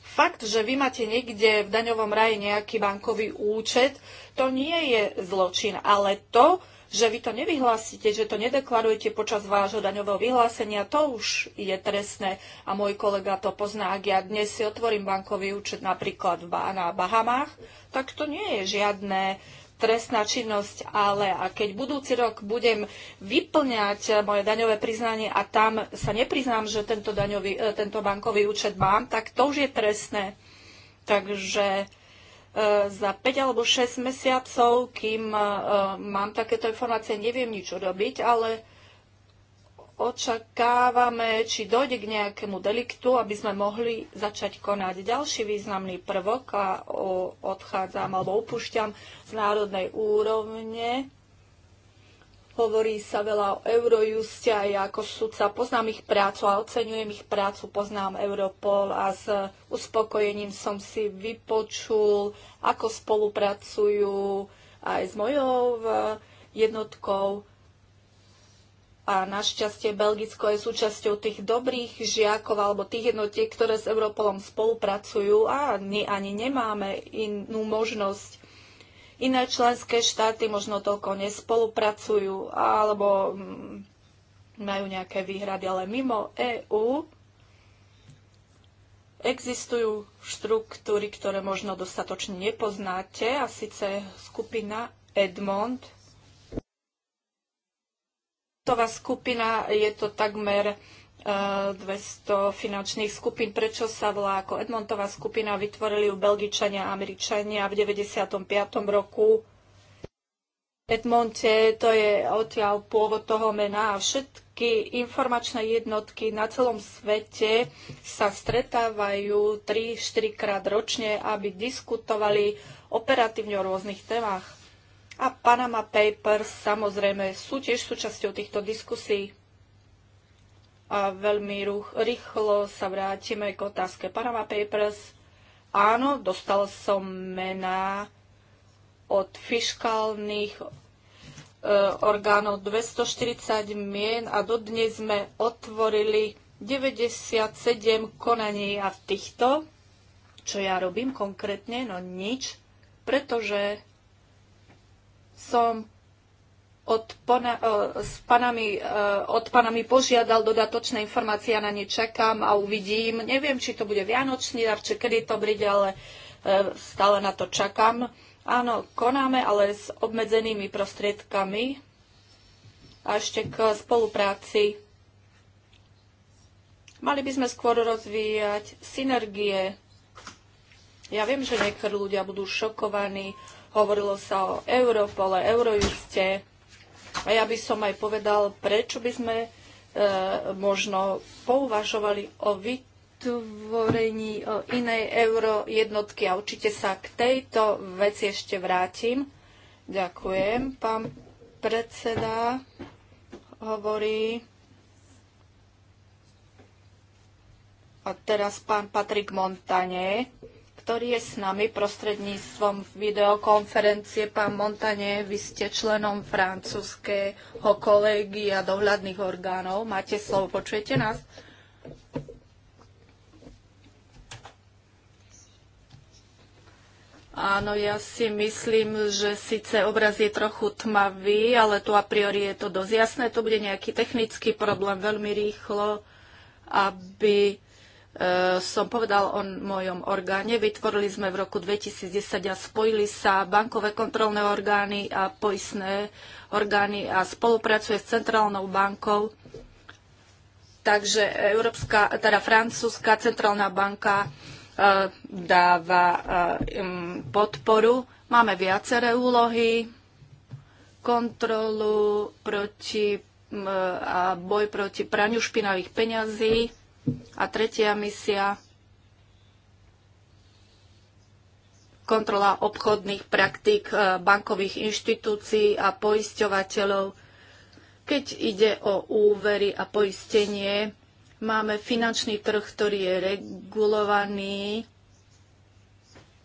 fakt, že vy máte niekde v daňovom raji nejaký bankový účet, to nie je zločin, ale to, že vy to nevyhlásite, že to nedeklarujete počas vášho daňového vyhlásenia, to už je trestné a môj kolega to pozná. Ak ja dnes si otvorím bankový účet napríklad na Bahamách, tak to nie je žiadne trestná činnosť, ale a keď budúci rok budem vyplňať moje daňové priznanie a tam sa nepriznám, že tento, daňový, e, tento bankový účet mám, tak to už je trestné. Takže e, za 5 alebo 6 mesiacov, kým e, mám takéto informácie, neviem nič urobiť, ale očakávame, či dojde k nejakému deliktu, aby sme mohli začať konať. Ďalší významný prvok, a odchádzam alebo opúšťam z národnej úrovne, hovorí sa veľa o Eurojuste aj ako sudca poznám ich prácu a oceňujem ich prácu, poznám Europol a s uspokojením som si vypočul, ako spolupracujú aj s mojou e, jednotkou a našťastie Belgicko je súčasťou tých dobrých žiakov alebo tých jednotiek, ktoré s Europolom spolupracujú a my ani nemáme inú možnosť. Iné členské štáty možno toľko nespolupracujú alebo mm, majú nejaké výhrady, ale mimo EÚ existujú štruktúry, ktoré možno dostatočne nepoznáte a síce skupina Edmond – projektová skupina, je to takmer 200 eh, finančných skupín. Prečo sa volá ako Edmontová skupina? Vytvorili ju Belgičania a Američania v 95. roku. Edmonte, to je odtiaľ pôvod toho mena a všetky informačné jednotky na celom svete sa stretávajú 3-4 krát ročne, aby diskutovali operatívne o rôznych témach. A Panama Papers samozrejme sú tiež súčasťou týchto diskusí. A veľmi ruch, rýchlo sa vrátime k otázke Panama Papers. Áno, dostal som mená od fiskálnych e, orgánov 240 mien a dodnes sme otvorili 97 konaní a v týchto, čo ja robím konkrétne, no nič, pretože som od, pana, e, s panami, e, od panami požiadal dodatočné informácie, ja na ne čakám a uvidím. Neviem, či to bude Vianočný darček, kedy to bude, ale e, stále na to čakám. Áno, konáme, ale s obmedzenými prostriedkami a ešte k spolupráci. Mali by sme skôr rozvíjať synergie. Ja viem, že niektorí ľudia budú šokovaní, Hovorilo sa o Europole, Eurojuste. A ja by som aj povedal, prečo by sme e, možno pouvažovali o vytvorení o inej eurojednotky. A určite sa k tejto veci ešte vrátim. Ďakujem. Pán predseda hovorí. A teraz pán Patrik Montane ktorý je s nami prostredníctvom videokonferencie. Pán Montane, vy ste členom francúzského kolégia dohľadných orgánov. Máte slovo, počujete nás? Áno, ja si myslím, že síce obraz je trochu tmavý, ale tu a priori je to dosť jasné. To bude nejaký technický problém veľmi rýchlo, aby Eh, som povedal o mojom orgáne. Vytvorili sme v roku 2010 a spojili sa bankové kontrolné orgány a poistné orgány a spolupracuje s Centrálnou bankou. Takže Európska, teda Francúzska centrálna banka eh, dáva eh, podporu. Máme viaceré úlohy, kontrolu proti mm, a boj proti praniu špinavých peňazí a tretia misia kontrola obchodných praktík e, bankových inštitúcií a poisťovateľov. Keď ide o úvery a poistenie, máme finančný trh, ktorý je regulovaný,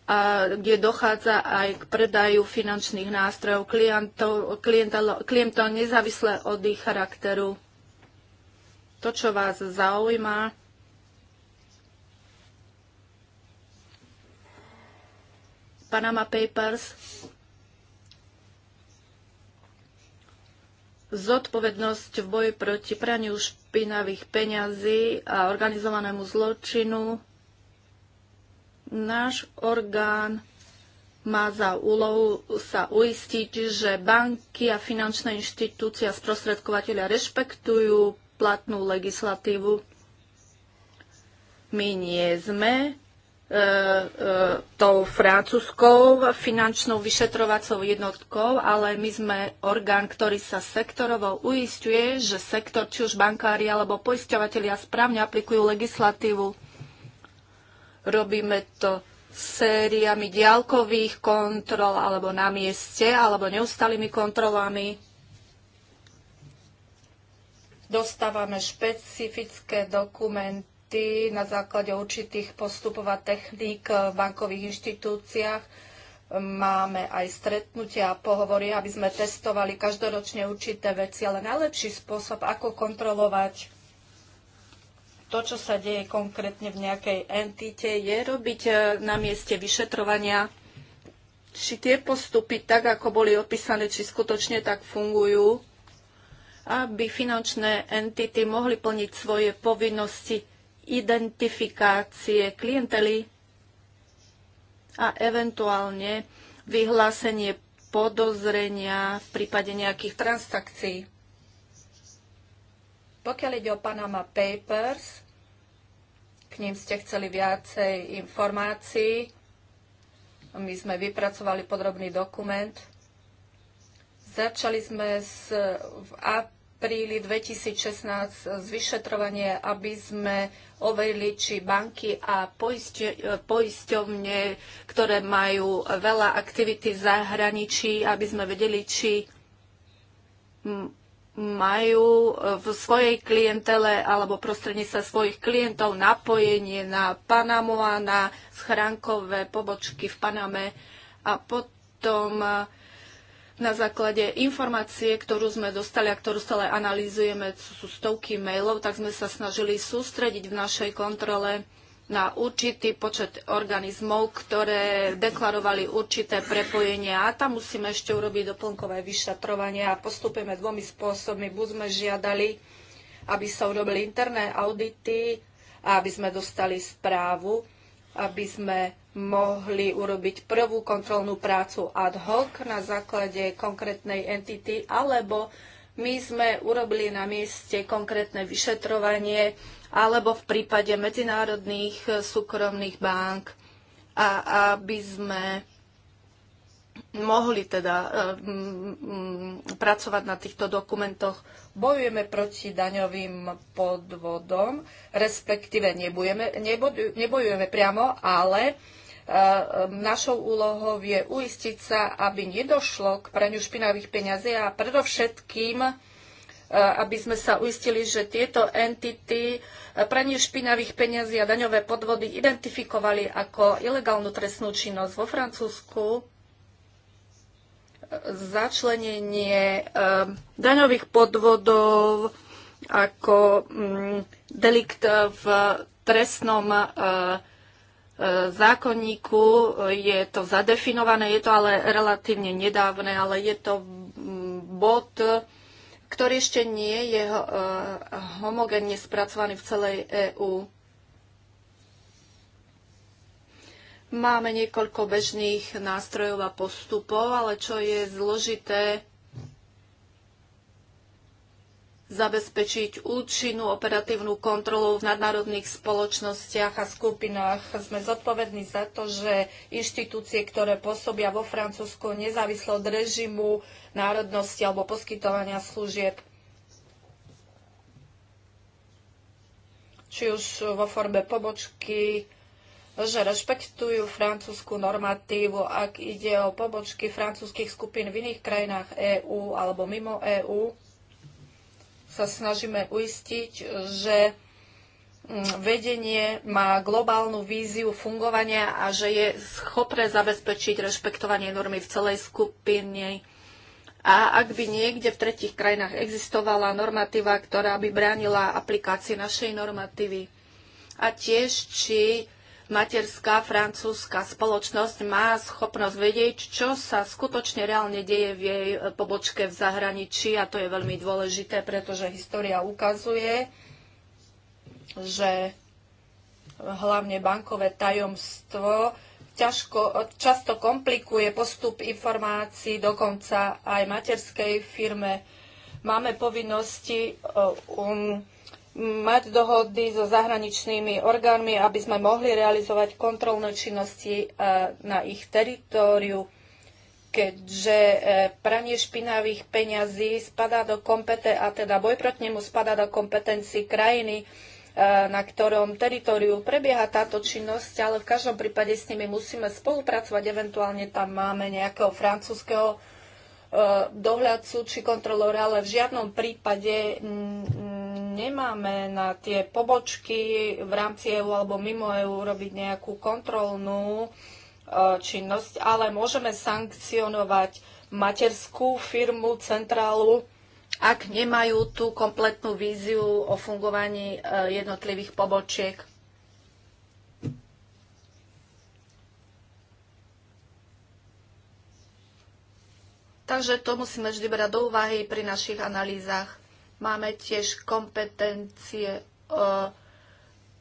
a kde dochádza aj k predaju finančných nástrojov klientov, klientov, klientov nezávisle od ich charakteru to, čo vás zaujíma. Panama Papers. Zodpovednosť v boji proti praniu špinavých peňazí a organizovanému zločinu. Náš orgán má za úlohu sa uistiť, že banky a finančné inštitúcie a sprostredkovateľia rešpektujú platnú legislatívu. My nie sme e, e, tou francúzskou finančnou vyšetrovacou jednotkou, ale my sme orgán, ktorý sa sektorovo uistuje, že sektor, či už bankári alebo poisťovateľia správne aplikujú legislatívu. Robíme to sériami diálkových kontrol alebo na mieste, alebo neustalými kontrolami Dostávame špecifické dokumenty na základe určitých postupov a techník v bankových inštitúciách. Máme aj stretnutia a pohovory, aby sme testovali každoročne určité veci, ale najlepší spôsob, ako kontrolovať to, čo sa deje konkrétne v nejakej entite, je robiť e, na mieste vyšetrovania, či tie postupy, tak ako boli opísané, či skutočne tak fungujú aby finančné entity mohli plniť svoje povinnosti identifikácie klientely a eventuálne vyhlásenie podozrenia v prípade nejakých transakcií. Pokiaľ ide o Panama Papers, k ním ste chceli viacej informácií. My sme vypracovali podrobný dokument. Začali sme s, v apríli apríli 2016 vyšetrovanie, aby sme overili, či banky a poisťovne, ktoré majú veľa aktivity v zahraničí, aby sme vedeli, či majú v svojej klientele alebo sa svojich klientov napojenie na Panamu a na schránkové pobočky v Paname a potom na základe informácie, ktorú sme dostali a ktorú stále analýzujeme, sú stovky mailov, tak sme sa snažili sústrediť v našej kontrole na určitý počet organizmov, ktoré deklarovali určité prepojenia a tam musíme ešte urobiť doplnkové vyšetrovanie a postupujeme dvomi spôsobmi. Buď sme žiadali, aby sa urobili interné audity a aby sme dostali správu aby sme mohli urobiť prvú kontrolnú prácu ad hoc na základe konkrétnej entity, alebo my sme urobili na mieste konkrétne vyšetrovanie, alebo v prípade medzinárodných eh, súkromných bank, a aby sme mohli teda eh, pracovať na týchto dokumentoch bojujeme proti daňovým podvodom, respektíve nebojujeme, nebojujeme priamo, ale e, našou úlohou je uistiť sa, aby nedošlo k praniu špinavých peňazí a predovšetkým e, aby sme sa uistili, že tieto entity e, pranie špinavých peňazí a daňové podvody identifikovali ako ilegálnu trestnú činnosť vo Francúzsku začlenenie ehm, daňových podvodov ako mm, delikt v trestnom eh, eh, zákonníku. Je to zadefinované, je to ale relatívne nedávne, ale je to mm, bod, ktorý ešte nie je eh, homogénne spracovaný v celej EÚ. Máme niekoľko bežných nástrojov a postupov, ale čo je zložité zabezpečiť účinnú operatívnu kontrolu v nadnárodných spoločnostiach a skupinách. Sme zodpovední za to, že inštitúcie, ktoré pôsobia vo Francúzsku nezávislo od režimu národnosti alebo poskytovania služieb, či už vo forme pobočky, že rešpektujú francúzsku normatívu, ak ide o pobočky francúzskych skupín v iných krajinách EÚ alebo mimo EÚ, sa snažíme uistiť, že mm, vedenie má globálnu víziu fungovania a že je schopné zabezpečiť rešpektovanie normy v celej skupine a ak by niekde v tretich krajinách existovala normatíva, ktorá by bránila aplikácii našej normatívy. A tiež, či materská francúzska spoločnosť má schopnosť vedieť, čo sa skutočne reálne deje v jej e, pobočke v zahraničí a to je veľmi dôležité, pretože história ukazuje, že hlavne bankové tajomstvo ťažko, často komplikuje postup informácií dokonca aj materskej firme máme povinnosti e, um, mať dohody so zahraničnými orgánmi, aby sme mohli realizovať kontrolné činnosti e, na ich teritóriu, keďže e, pranie špinavých peňazí spadá do kompeten- a teda boj proti nemu spadá do kompetencií krajiny, e, na ktorom teritóriu prebieha táto činnosť, ale v každom prípade s nimi musíme spolupracovať. Eventuálne tam máme nejakého francúzského E, dohľadcu či kontrolóra, ale v žiadnom prípade nemáme na tie pobočky v rámci EU alebo mimo EU robiť nejakú kontrolnú e, činnosť, ale môžeme sankcionovať materskú firmu, centrálu, ak nemajú tú kompletnú víziu o fungovaní e, jednotlivých pobočiek. Takže to musíme vždy brať do úvahy pri našich analýzach. Máme tiež kompetencie e,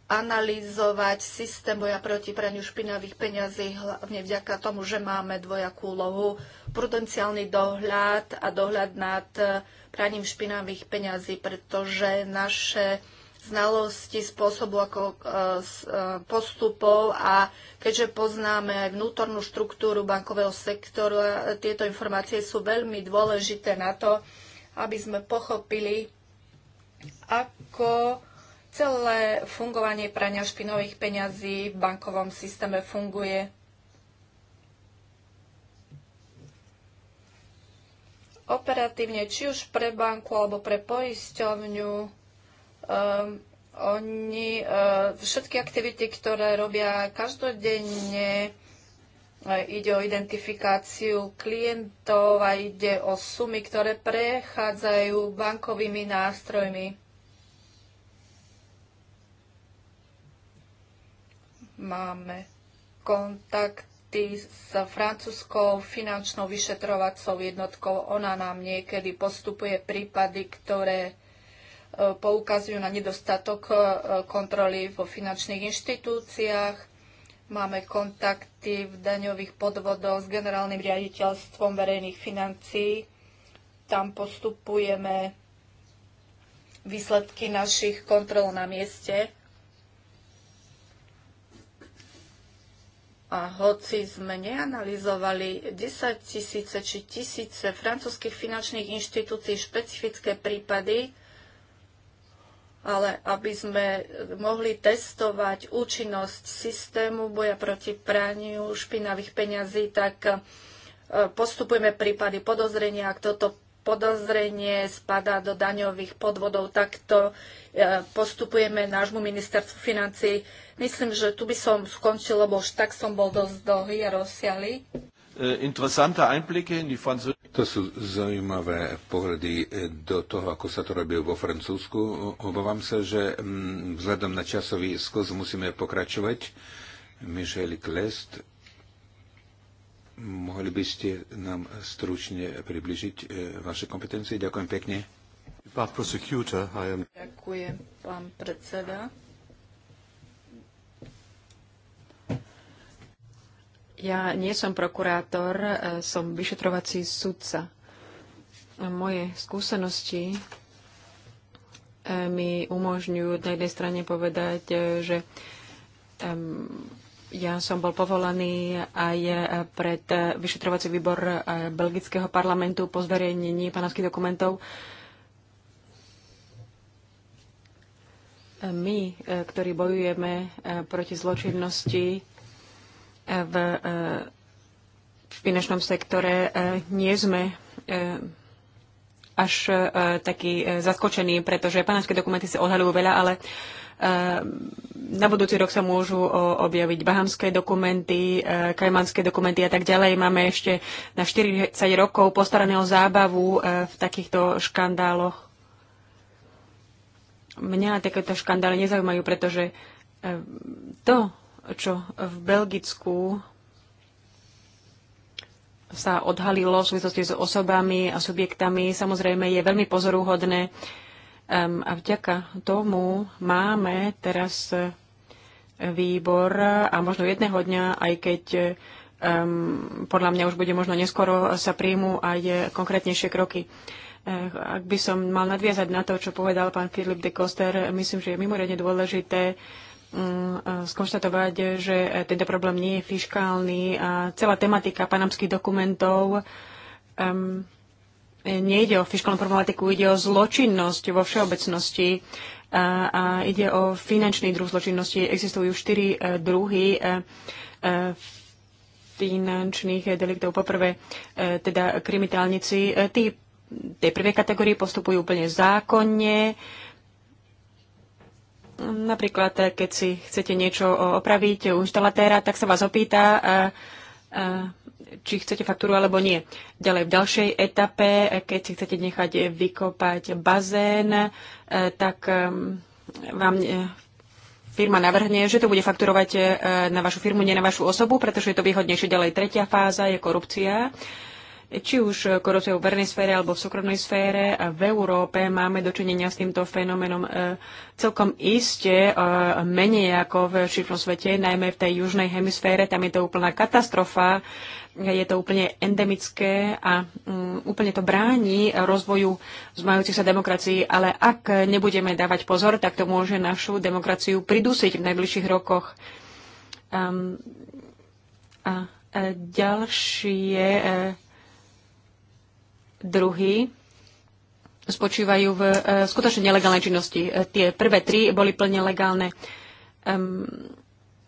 analýzovať systém boja proti praniu špinavých peňazí, hlavne vďaka tomu, že máme dvojakú úlohu, prudenciálny dohľad a dohľad nad e, praním špinavých peňazí, pretože naše znalosti spôsobu ako e, e, postupov a keďže poznáme aj vnútornú štruktúru bankového sektoru, e, tieto informácie sú veľmi dôležité na to, aby sme pochopili, ako celé fungovanie prania špinových peňazí v bankovom systéme funguje. Operatívne, či už pre banku alebo pre poisťovňu, Um, oni uh, všetky aktivity, ktoré robia každodenne, eh, Ide o identifikáciu klientov a ide o sumy, ktoré prechádzajú bankovými nástrojmi. Máme kontakty s francúzskou finančnou vyšetrovacou jednotkou. Ona nám niekedy postupuje prípady, ktoré E, poukazujú na nedostatok e, kontroly vo finančných inštitúciách. Máme kontakty v daňových podvodoch s generálnym riaditeľstvom verejných financií. Tam postupujeme výsledky našich kontrol na mieste. A hoci sme neanalizovali 10 tisíce či tisíce francúzských finančných inštitúcií špecifické prípady, ale aby sme mohli testovať účinnosť systému boja proti praniu špinavých peňazí, tak e, postupujeme prípady podozrenia. Ak toto podozrenie spadá do daňových podvodov, tak to e, postupujeme nášmu ministerstvu financí. Myslím, že tu by som skončil, lebo už tak som bol dosť dlhý a rozsiali. E, interessante Einblicke in die französische to sú zaujímavé pohľady do toho, ako sa to robí vo Francúzsku. Obávam sa, že mm, vzhľadom na časový skos musíme pokračovať. Michel Klest, mohli by ste nám stručne približiť e, vaše kompetencie? Ďakujem pekne. Ďakujem, pán predseda. Ja nie som prokurátor, e, som vyšetrovací sudca. E, moje skúsenosti e, mi umožňujú na jednej strane povedať, že ja som bol povolaný aj pred vyšetrovací výbor Belgického parlamentu po zverejnení panovských dokumentov. My, ktorí bojujeme proti zločinnosti, E, v finančnom sektore e, nie sme e, až taký zaskočený, pretože panamské dokumenty sa odhalujú veľa, ale na budúci rok sa môžu objaviť bahamské dokumenty, kajmanské dokumenty a tak ďalej. Máme ešte na 40 rokov postaraného zábavu v takýchto škandáloch. Mňa takéto škandály nezaujímajú, pretože to, čo v Belgicku sa odhalilo v súvislosti s osobami a subjektami, samozrejme je veľmi pozorúhodné. a vďaka tomu máme teraz výbor a možno jedného dňa, aj keď um, podľa mňa už bude možno neskoro, sa príjmu aj konkrétnejšie kroky. Eh, ak by som mal nadviazať na to, čo povedal pán Filip de Koster, myslím, že je mimoriadne dôležité Eh, skonštatovať, že tento problém nie je fiškálny a celá tematika panamských dokumentov um, nejde o fiskálnu problematiku, ide o zločinnosť vo všeobecnosti a, a ide o finančný druh zločinnosti. Existujú štyri uh, druhy uh, finančných deliktov. Poprvé, uh, teda kriminálnici, uh, tí tej prvej kategórii postupujú úplne zákonne, uh, Napríklad, eh, keď si chcete niečo eh, opraviť u inštalatéra, tak sa vás opýta, eh, či chcete faktúru alebo nie. Ďalej v ďalšej etape, keď si chcete nechať vykopať bazén, tak vám firma navrhne, že to bude fakturovať na vašu firmu, nie na vašu osobu, pretože je to výhodnejšie. Ďalej tretia fáza je korupcia či už korupciou v verejnej sfére alebo v súkromnej sfére. A v Európe máme dočinenia s týmto fenoménom e, celkom iste e, menej ako v širšom svete, najmä v tej južnej hemisfére. Tam je to úplná katastrofa, je to úplne endemické a mm, úplne to bráni rozvoju zmajúcich sa demokracií. Ale ak nebudeme dávať pozor, tak to môže našu demokraciu pridusiť v najbližších rokoch. Um, a e, ďalšie druhy spočívajú v e, skutočne nelegálnej činnosti. E, tie prvé tri boli plne legálne. Um,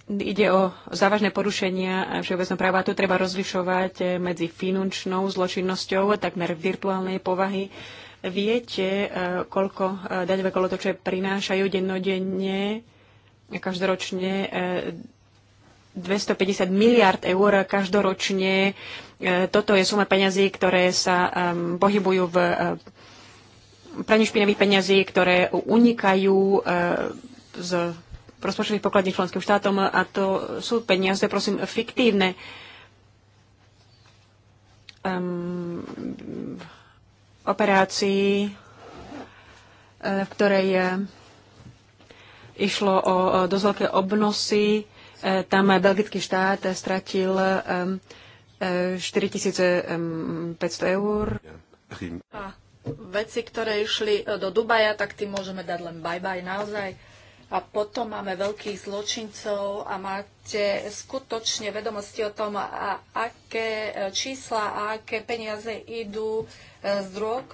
ide o závažné porušenia e, všeobecného práva. Tu treba rozlišovať medzi finančnou zločinnosťou, takmer virtuálnej povahy. Viete, koľko daňové kolotoče prinášajú dennodenne, každoročne 250 miliard eur každoročne. E, toto je suma peňazí, ktoré sa pohybujú v e, praní špinavých peňazí, ktoré unikajú e, z rozpočtových pokladní členským štátom a to sú peniaze, prosím, fiktívne. Um, operácii, v ktorej išlo o dosť veľké obnosy Eh, tam belgický štát stratil 4500 eh, eur. A veci, ktoré išli eh, do Dubaja, tak tým môžeme dať len bye-bye naozaj. A potom máme veľkých zločincov a máte skutočne vedomosti o tom, a aké čísla a aké peniaze idú z drog.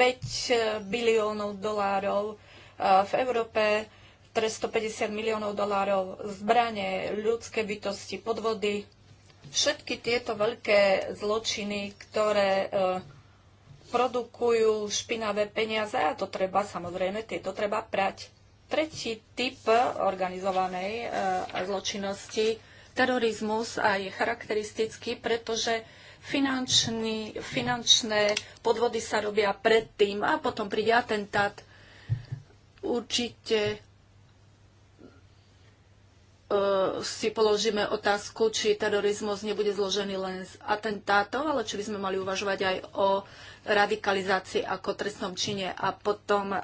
5 biliónov dolárov v Európe 350 miliónov dolárov, zbranie, ľudské bytosti, podvody. Všetky tieto veľké zločiny, ktoré e, produkujú špinavé peniaze a to treba samozrejme, tieto treba prať. Tretí typ organizovanej e, zločinnosti, terorizmus a je charakteristický, pretože finančný, finančné podvody sa robia predtým a potom príde atentát. Určite E, si položíme otázku, či terorizmus nebude zložený len z atentátov, ale či by sme mali uvažovať aj o radikalizácii ako trestnom čine. A potom e,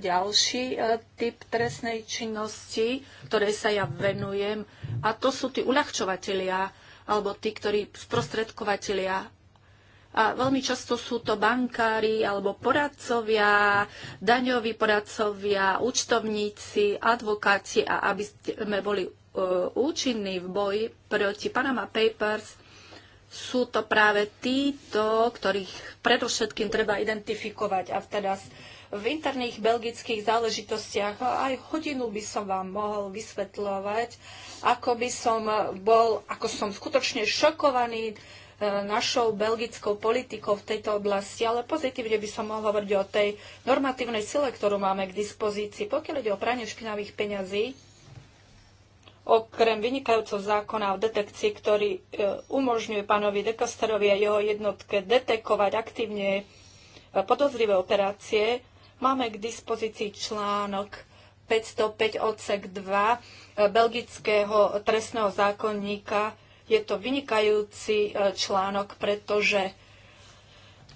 ďalší e, typ trestnej činnosti, ktorej sa ja venujem, a to sú tí uľahčovatelia alebo tí, ktorí sprostredkovatelia a veľmi často sú to bankári alebo poradcovia, daňoví poradcovia, účtovníci, advokáti a aby sme boli E, účinní v boji proti Panama Papers, sú to práve títo, ktorých predovšetkým treba identifikovať. A teraz v interných belgických záležitostiach aj hodinu by som vám mohol vysvetľovať, ako by som bol, ako som skutočne šokovaný e, našou belgickou politikou v tejto oblasti, ale pozitívne by som mohol hovoriť o tej normatívnej sile, ktorú máme k dispozícii. Pokiaľ ide o pranie špinavých peňazí, Okrem vynikajúceho zákona o detekcii, ktorý e, umožňuje pánovi Dekasterovi a jeho jednotke detekovať aktívne e, podozrivé operácie, máme k dispozícii článok 505 odsek 2 e, belgického trestného zákonníka. Je to vynikajúci článok, pretože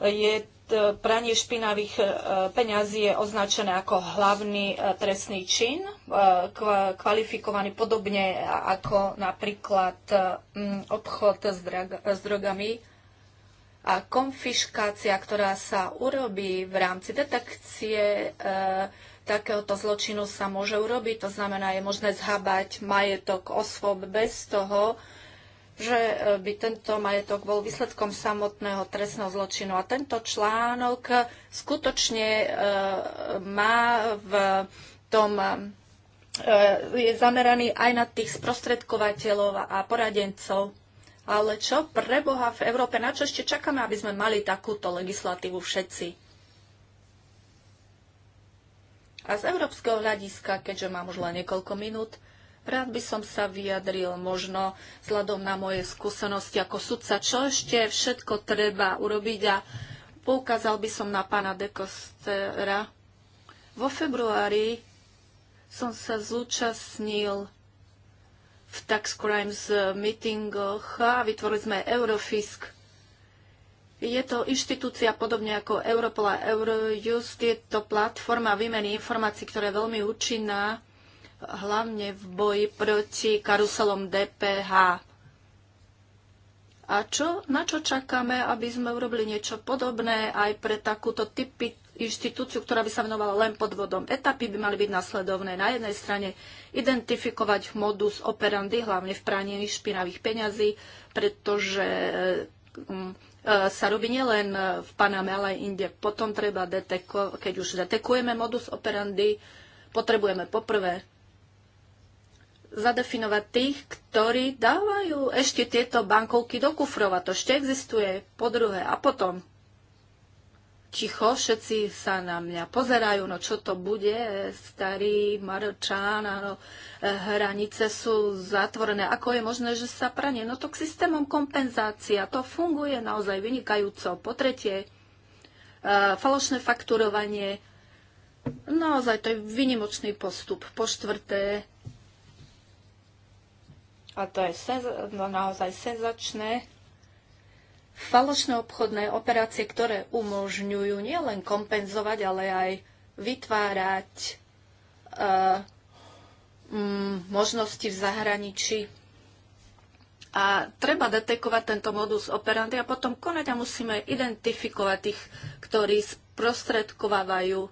je E, pranie špinavých e, peňazí je označené ako hlavný e, trestný čin, kvalifikovaný podobne ako napríklad obchod s, drogami a konfiškácia, ktorá sa urobí v rámci detekcie takéhoto zločinu sa môže urobiť. To znamená, je možné zhábať majetok osôb bez toho, že e, by tento majetok bol výsledkom samotného trestného zločinu. A tento článok skutočne e, má v tom e, je zameraný aj na tých sprostredkovateľov a poradencov. Ale čo pre Boha v Európe, na čo ešte čakáme, aby sme mali takúto legislatívu všetci? A z európskeho hľadiska, keďže mám už len niekoľko minút, Rád by som sa vyjadril možno vzhľadom na moje skúsenosti ako sudca, čo ešte všetko treba urobiť a poukázal by som na pána Dekostera. Vo februári som sa zúčastnil v Tax Crimes meetingoch a vytvorili sme Eurofisk. Je to inštitúcia podobne ako Europol a Eurojust. Je to platforma výmeny informácií, ktorá je veľmi účinná hlavne v boji proti karuselom DPH. A čo, na čo čakáme, aby sme urobili niečo podobné aj pre takúto typy inštitúciu, ktorá by sa venovala len podvodom. Etapy by mali byť nasledovné. Na jednej strane identifikovať modus operandi, hlavne v praní špinavých peňazí, pretože mm, e, sa robí nielen v Paname, ale aj inde. Potom treba deteko, keď už detekujeme modus operandi, potrebujeme poprvé zadefinovať tých, ktorí dávajú ešte tieto bankovky do kufrova. to ešte existuje. Po druhé, a potom ticho, všetci sa na mňa pozerajú, no čo to bude, starý Maročán, áno, hranice sú zatvorené, ako je možné, že sa pranie. No to k systémom kompenzácia, to funguje naozaj vynikajúco. Po tretie, e, falošné fakturovanie, naozaj to je vynimočný postup. Po štvrté, a to je senza- no, naozaj senzačné, falošné obchodné operácie, ktoré umožňujú nielen kompenzovať, ale aj vytvárať uh, eh, m, mm, možnosti v zahraničí. A treba detekovať tento modus operandi a potom konať a musíme identifikovať tých, ktorí sprostredkovávajú.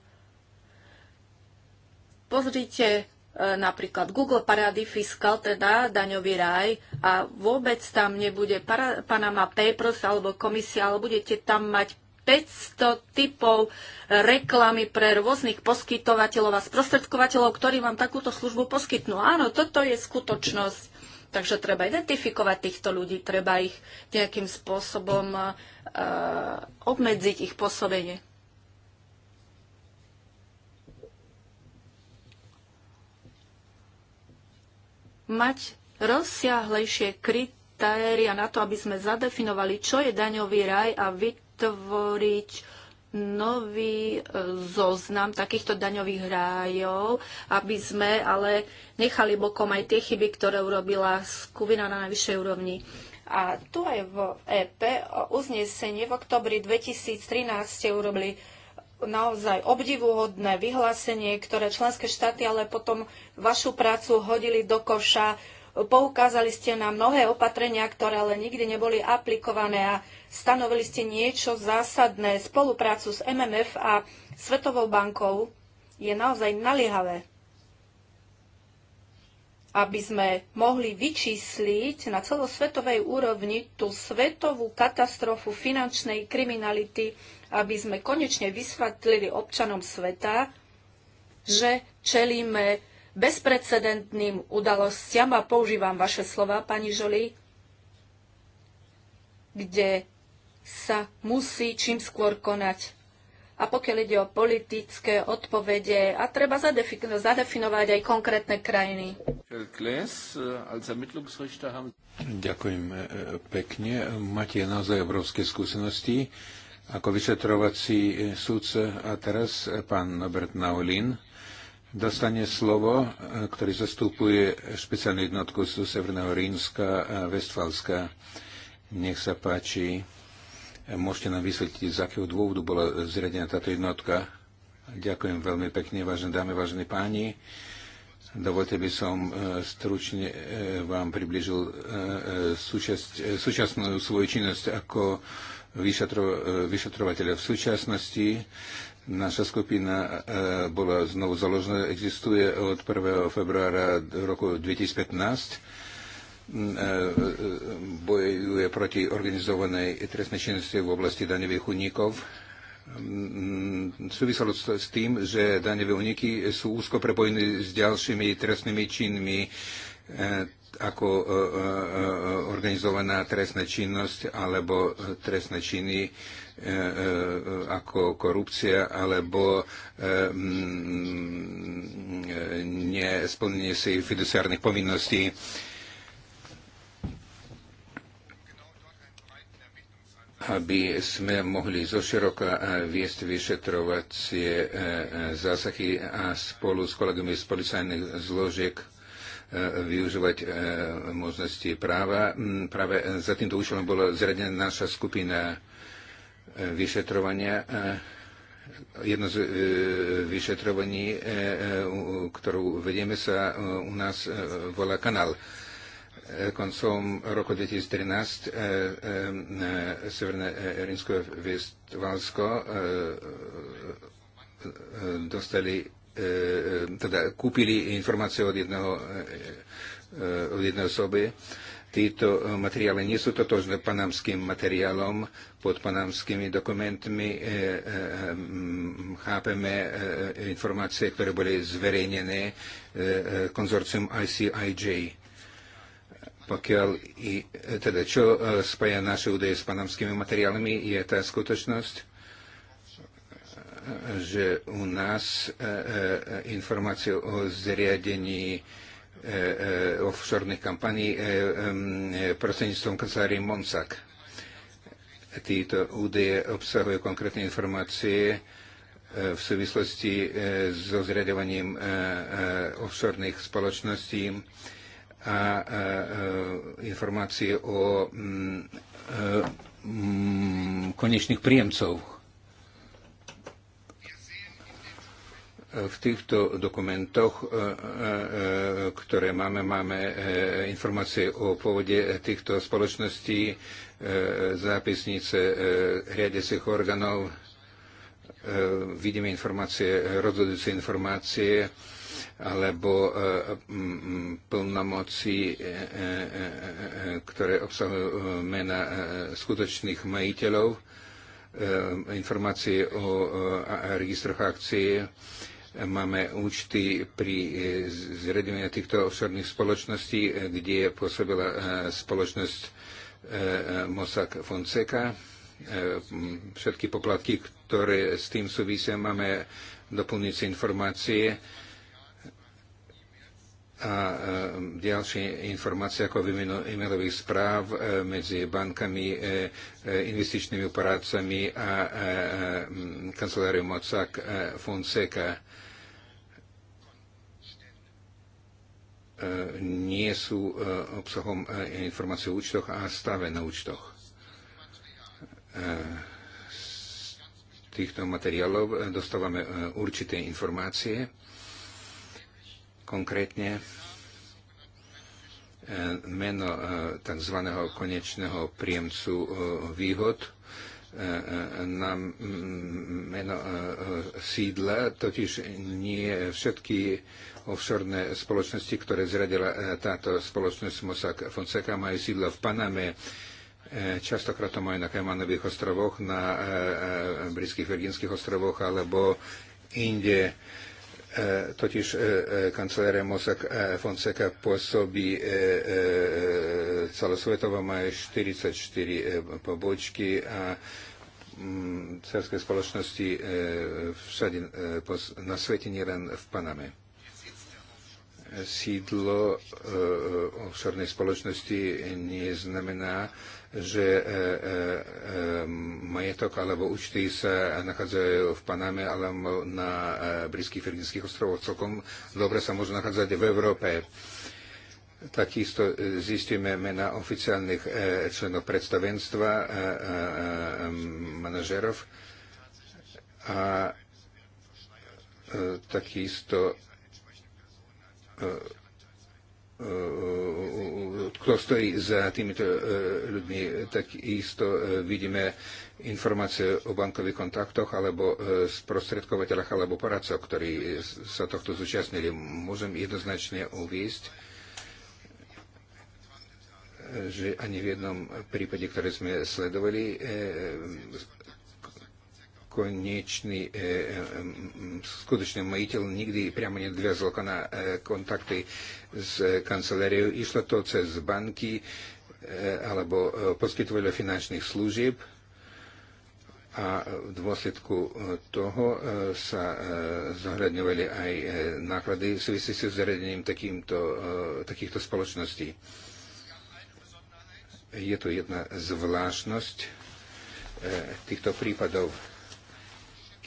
Pozrite E, napríklad Google Fiscal, teda daňový raj, a vôbec tam nebude para, Panama Papers alebo komisia, ale budete tam mať 500 typov reklamy pre rôznych poskytovateľov a sprostredkovateľov, ktorí vám takúto službu poskytnú. Áno, toto je skutočnosť. Takže treba identifikovať týchto ľudí, treba ich nejakým spôsobom uh, obmedziť ich pôsobenie. mať rozsiahlejšie kritéria na to, aby sme zadefinovali, čo je daňový raj a vytvoriť nový e, zoznam takýchto daňových rájov, aby sme ale nechali bokom aj tie chyby, ktoré urobila skupina na najvyššej úrovni. A tu aj v EP uznesenie v oktobri 2013 ste urobili naozaj obdivuhodné vyhlásenie, ktoré členské štáty ale potom vašu prácu hodili do koša. Poukázali ste na mnohé opatrenia, ktoré ale nikdy neboli aplikované a stanovili ste niečo zásadné. Spoluprácu s MMF a Svetovou bankou je naozaj naliehavé, aby sme mohli vyčísliť na celosvetovej úrovni tú svetovú katastrofu finančnej kriminality, aby sme konečne vysvetlili občanom sveta, že čelíme bezprecedentným udalostiam a používam vaše slova, pani Žoli, kde sa musí čím skôr konať. A pokiaľ ide o politické odpovede, a treba zadefinovať, zadefinovať aj konkrétne krajiny. Ďakujem e, e, pekne. Máte naozaj obrovské skúsenosti ako vyšetrovací e, súdce a teraz e, pán Robert Naulín dostane slovo, e, ktorý zastupuje špeciálnu jednotku z Severného Rínska a Vestfalska. Nech sa páči. Môžete nám vysvetliť, z akého dôvodu bola zriadená táto jednotka. Ďakujem veľmi pekne, vážené dámy, vážení páni. Dovolte by som stručne vám približil súčasť, súčasnú svoju činnosť ako vyšetro, e, vyšetrovateľa. V súčasnosti naša skupina e, bola znovu založená, existuje od 1. februára roku 2015 mm, e, bojuje proti organizovanej trestnej činnosti v oblasti daňových unikov. Mm, súviselo s tým, že daňové uniky sú úzko prepojené s ďalšími trestnými činmi ako e, e, e, organizovaná trestná činnosť alebo trestné činy ako korupcia alebo mm, nesplnenie si fiduciárnych povinností. aby sme mohli zoširoka viesť vyšetrovacie zásahy a spolu s kolegami z policajných zložiek E, využívať e, možnosti práva. Mm, práve za týmto účelom bola zradená naša skupina e, vyšetrovania. Jedno z vyšetrovaní, ktorú vedieme sa u nás volá kanál. Koncom roku 2013 Severné Rinsko-Vestvalsko dostali E, e, teda kúpili informácie od jedného, e, od jednej osoby. Títo materiály nie sú totožné panamským materiálom. Pod panamskými dokumentmi chápeme informácie, ktoré boli zverejnené konzorcium ICIJ. Pokiaľ, i, teda čo spája naše údaje s panamskými materiálmi, je tá skutočnosť, že u nás e, e, informácie o zriadení e, offshorných kampaní prostredníctvom kancelárii Monsak. Títo údaje obsahujú konkrétne informácie v súvislosti so zriadovaním offshorných spoločností a informácie o mm, mm, konečných príjemcoch V týchto dokumentoch, e, e, e, ktoré máme, máme informácie o pôvode týchto spoločností, zápisnice riadiacich orgánov, vidíme informácie, rozhodujúce informácie, alebo plnomoci, ktoré obsahujú mena skutočných majiteľov, informácie o registroch akcie, Máme účty pri e, zriadení týchto offshore spoločností, e, kde pôsobila e, spoločnosť Mossack Fonseca. Všetky poplatky, ktoré s tým súvisia, máme doplňujúce informácie a ďalšie informácie ako výmenu e-mailových správ medzi bankami, investičnými operáciami a kanceláriou Mossack Fonseca nie sú eh, obsahom eh, informácií o účtoch a stave na účtoch. Eh, z týchto materiálov dostávame určité informácie, konkrétne meno tzv. konečného príjemcu výhod, na meno e, e, sídla, totiž nie všetky offshore spoločnosti, ktoré zradila e, táto spoločnosť Mossack Fonseca, majú sídla v Paname. Častokrát to majú na Kajmanových ostrovoch, na britských Virginských ostrovoch alebo inde E, totiž e, e, kancelária Mossack Fonseca pôsobí celosvetovo, má 44 pobočky a mm, cerskej spoločnosti všade na svete, nielen v Paname. Sídlo offshore spoločnosti neznamená, že e, e, e, majetok alebo účty sa nachádzajú v Paname alebo na Britských Virgínskych ostrovoch. Celkom dobre sa môžu nachádzať v Európe. Takisto zistíme mena oficiálnych členov predstavenstva, manažerov a takisto kto stojí za týmito e, ľuďmi, tak isto e, vidíme informácie o bankových kontaktoch alebo e, sprostredkovateľoch alebo poradcoch, ktorí sa tohto zúčastnili. Môžem jednoznačne uviesť, že ani v jednom prípade, ktoré sme sledovali, konečný, e, e, skutočný majiteľ nikdy priamo nedviazol na e, kontakty s kanceláriou. Išlo to cez banky alebo poskytovateľov finančných služieb a v dôsledku toho sa zohľadňovali aj náklady súvisiace s zariadením takýchto spoločností. Je tu jedna zvláštnosť týchto prípadov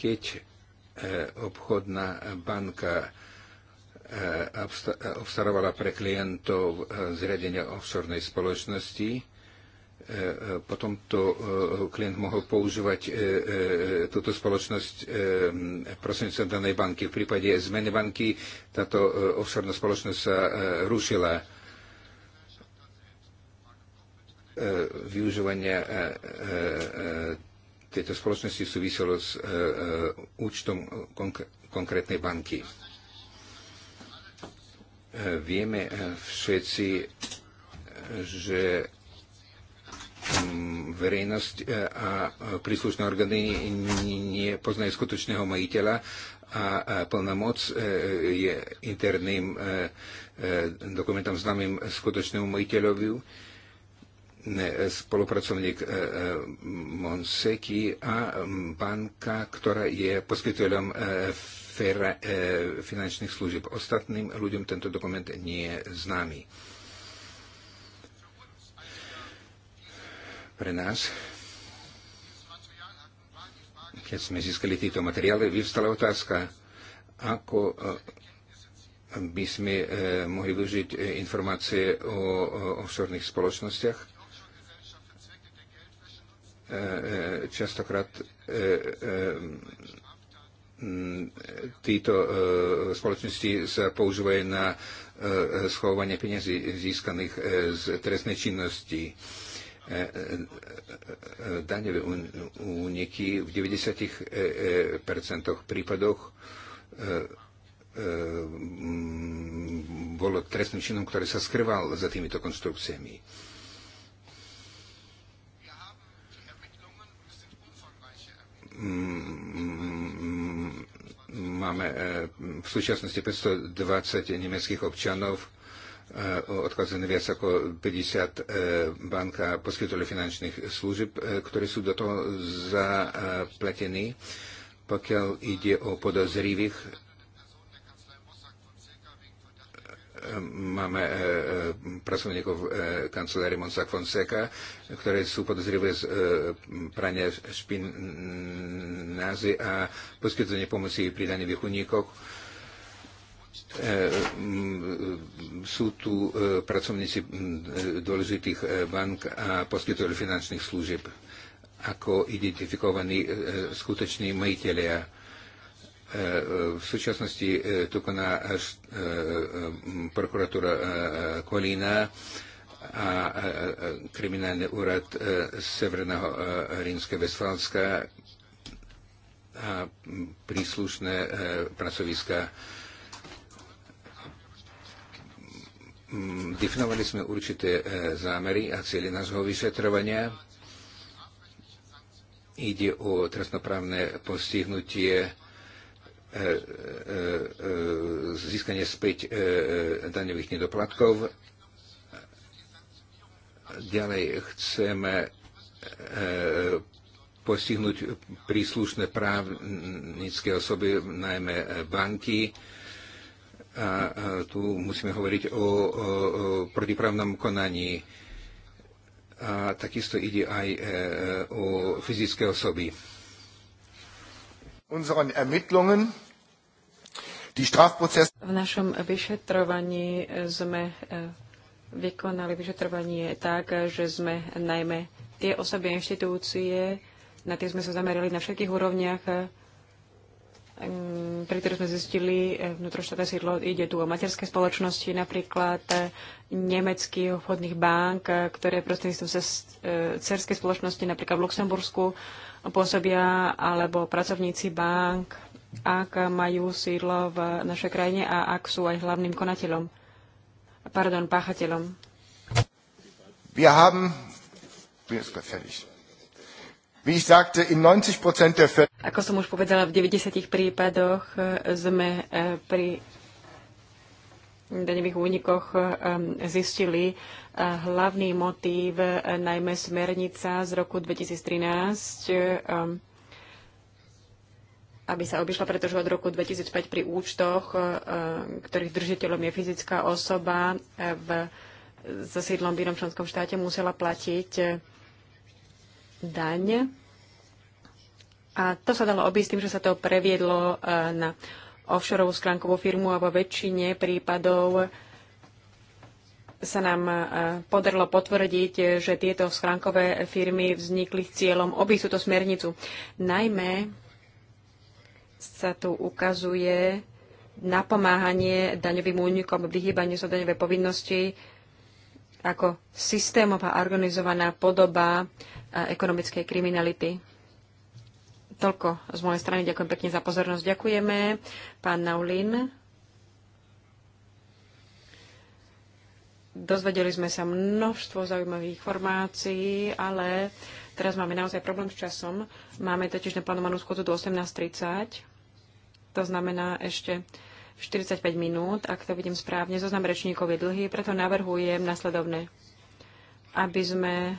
keď e, obchodná banka e, e, obstarovala pre klientov zriadenie offshore spoločnosti, potom to klient mohol používať túto spoločnosť prostredníctvom danej banky. V prípade zmeny banky táto offshore spoločnosť sa rušila využívania tejto spoločnosti súviselo s e, e, účtom konkrétnej banky. E, vieme všetci, že mm, verejnosť a príslušné orgány nepoznajú skutočného majiteľa a plná moc je interným dokumentom známym skutočnému majiteľovi E, spolupracovník e, e, Monseky a banka, ktorá je poskytovateľom finančných služieb. Ostatným ľuďom tento dokument nie je známy. Pre nás, keď sme získali tieto materiály, vyvstala otázka, ako by sme mohli využiť informácie o offshore spoločnostiach E, e, častokrát e, títo spoločnosti sa používajú na schovanie peniazy získaných z trestnej činnosti. Daňové úniky v 90% prípadoch bolo trestným činom, ktorý sa skrval za týmito konstrukciami. máme e, v súčasnosti 520 nemeckých občanov, e, odkazené viac ako 50 e, banka poskytovali finančných služieb, ktorí sú do toho zapletení. Pokiaľ ide o podozrivých, máme e, e, pracovníkov e, kancelárie Monsac Fonseca, ktoré sú podozrivé z prania špinázy a poskytovanie pomoci pri daňových unikoch. Sú tu pracovníci dôležitých bank a poskytovateľ finančných služieb ako identifikovaní skutoční majiteľia E, v súčasnosti e, to koná e, prokuratúra Kolína a kriminálny úrad Severného Rímskeho Vestfalska a príslušné pracoviska definovali sme určité zámery a cieľe nášho vyšetrovania. Ide o trestnoprávne postihnutie E, e, e, získanie späť daňových nedoplatkov. Ďalej chceme postihnúť príslušné právnické osoby, najmä banky. A tu musíme hovoriť o, protiprávnom konaní. A takisto ide aj o fyzické osoby. V našom vyšetrovaní sme eh, vykonali vyšetrovanie tak, že sme najmä tie osoby a inštitúcie, na tie sme sa zamerali na všetkých úrovniach, mm, pri ktorých sme zistili eh, vnútroštátne sídlo, ide tu o materské spoločnosti, napríklad eh, nemeckých obchodných bank, ktoré prostredníctvom cerskej spoločnosti, napríklad v Luxembursku, pôsobia, alebo pracovníci bank, ak majú sídlo v našej krajine a ak sú aj hlavným konateľom, pardon, páchateľom. Wir haben, mir ist fertig. Wie ich sagte, in 90 der Fälle... Ako som už povedala, v 90 prípadoch eh, sme eh, pri daňových únikoch eh, zistili eh, hlavný motív, eh, najmä smernica z roku 2013, aby sa obišla, pretože od roku 2005 pri účtoch, ktorých držiteľom je fyzická osoba v, so sídlom v inom členskom štáte, musela platiť daň. A to sa dalo obísť tým, že sa to previedlo na offshoreovú skránkovú firmu a vo väčšine prípadov sa nám e, podarilo potvrdiť, že tieto schránkové firmy vznikli s cieľom obísť túto smernicu. Najmä sa tu ukazuje napomáhanie daňovým únikom, vyhýbanie sa daňovej povinnosti ako systémová organizovaná podoba e, ekonomickej kriminality. Toľko z mojej strany. Ďakujem pekne za pozornosť. Ďakujeme. Pán Naulin. Dozvedeli sme sa množstvo zaujímavých informácií, ale teraz máme naozaj problém s časom. Máme totiž naplánovanú schôdzu do 18.30. To znamená ešte 45 minút, ak to vidím správne. Zoznam rečníkov je dlhý, preto navrhujem nasledovné aby sme e,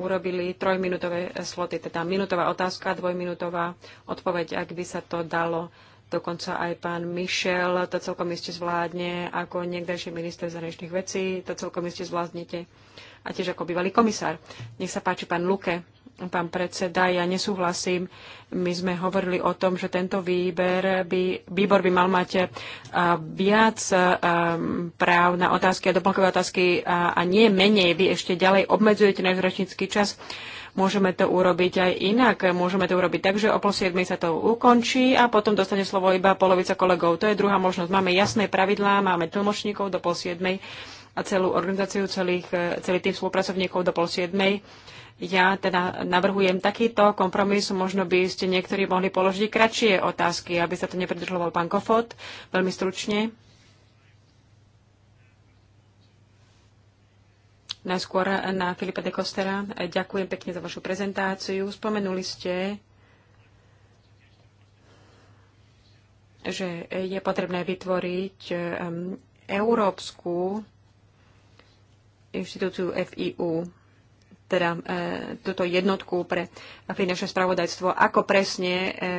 urobili trojminútové e, sloty, teda minútová otázka, dvojminútová odpoveď, ak by sa to dalo. Dokonca aj pán Michel to celkom iste zvládne, ako niekdajší minister zahraničných vecí to celkom iste zvládnete a tiež ako bývalý komisár. Nech sa páči, pán Luke pán predseda, ja nesúhlasím. My sme hovorili o tom, že tento výber by, výbor by mal mať viac práv na otázky a doplnkové otázky a, a nie menej. Vy ešte ďalej obmedzujete náš rečnícky čas. Môžeme to urobiť aj inak. Môžeme to urobiť tak, že o pol siedmej sa to ukončí a potom dostane slovo iba polovica kolegov. To je druhá možnosť. Máme jasné pravidlá, máme tlmočníkov do pol siedmej a celú organizáciu, celých, celý tým spolupracovníkov do pol siedmej ja teda navrhujem takýto kompromis, možno by ste niektorí mohli položiť kratšie otázky, aby sa to nepredržoval pán Kofot, veľmi stručne. Najskôr na Filipa de Kostera. Ďakujem pekne za vašu prezentáciu. Spomenuli ste že je potrebné vytvoriť um, európsku inštitúciu FIU teda e, túto jednotku pre finančné spravodajstvo. Ako presne e, e,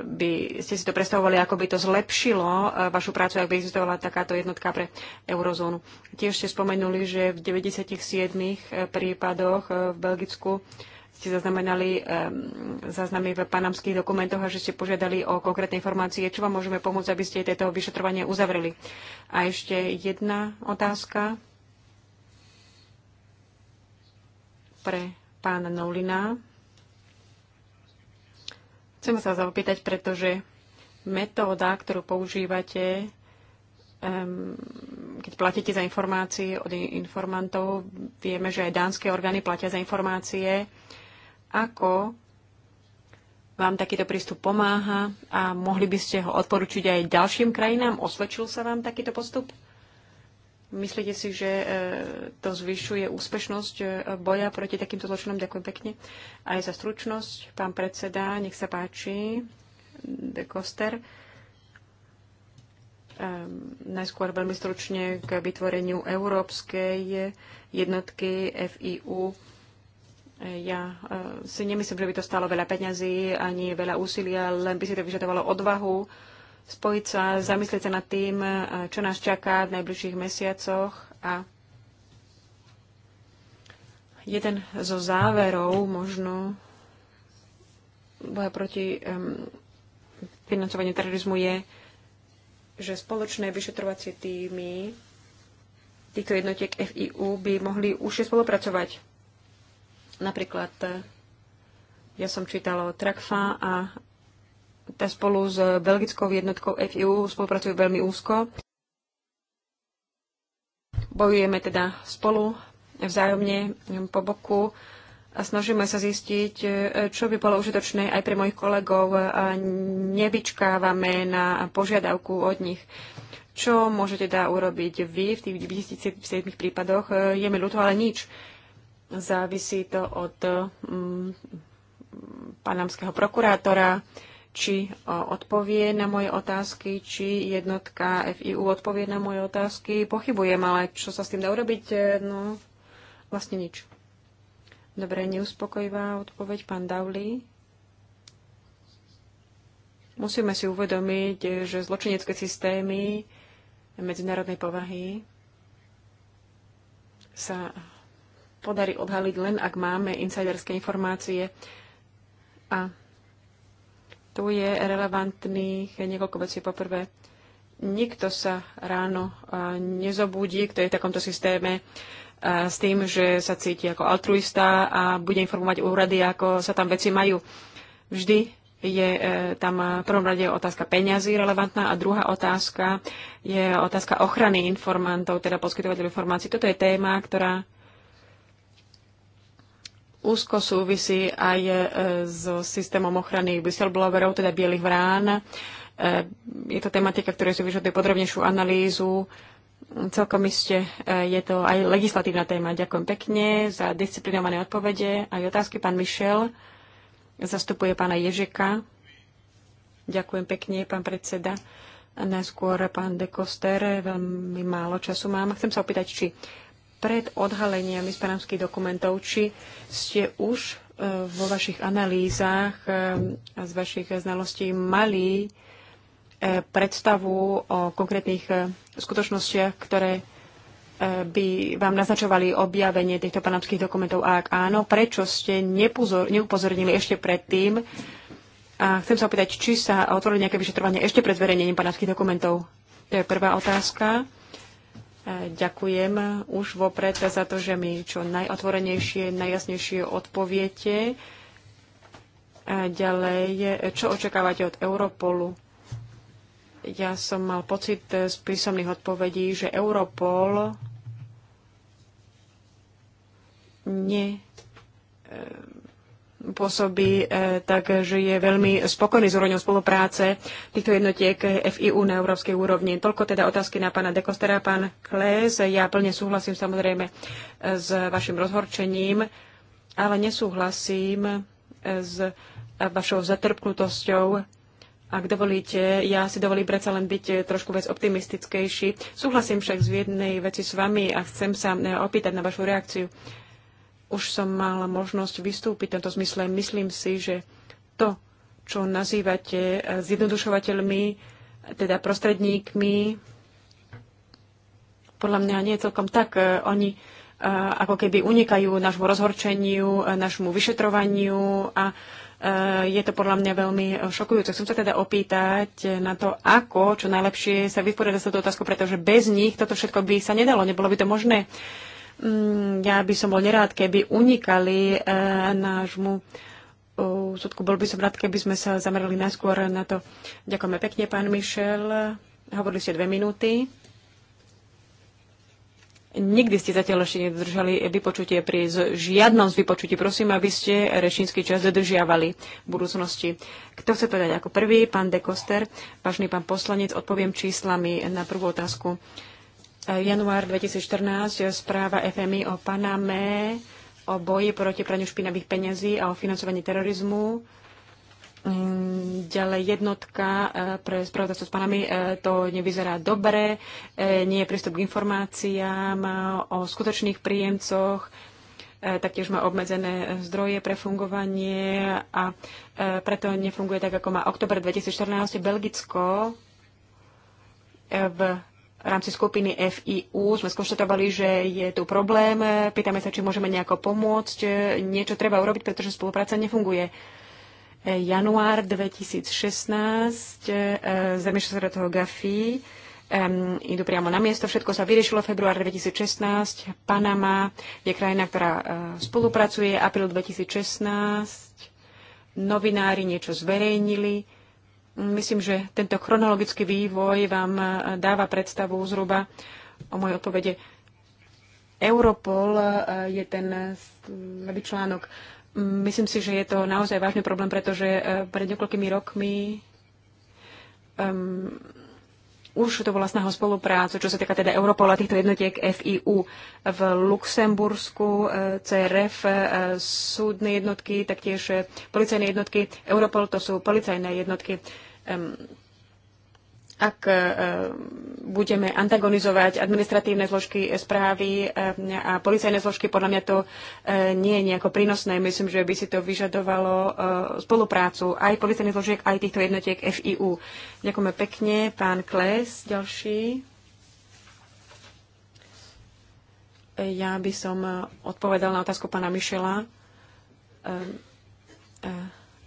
by ste si to predstavovali, ako by to zlepšilo vašu prácu, ak by existovala takáto jednotka pre eurozónu. Tiež ste spomenuli, že v 97 prípadoch v Belgicku ste zaznamenali záznamy v panamských dokumentoch a že ste požiadali o konkrétne informácie. Čo vám môžeme pomôcť, aby ste tieto vyšetrovanie uzavreli? A ešte jedna otázka pre pána Nolina. Chcem sa zaopýtať, pretože metóda, ktorú používate, keď platíte za informácie od informantov, vieme, že aj dánske orgány platia za informácie. Ako vám takýto prístup pomáha a mohli by ste ho odporučiť aj ďalším krajinám? Osvedčil sa vám takýto postup? Myslíte si, že e, to zvyšuje úspešnosť e, boja proti takýmto zločinom? Ďakujem pekne. Aj za stručnosť. Pán predseda, nech sa páči. De Koster. E, najskôr veľmi stručne k vytvoreniu európskej jednotky FIU. Ja si nemyslím, že by to stalo veľa peňazí ani veľa úsilia, len by si to vyžadovalo odvahu spojiť sa, zamyslieť sa nad tým, e, čo nás čaká v najbližších mesiacoch a jeden zo záverov možno boja proti um, financovaniu terorizmu je, že spoločné vyšetrovacie týmy týchto jednotiek FIU by mohli už spolupracovať. Napríklad e, ja som čítala o Trakfa a tá spolu s belgickou jednotkou FIU spolupracujú veľmi úzko. Bojujeme teda spolu, vzájomne, po boku a snažíme sa zistiť, čo by bolo užitočné aj pre mojich kolegov a nevyčkávame na požiadavku od nich. Čo môžete teda urobiť vy v tých 97 prípadoch? Je mi ľúto, ale nič. Závisí to od mm, panamského prokurátora, či e, odpovie na moje otázky, či jednotka FIU odpovie na moje otázky. Pochybujem, ale čo sa s tým dá urobiť? E, no, vlastne nič. Dobre, neuspokojivá odpoveď, pán Dauli. Musíme si uvedomiť, e, že zločinecké systémy medzinárodnej povahy sa podarí odhaliť len, ak máme insiderské informácie. A tu je relevantných niekoľko vecí. Poprvé, nikto sa ráno nezobudí, kto je v takomto systéme s tým, že sa cíti ako altruista a bude informovať úrady, ako sa tam veci majú. Vždy je e, tam e, v prvom rade otázka peňazí relevantná a druhá otázka je otázka ochrany informantov, teda poskytovateľov informácií. Toto je téma, ktorá úzko súvisí aj e, so systémom ochrany whistleblowerov, teda bielých vrán. E, je to tematika, ktorá si vyžaduje podrobnejšiu analýzu. Celkom iste e, je to aj legislatívna téma. Ďakujem pekne za disciplinované odpovede aj otázky. Pán Mišel zastupuje pána Ježeka. Ďakujem pekne, pán predseda. Najskôr pán de Koster, veľmi málo času mám. Chcem sa opýtať, či pred odhaleniami z panamských dokumentov, či ste už e, vo vašich analýzach e, a z vašich znalostí mali e, predstavu o konkrétnych skutočnostiach, ktoré by vám naznačovali objavenie týchto panamských dokumentov a ak áno, prečo ste nepozor, neupozornili ešte predtým? A chcem sa opýtať, či sa otvorili nejaké vyšetrovanie ešte pred zverejnením panamských dokumentov? To je prvá otázka. Ďakujem už vopred za to, že mi čo najotvorenejšie, najjasnejšie odpoviete. A ďalej, čo očakávate od Europolu? Ja som mal pocit z písomných odpovedí, že Europol ne pôsobí e, tak, že je veľmi spokojný s úrovňou spolupráce týchto jednotiek FIU na európskej úrovni. Toľko teda otázky na pána Dekostera. Pán Kles, ja plne súhlasím samozrejme s vašim rozhorčením, ale nesúhlasím s vašou zatrpnutosťou. Ak dovolíte, ja si dovolím predsa len byť trošku viac optimistickejší. Súhlasím však z jednej veci s vami a chcem sa opýtať na vašu reakciu. Už som mala možnosť vystúpiť v tomto zmysle. Myslím si, že to, čo nazývate e, zjednodušovateľmi, teda prostredníkmi, podľa mňa nie je celkom tak. E, oni e, ako keby unikajú nášmu rozhorčeniu, nášmu vyšetrovaniu a je to podľa mňa veľmi šokujúce. Chcem sa teda opýtať na to, ako čo najlepšie sa vysporiadať sa tú otázku, pretože bez nich toto všetko by sa nedalo, nebolo by to možné. Uh, Mm, ja by som bol nerád, keby unikali e, nášmu e, súdku. Bol by som rád, keby sme sa zamerali najskôr na to. Ďakujeme pekne, pán Mišel. Hovorili ste dve minúty. Nikdy ste zatiaľ ešte nedodržali vypočutie pri žiadnom z vypočutí. Prosím, aby ste rečnícky čas dodržiavali v budúcnosti. Kto chce povedať ako prvý? Pán de Koster. Vážny pán poslanec, odpoviem číslami na prvú otázku január 2014 správa FMI o Paname, o boji proti praniu špinavých peňazí a o financovaní terorizmu. Mm, ďalej jednotka eh, pre spravodajstvo s panami, eh, to nevyzerá dobre, eh, nie je prístup k informáciám o skutočných príjemcoch, taktiež má obmedzené zdroje pre fungovanie a preto nefunguje tak, ako má oktober 2014 Belgicko v v rámci skupiny FIU sme skonštatovali, že je tu problém. Pýtame sa, či môžeme nejako pomôcť. Niečo treba urobiť, pretože spolupráca nefunguje. Január 2016, eh, zemešť sa do toho GAFI, um, idú priamo na miesto. Všetko sa vyriešilo v február 2016. Panama je krajina, ktorá uh, spolupracuje. Apríl 2016. Novinári niečo zverejnili Myslím, že tento chronologický vývoj vám e, dáva predstavu zhruba o mojej odpovede. Europol e, je ten nový článok. Myslím si, že je to naozaj vážny problém, pretože e, pred niekoľkými rokmi um, už to bola snaha spoluprácu, čo sa týka teda Europola, a týchto jednotiek FIU v Luxembursku, eh, CRF, eh, súdne jednotky, taktiež eh, policajné jednotky. Europol to sú policajné jednotky ak e, budeme antagonizovať administratívne zložky e, správy e, a policajné zložky, podľa mňa to nie je nejako prínosné. Myslím, že by si to vyžadovalo spoluprácu aj policajných zložiek, aj týchto jednotiek FIU. Ďakujeme pekne. Pán Kles, ďalší. Ja by som odpovedal na otázku pána Mišela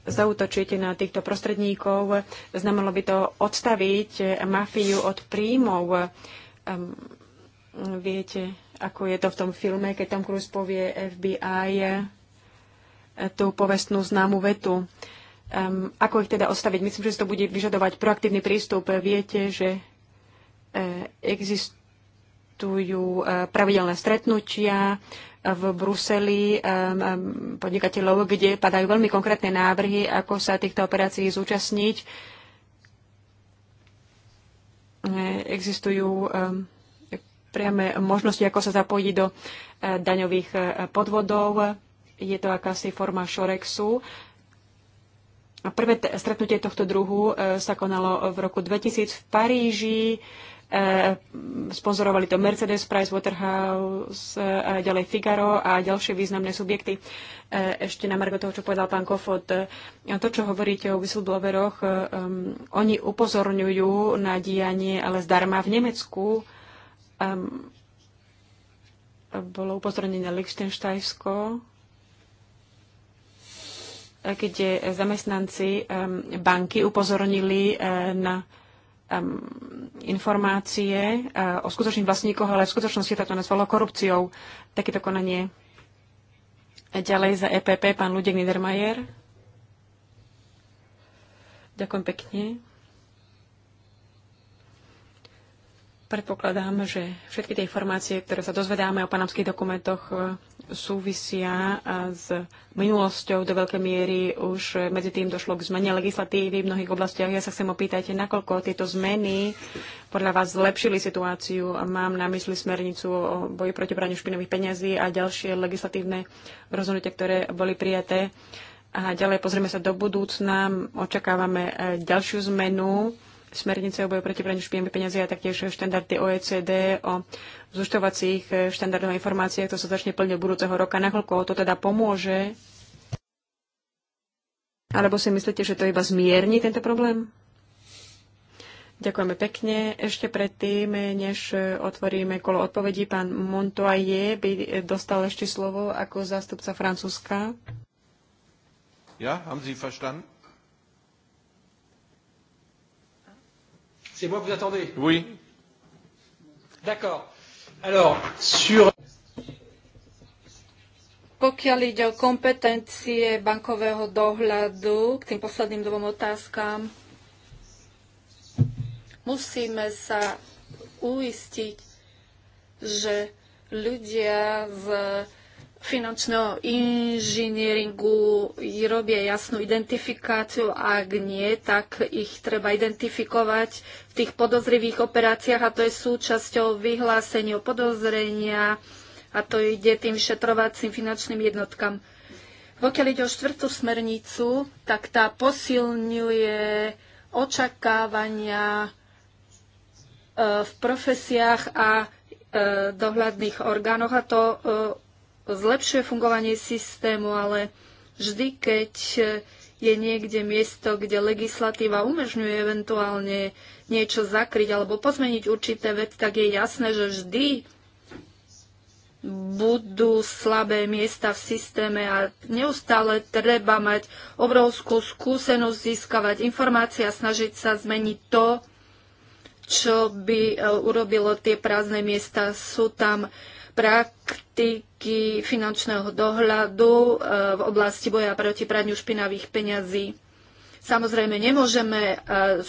zautočíte na týchto prostredníkov. Znamenalo by to odstaviť mafiu od príjmov. Um, viete, ako je to v tom filme, keď Tom Cruise povie FBI e, tú povestnú známu vetu. Um, ako ich teda odstaviť? Myslím, že to bude vyžadovať proaktívny prístup. Viete, že e, existuje organizujú eh, pravidelné stretnutia eh, v Bruseli eh, podnikateľov, kde padajú veľmi konkrétne návrhy, ako sa týchto operácií zúčastniť. Existujú priame možnosti, ako sa zapojiť do daňových podvodov. Je to akási forma Šorexu. Prvé stretnutie tohto druhu sa konalo v roku 2000 v Paríži. E, sponzorovali to Mercedes, Price, Waterhouse, e, a ďalej Figaro a ďalšie významné subjekty. E, ešte na margo toho, čo povedal pán Kofot, to, čo hovoríte o whistlebloveroch. um, oni upozorňujú na dianie, ale zdarma v Nemecku um, bolo upozornené Lichtensteinsko, keď zamestnanci banky upozornili na informácie eh, o skutočných vlastníkoch, ale v skutočnosti to nazvalo korupciou takéto konanie. Ďalej za EPP pán Ludek Niedermayer. Ďakujem pekne. Predpokladám, že všetky tie informácie, ktoré sa dozvedáme o panamských dokumentoch, eh, súvisia s minulosťou do veľkej miery. Už e, medzi tým došlo k zmene legislatívy v mnohých oblastiach. Ja sa chcem opýtať, nakoľko tieto zmeny podľa vás zlepšili situáciu. Mám na mysli smernicu o boji proti praniu špinových peňazí a ďalšie legislatívne rozhodnutia, ktoré boli prijaté. A ďalej pozrieme sa do budúcna. Očakávame e, ďalšiu zmenu smernice o boju proti praniu špinových peňazí a taktiež štandardy OECD o e zúčtovacích eh, štandardov informácií, to sa začne plne budúceho roka. Nakoľko to teda pomôže? Alebo si myslíte, že to iba zmierni tento problém? Ďakujeme pekne. Ešte predtým, než eh, otvoríme kolo odpovedí, pán Montoyer by eh, dostal ešte slovo ako zástupca Francúzska. Ja, haben Sie verstanden? C'est moi que vous attendez Oui. D'accord. Alors, sur... Pokiaľ ide o kompetencie bankového dohľadu, k tým posledným dvom otázkam, musíme sa uistiť, že ľudia z finančného inžinieringu robia jasnú identifikáciu, ak nie, tak ich treba identifikovať v tých podozrivých operáciách a to je súčasťou vyhlásenia podozrenia a to ide tým vyšetrovacím finančným jednotkám. Pokiaľ ide o štvrtú smernicu, tak tá posilňuje očakávania e, v profesiách a e, dohľadných orgánoch a to e, zlepšuje fungovanie systému, ale vždy, keď je niekde miesto, kde legislatíva umožňuje eventuálne niečo zakryť alebo pozmeniť určité veci, tak je jasné, že vždy budú slabé miesta v systéme a neustále treba mať obrovskú skúsenosť získavať informácie a snažiť sa zmeniť to, čo by e, urobilo tie prázdne miesta. Sú tam praktiky, otázky finančného dohľadu e, v oblasti boja proti praniu špinavých peňazí. Samozrejme, nemôžeme 100%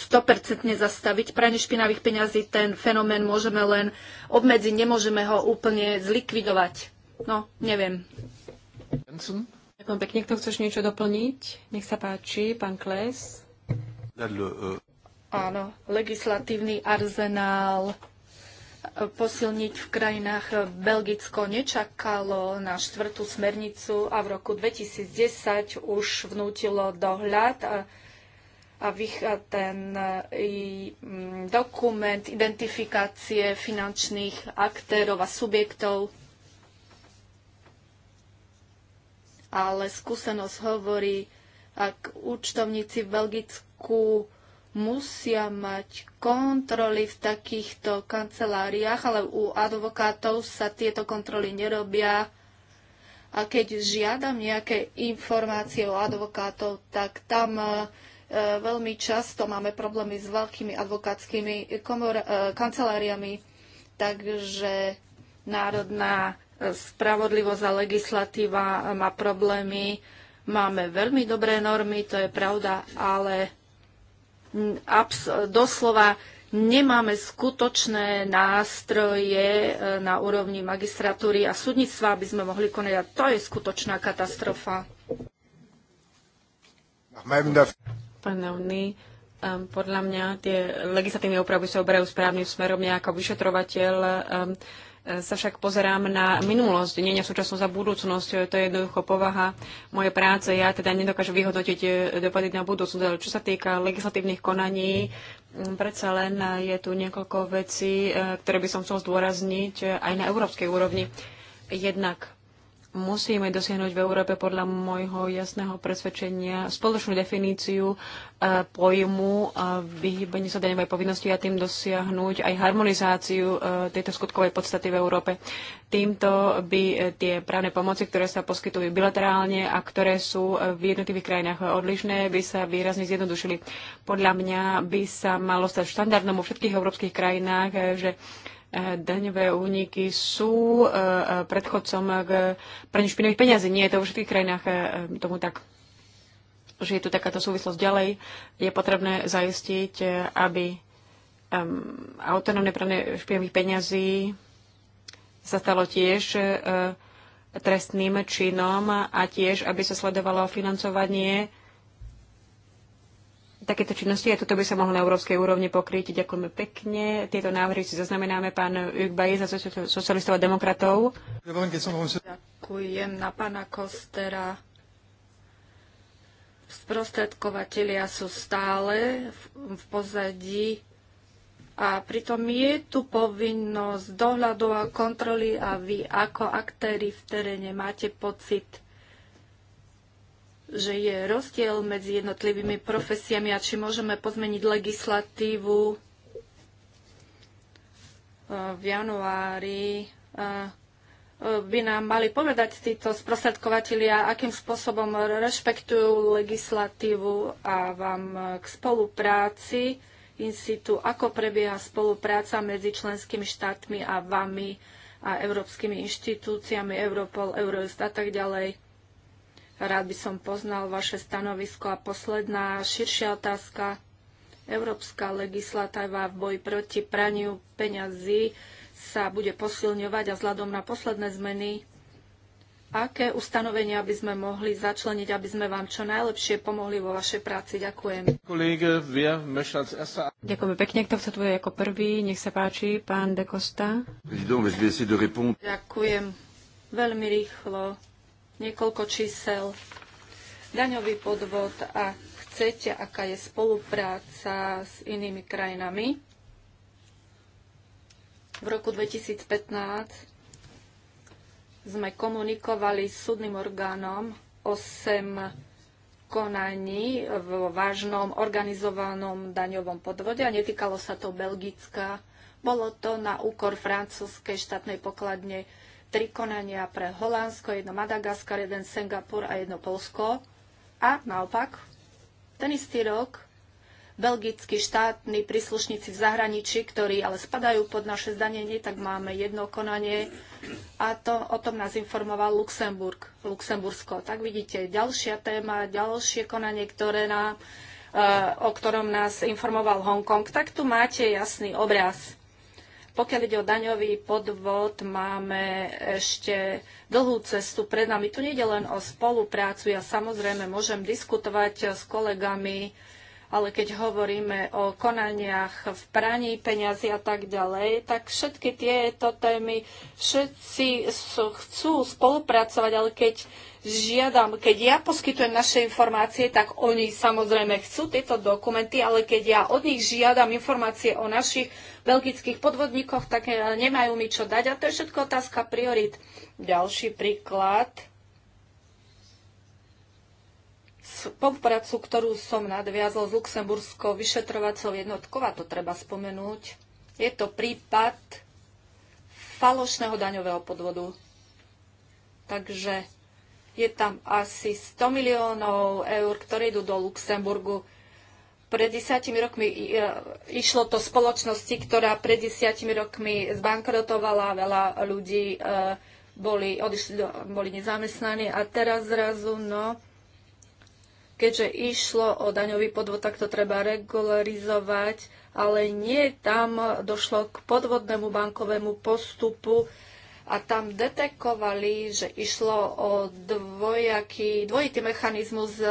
e, zastaviť pranie špinavých peňazí, ten fenomén môžeme len obmedziť, nemôžeme ho úplne zlikvidovať. No, neviem. Jensen? Ďakujem pekne. Kto chceš niečo doplniť? Nech sa páči, pán Kles. E, Áno, legislatívny arzenál posilniť v krajinách. Belgicko nečakalo na štvrtú smernicu a v roku 2010 už vnútilo dohľad a, a ten mm, dokument identifikácie finančných aktérov a subjektov. Ale skúsenosť hovorí, ak účtovníci v Belgicku musia mať kontroly v takýchto kanceláriách, ale u advokátov sa tieto kontroly nerobia. A keď žiadam nejaké informácie o advokátov, tak tam e, veľmi často máme problémy s veľkými advokátskymi komor, e, kanceláriami, takže národná e, spravodlivosť a legislatíva má problémy. Máme veľmi dobré normy, to je pravda, ale doslova nemáme skutočné nástroje e, na úrovni magistratúry a súdnictva, aby sme mohli konať. A to je skutočná katastrofa. Pán um, podľa mňa tie legislatívne úpravy sa oberajú správnym smerom. Ja ako vyšetrovateľ um, sa však pozerám na minulosť, nie na súčasnosť a budúcnosť. To je jednoducho povaha mojej práce. Ja teda nedokážem vyhodnotiť eh, dopady na budúcnosť. Čo sa týka legislatívnych konaní, mm, predsa len eh, je tu niekoľko vecí, eh, ktoré by som chcel zdôrazniť aj na európskej úrovni. Jednak musíme dosiahnuť v Európe podľa môjho jasného presvedčenia spoločnú definíciu e, pojmu e, vyhybenie sa daňovej povinnosti a tým dosiahnuť aj harmonizáciu e, tejto skutkovej podstaty v Európe. Týmto by tie právne pomoci, ktoré sa poskytujú bilaterálne a ktoré sú v jednotlivých krajinách odlišné, by sa výrazne zjednodušili. Podľa mňa by sa malo stať štandardom vo všetkých európskych krajinách, že E, daňové úniky sú e, e, predchodcom k praniu špinových peňazí. Nie je to vo všetkých krajinách tomu tak že je tu takáto súvislosť ďalej, je potrebné zaistiť, aby um, autonómne pranie špinových peňazí sa stalo tiež uh, trestným činom a tiež, aby sa sledovalo financovanie takéto činnosti. a toto by sa mohlo na európskej úrovni pokryť. Ďakujeme pekne. Tieto návrhy si zaznamenáme. Pán Ugbaje za socialistov a demokratov. Ďakujem na pána Kostera. Sprostredkovatelia sú stále v pozadí a pritom je tu povinnosť dohľadu a kontroly a vy ako aktéry v teréne máte pocit, že je rozdiel medzi jednotlivými profesiami a či môžeme pozmeniť legislatívu e, v januári e, e, by nám mali povedať títo sprostredkovateľia, akým spôsobom rešpektujú legislatívu a vám k spolupráci in situ, ako prebieha spolupráca medzi členskými štátmi a vami a európskymi inštitúciami, Europol, Eurojust a tak ďalej. Rád by som poznal vaše stanovisko. A posledná širšia otázka. Európska legislatíva v boji proti praniu peňazí sa bude posilňovať a vzhľadom na posledné zmeny, aké ustanovenia by sme mohli začleniť, aby sme vám čo najlepšie pomohli vo vašej práci. Ďakujem. Ďakujem pekne. Kto chce je ako prvý? Nech sa páči, pán De Costa. Ďakujem. Veľmi rýchlo Niekoľko čísel. Daňový podvod, a chcete, aká je spolupráca s inými krajinami. V roku 2015 sme komunikovali s súdnym orgánom 8 konaní v vážnom organizovanom daňovom podvode a netýkalo sa to Belgická. Bolo to na úkor francúzskej štátnej pokladne tri konania pre Holandsko, jedno Madagaskar, jeden Singapur a jedno Polsko. A naopak, ten istý rok belgickí štátni príslušníci v zahraničí, ktorí ale spadajú pod naše zdanenie, tak máme jedno konanie a to, o tom nás informoval Luxemburg, Luxembursko. Tak vidíte, ďalšia téma, ďalšie konanie, ktoré nám, e, o ktorom nás informoval Hongkong, tak tu máte jasný obraz. Pokiaľ ide o daňový podvod, máme ešte dlhú cestu pred nami. Tu nejde len o spoluprácu. Ja samozrejme môžem diskutovať s kolegami, ale keď hovoríme o konaniach v praní peňazí a tak ďalej, tak všetky tieto témy, všetci chcú spolupracovať, ale keď žiadam, keď ja poskytujem naše informácie, tak oni samozrejme chcú tieto dokumenty, ale keď ja od nich žiadam informácie o našich belgických podvodníkoch, tak e, nemajú mi čo dať. A to je všetko otázka priorit. Ďalší príklad spoluprácu, ktorú som nadviazol s Luxemburskou vyšetrovacou jednotkou, a to treba spomenúť, je to prípad falošného daňového podvodu. Takže je tam asi 100 miliónov eur, ktoré idú do Luxemburgu. Pred desiatimi rokmi e, išlo to spoločnosti, ktorá pred desiatimi rokmi zbankrotovala, veľa ľudí e, boli, odišli, boli nezamestnaní a teraz zrazu, no, keďže išlo o daňový podvod, tak to treba regularizovať, ale nie tam došlo k podvodnému bankovému postupu a tam detekovali, že išlo o dvojaký, dvojitý mechanizmus e,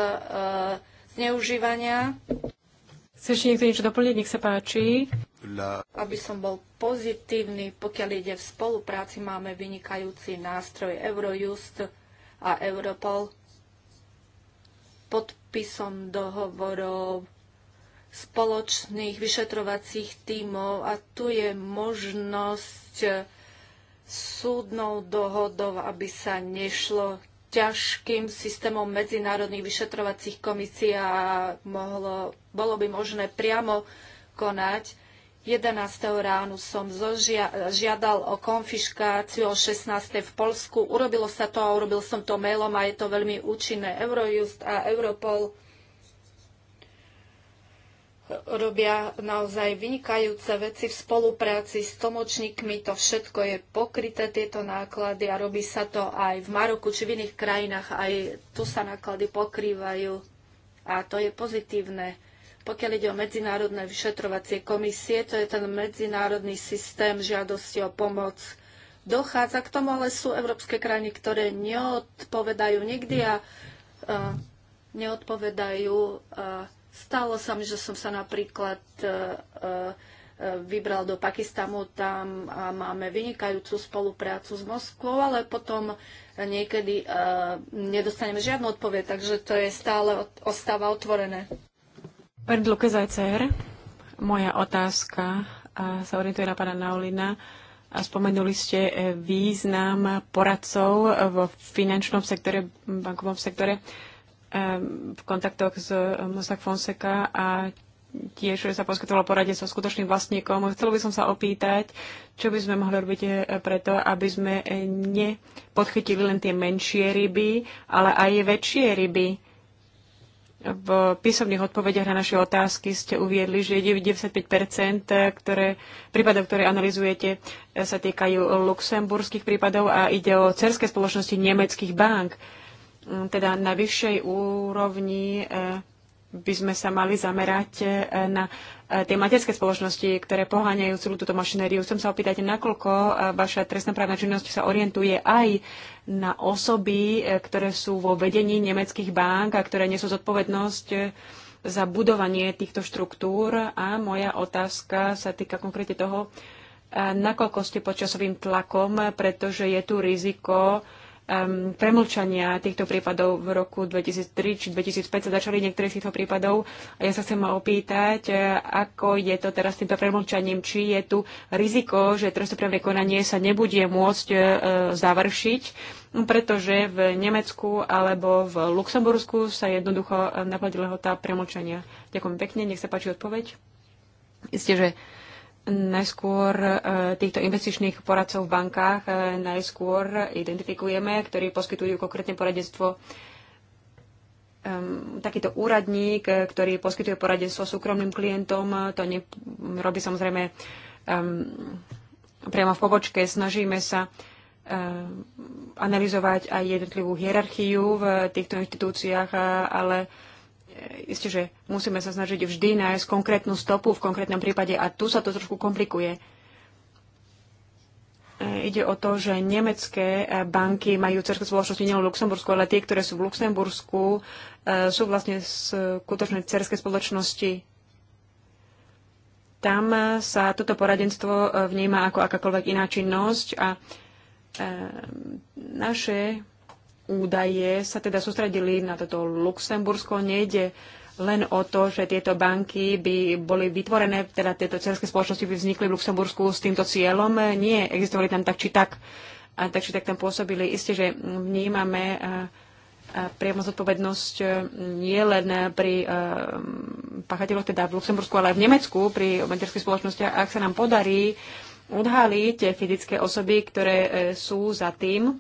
zneužívania. Chceš niekto niečo doplniť? Nech sa páči. Aby som bol pozitívny, pokiaľ ide v spolupráci, máme vynikajúci nástroj Eurojust a Europol podpisom dohovorov, spoločných vyšetrovacích tímov a tu je možnosť súdnou dohodou, aby sa nešlo ťažkým systémom medzinárodných vyšetrovacích komisií a mohlo, bolo by možné priamo konať 11. ráno som žiadal o konfiškáciu o 16. v Polsku. Urobilo sa to a urobil som to mailom a je to veľmi účinné. Eurojust a Europol robia naozaj vynikajúce veci v spolupráci s tlmočníkmi. To všetko je pokryté, tieto náklady a robí sa to aj v Maroku či v iných krajinách. Aj tu sa náklady pokrývajú a to je pozitívne pokiaľ ide o medzinárodné vyšetrovacie komisie, to je ten medzinárodný systém žiadosti o pomoc. Dochádza k tomu, ale sú európske krajiny, ktoré neodpovedajú nikdy a, neodpovedajú. stalo sa mi, že som sa napríklad e, e, vybral do Pakistanu, tam a máme vynikajúcu spoluprácu s Moskvou, ale potom niekedy e, nedostaneme žiadnu odpoveď, takže to je stále ostáva otvorené. Pán Luke Zajcer, moja otázka sa orientuje na pána Naulina. A spomenuli ste e, význam poradcov vo finančnom sektore, bankovom sektore e, v kontaktoch s e, Mossack Fonseca a tiež sa poskytovalo poradie so skutočným vlastníkom. Chcel by som sa opýtať, čo by sme mohli robiť preto, aby sme nepodchytili len tie menšie ryby, ale aj väčšie ryby. V písomných odpovediach na naše otázky ste uviedli, že 95 ktoré, prípadov, ktoré analizujete, sa týkajú luxemburských prípadov a ide o cerské spoločnosti nemeckých bank. Teda na vyššej úrovni eh, by sme sa mali zamerať eh, na E, tie materské spoločnosti, ktoré poháňajú celú túto mašinériu. Chcem sa opýtať, nakoľko e, vaša trestná právna činnosť sa orientuje aj na osoby, e, ktoré sú vo vedení nemeckých bank a ktoré nesú zodpovednosť za budovanie týchto štruktúr. A moja otázka sa týka konkrétne toho, nakoľko ste pod časovým tlakom, pretože je tu riziko, um, premlčania týchto prípadov v roku 2003 či 2005 sa začali niektoré z týchto prípadov. A ja sa chcem opýtať, e, ako je to teraz s týmto premlčaním, či je tu riziko, že trestoprávne konanie sa nebude môcť uh, završiť, pretože v Nemecku alebo v Luxembursku sa jednoducho e, naplnila tá premlčania. Ďakujem pekne, nech sa páči odpoveď. Isté, že najskôr e, týchto investičných poradcov v bankách e, najskôr identifikujeme, ktorí poskytujú konkrétne poradenstvo ehm, takýto úradník, e, ktorý poskytuje poradenstvo súkromným klientom, to ne, robí samozrejme um, priamo v pobočke. Snažíme sa um, analyzovať aj jednotlivú hierarchiu v týchto inštitúciách, ale E, isté, že musíme sa snažiť vždy nájsť konkrétnu stopu v konkrétnom prípade a tu sa to trošku komplikuje. E, ide o to, že nemecké e, banky majú cerské spoločnosti nielen v Luxembursku, ale tie, ktoré sú v Luxembursku, sú vlastne skutočné cerské spoločnosti. Tam sa toto poradenstvo vníma ako akákoľvek iná činnosť a naše údaje sa teda sústredili na toto Luxembursko. Nejde len o to, že tieto banky by boli vytvorené, teda tieto cerské spoločnosti by vznikli v Luxembursku s týmto cieľom. Nie, existovali tam tak či tak. A tak či tak tam pôsobili. Isté, že vnímame priamo zodpovednosť e, nie len pri e, pachateľoch teda v Luxembursku, ale aj v Nemecku pri materských spoločnostiach. Ak sa nám podarí odhaliť fyzické osoby, ktoré e, sú za tým,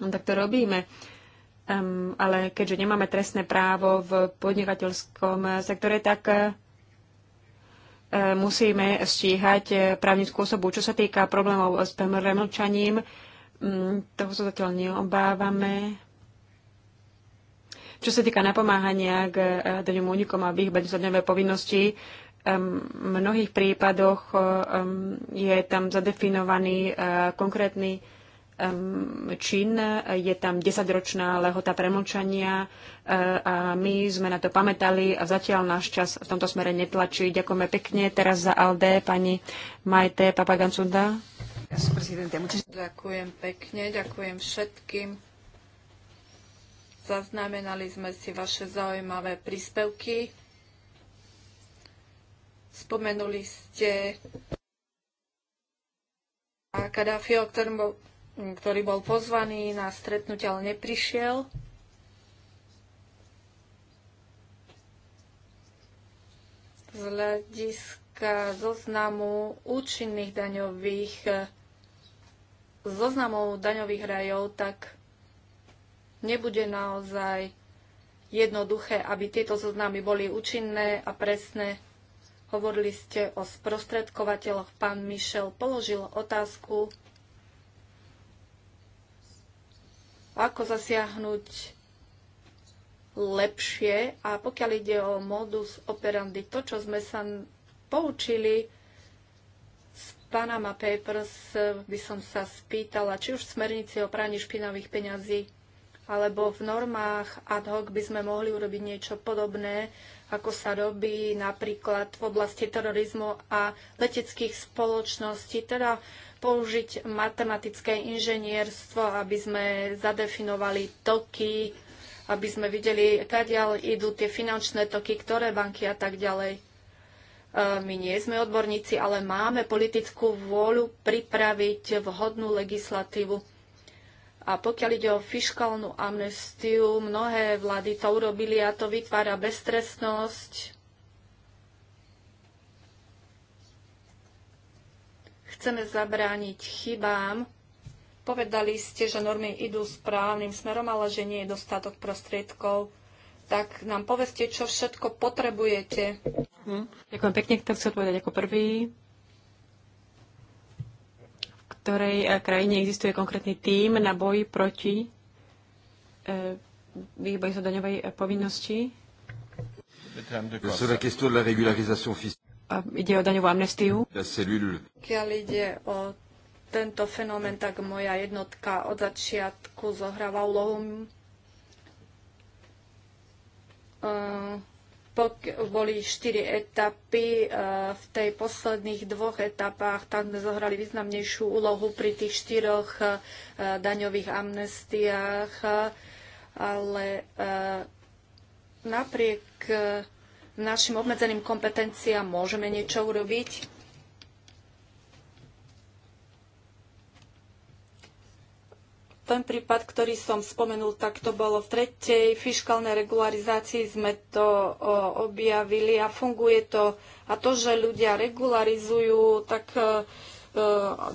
No, tak to robíme. Um, ale keďže nemáme trestné právo v podnikateľskom eh, sektore, tak uh, musíme stíhať právnickú osobu. Čo sa týka problémov s premlčaním, um, mm, toho sa zatiaľ neobávame. Čo sa týka napomáhania k daňovým únikom a vyhbať zadňové povinnosti, um, v mnohých prípadoch um, je tam zadefinovaný uh, konkrétny čin, je tam desaťročná lehota premlčania e, a my sme na to pamätali a zatiaľ náš čas v tomto smere netlačí. Ďakujeme pekne. Teraz za Alde pani Majte Papagancunda. Ďakujem pekne, ďakujem všetkým. Zaznamenali sme si vaše zaujímavé príspevky. Spomenuli ste Kadáfio, o bol ktorý bol pozvaný na stretnutie, ale neprišiel. Z hľadiska zoznamu účinných daňových zoznamov daňových rajov, tak nebude naozaj jednoduché, aby tieto zoznamy boli účinné a presné. Hovorili ste o sprostredkovateľoch. Pán Mišel položil otázku, ako zasiahnuť lepšie. A pokiaľ ide o modus operandi, to, čo sme sa poučili z Panama Papers, by som sa spýtala, či už v smernici o praní špinavých peňazí, alebo v normách ad hoc by sme mohli urobiť niečo podobné, ako sa robí napríklad v oblasti terorizmu a leteckých spoločností, teda použiť matematické inžinierstvo, aby sme zadefinovali toky, aby sme videli, kadiaľ idú tie finančné toky, ktoré banky a tak ďalej. E, my nie sme odborníci, ale máme politickú vôľu pripraviť vhodnú legislatívu. A pokiaľ ide o fiškálnu amnestiu, mnohé vlády to urobili a to vytvára beztrestnosť, chceme zabrániť chybám. Povedali ste, že normy idú správnym smerom, ale že nie je dostatok prostriedkov. Tak nám poveste, čo všetko potrebujete. Hm. Ďakujem pekne, kto chce odpovedať ako prvý. V ktorej eh, krajine existuje konkrétny tím na boj proti e, eh, výboj sa daňovej eh, povinnosti? Sur la question de la régularisation ide o daňovú amnestiu. Kiaľ ide o tento fenomén, tak moja jednotka od začiatku zohráva úlohu. Ehm, boli štyri etapy. Ehm, v tej posledných dvoch etapách tam sme zohrali významnejšiu úlohu pri tých štyroch ehm, daňových amnestiách, ale napriek našim obmedzeným kompetenciám môžeme niečo urobiť. Ten prípad, ktorý som spomenul, tak to bolo v tretej fiškálnej regularizácii, sme to o, objavili a funguje to. A to, že ľudia regularizujú, tak e, e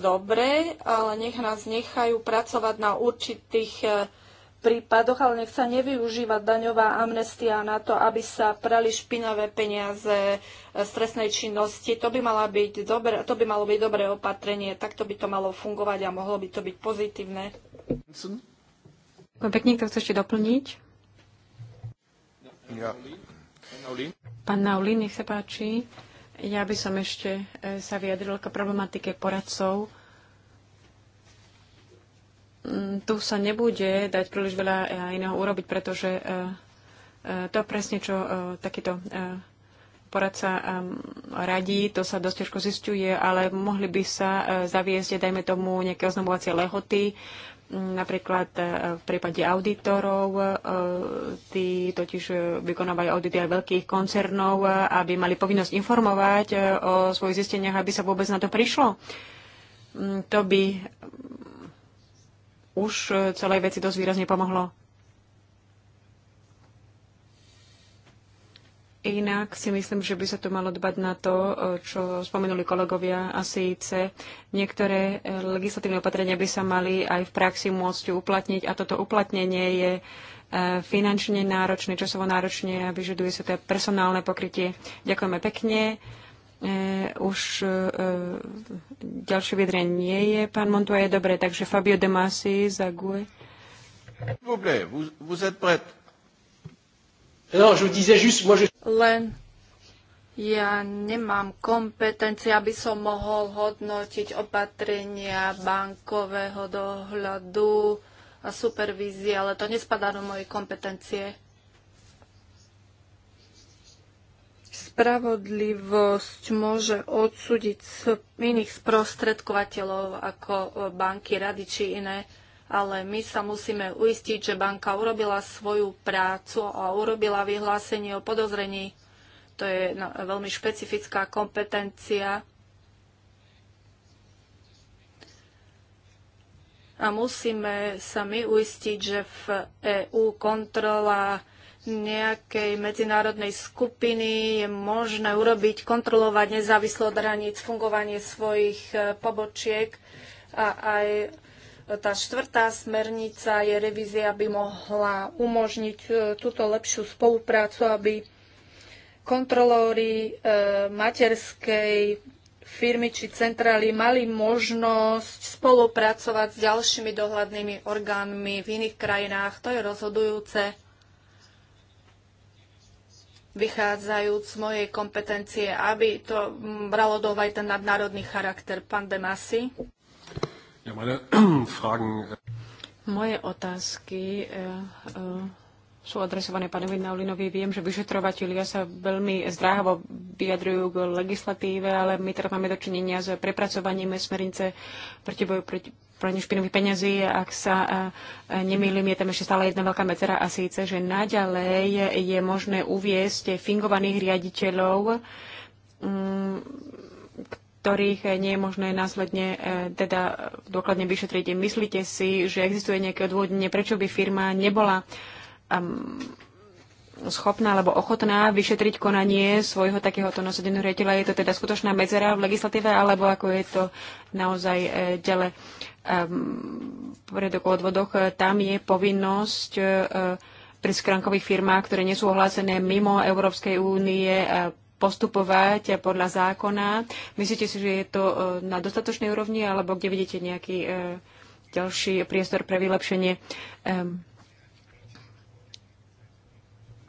dobre, ale nech nás nechajú pracovať na určitých e, prípadoch, ale nech sa nevyužíva daňová amnestia na to, aby sa prali špinavé peniaze e, z trestnej činnosti. To by, mala byť dobré, to by malo byť dobré opatrenie, takto by to malo fungovať a mohlo by to byť pozitívne. Pán pekne, to chce ešte doplniť? Ja. Pán Naulín, nech sa páči. Ja by som ešte e, sa vyjadril k problematike poradcov tu sa nebude dať príliš veľa e, iného urobiť, pretože e, e, to presne, čo takýto poradca radí, to sa dosť ťažko zistuje, ale mohli by sa zaviesť, dajme tomu, nejaké oznamovacie lehoty, napríklad v prípade auditorov, tí totiž vykonávajú audity aj veľkých koncernov, aby mali povinnosť informovať o svojich zisteniach, aby sa vôbec na to prišlo. To by už e, celej veci dosť výrazne pomohlo. Inak si myslím, že by sa tu malo dbať na to, e, čo spomenuli kolegovia a síce niektoré e, legislatívne opatrenia by sa mali aj v praxi môcť uplatniť a toto uplatnenie je finančne náročné, časovo náročné a vyžaduje sa to personálne pokrytie. Ďakujeme pekne. E, už e, ďalšie vyjadrenie nie je. Pán Montua je dobre, takže Fabio De Masi za GUE. Len ja nemám kompetencie, aby som mohol hodnotiť opatrenia bankového dohľadu a supervízie, ale to nespadá do mojej kompetencie. spravodlivosť môže odsúdiť iných sprostredkovateľov ako e, banky, rady či iné, ale my sa musíme uistiť, že banka urobila svoju prácu a urobila vyhlásenie o podozrení. To je veľmi špecifická kompetencia. A musíme sa my uistiť, že v EÚ kontrola nejakej medzinárodnej skupiny je možné urobiť, kontrolovať nezávislo od hraníc fungovanie svojich e, pobočiek a aj tá štvrtá smernica je revízia, by mohla umožniť e, túto lepšiu spoluprácu, aby kontrolóri e, materskej firmy či centrály mali možnosť spolupracovať s ďalšími dohľadnými orgánmi v iných krajinách. To je rozhodujúce vychádzajúc z mojej kompetencie, aby to mm, bralo do aj ten nadnárodný charakter. Pán Demasi. Ja, meine (clears throat) Fragen... Äh, Moje otázky äh, äh, sú adresované pánovi Naulinovi. Viem, že vyšetrovatelia sa veľmi zdráhavo vyjadrujú k legislatíve, ale my teda máme dočinenia s prepracovaním smernice proti boju proti, praní špinových peňazí, ak sa e, e, nemýlim, je tam ešte stále jedna veľká medzera a síce, že naďalej je možné uviesť fingovaných riaditeľov, mm, ktorých nie je možné následne e, teda dôkladne vyšetriť. Myslíte si, že existuje nejaké odvodnenie, prečo by firma nebola um, schopná alebo ochotná vyšetriť konanie svojho takéhoto nosodeného riaditeľa. Je to teda skutočná medzera v legislatíve, alebo ako je to naozaj e, ďalej um, o odvodoch, e, tam je povinnosť e, pri skrankových firmách, ktoré nie sú ohlásené mimo Európskej únie, postupovať podľa zákona. Myslíte si, že je to na dostatočnej úrovni, alebo kde vidíte nejaký ďalší priestor pre vylepšenie?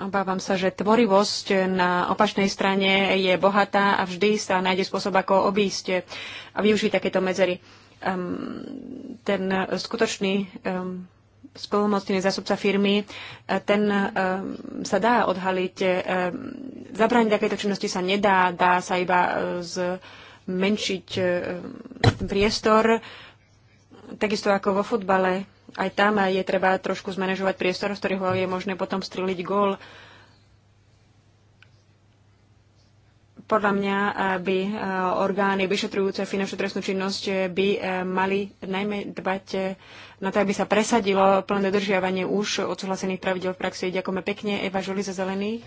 Obávam sa, že tvorivosť na opačnej strane je bohatá a vždy sa nájde spôsob, ako obísť a využiť takéto medzery. Um, ten skutočný um, ehm, spolumocnený zásobca firmy, e, ten um, sa dá odhaliť. Um, zabrániť takéto činnosti sa nedá, dá sa iba e, zmenšiť um, priestor. Takisto ako vo futbale aj tam je treba trošku zmanéžovať priestor, z ktorého je možné potom striliť gól. Podľa mňa by eh, orgány vyšetrujúce finančnú trestnú činnosť eh, by eh, mali najmä dbať na to, aby sa presadilo plné dodržiavanie už odsúhlasených pravidel v praxi. Ďakujeme pekne. Eva Žoli za zelených.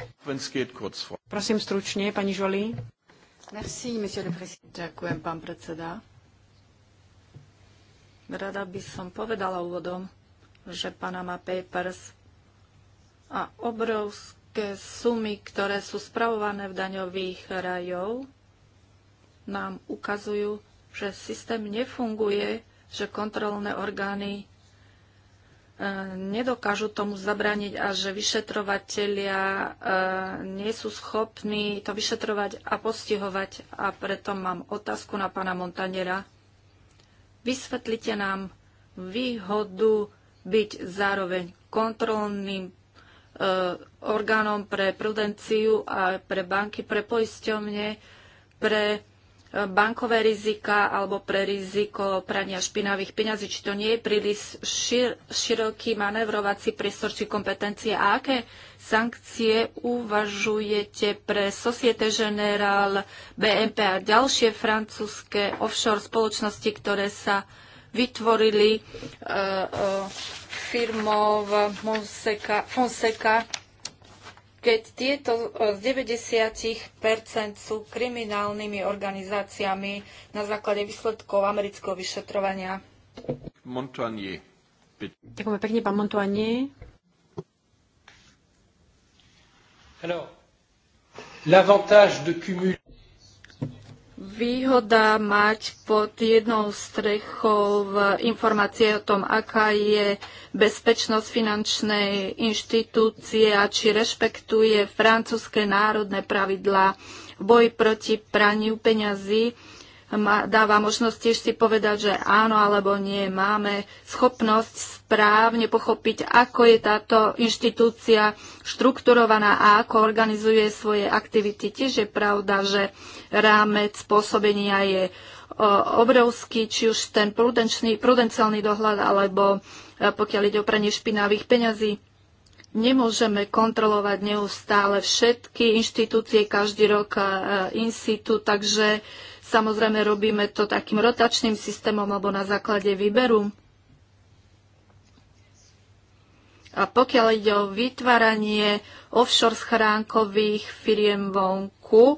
Prosím stručne, pani Žoli. Merci, Ďakujem, pán predseda. Rada by som povedala úvodom, že Panama Papers a obrovské sumy, ktoré sú spravované v daňových rajov, nám ukazujú, že systém nefunguje, že kontrolné orgány e, nedokážu tomu zabrániť a že vyšetrovateľia e, nie sú schopní to vyšetrovať a postihovať. A preto mám otázku na pána Montanera. Vysvetlite nám výhodu byť zároveň kontrolným e, orgánom pre prudenciu a pre banky, pre poisťovne, pre bankové rizika alebo pre riziko prania špinavých peňazí, či to nie je príliš šir, široký manevrovací priestor či kompetencie a aké sankcie uvažujete pre Societe Generale, BNP a ďalšie francúzske offshore spoločnosti, ktoré sa vytvorili uh, uh, firmou Fonseca, Fonseca keď tieto e, z 90% sú kriminálnymi organizáciami na základe výsledkov amerického vyšetrovania. Montoanie. Ďakujeme pekne, pán Montoanie. L'avantage de cumul výhoda mať pod jednou strechou informácie o tom, aká je bezpečnosť finančnej inštitúcie a či rešpektuje francúzske národné pravidlá v boji proti praniu peňazí dáva možnosť tiež si povedať, že áno alebo nie. Máme schopnosť správne pochopiť, ako je táto inštitúcia štrukturovaná a ako organizuje svoje aktivity. Tiež je pravda, že rámec pôsobenia je obrovský, či už ten prudenčný, dohľad, alebo e, pokiaľ ide o pranie špinavých peňazí. Nemôžeme kontrolovať neustále všetky inštitúcie, každý rok e, institút, takže Samozrejme, robíme to takým rotačným systémom alebo na základe výberu. A pokiaľ ide o vytváranie offshore schránkových firiem vonku, e,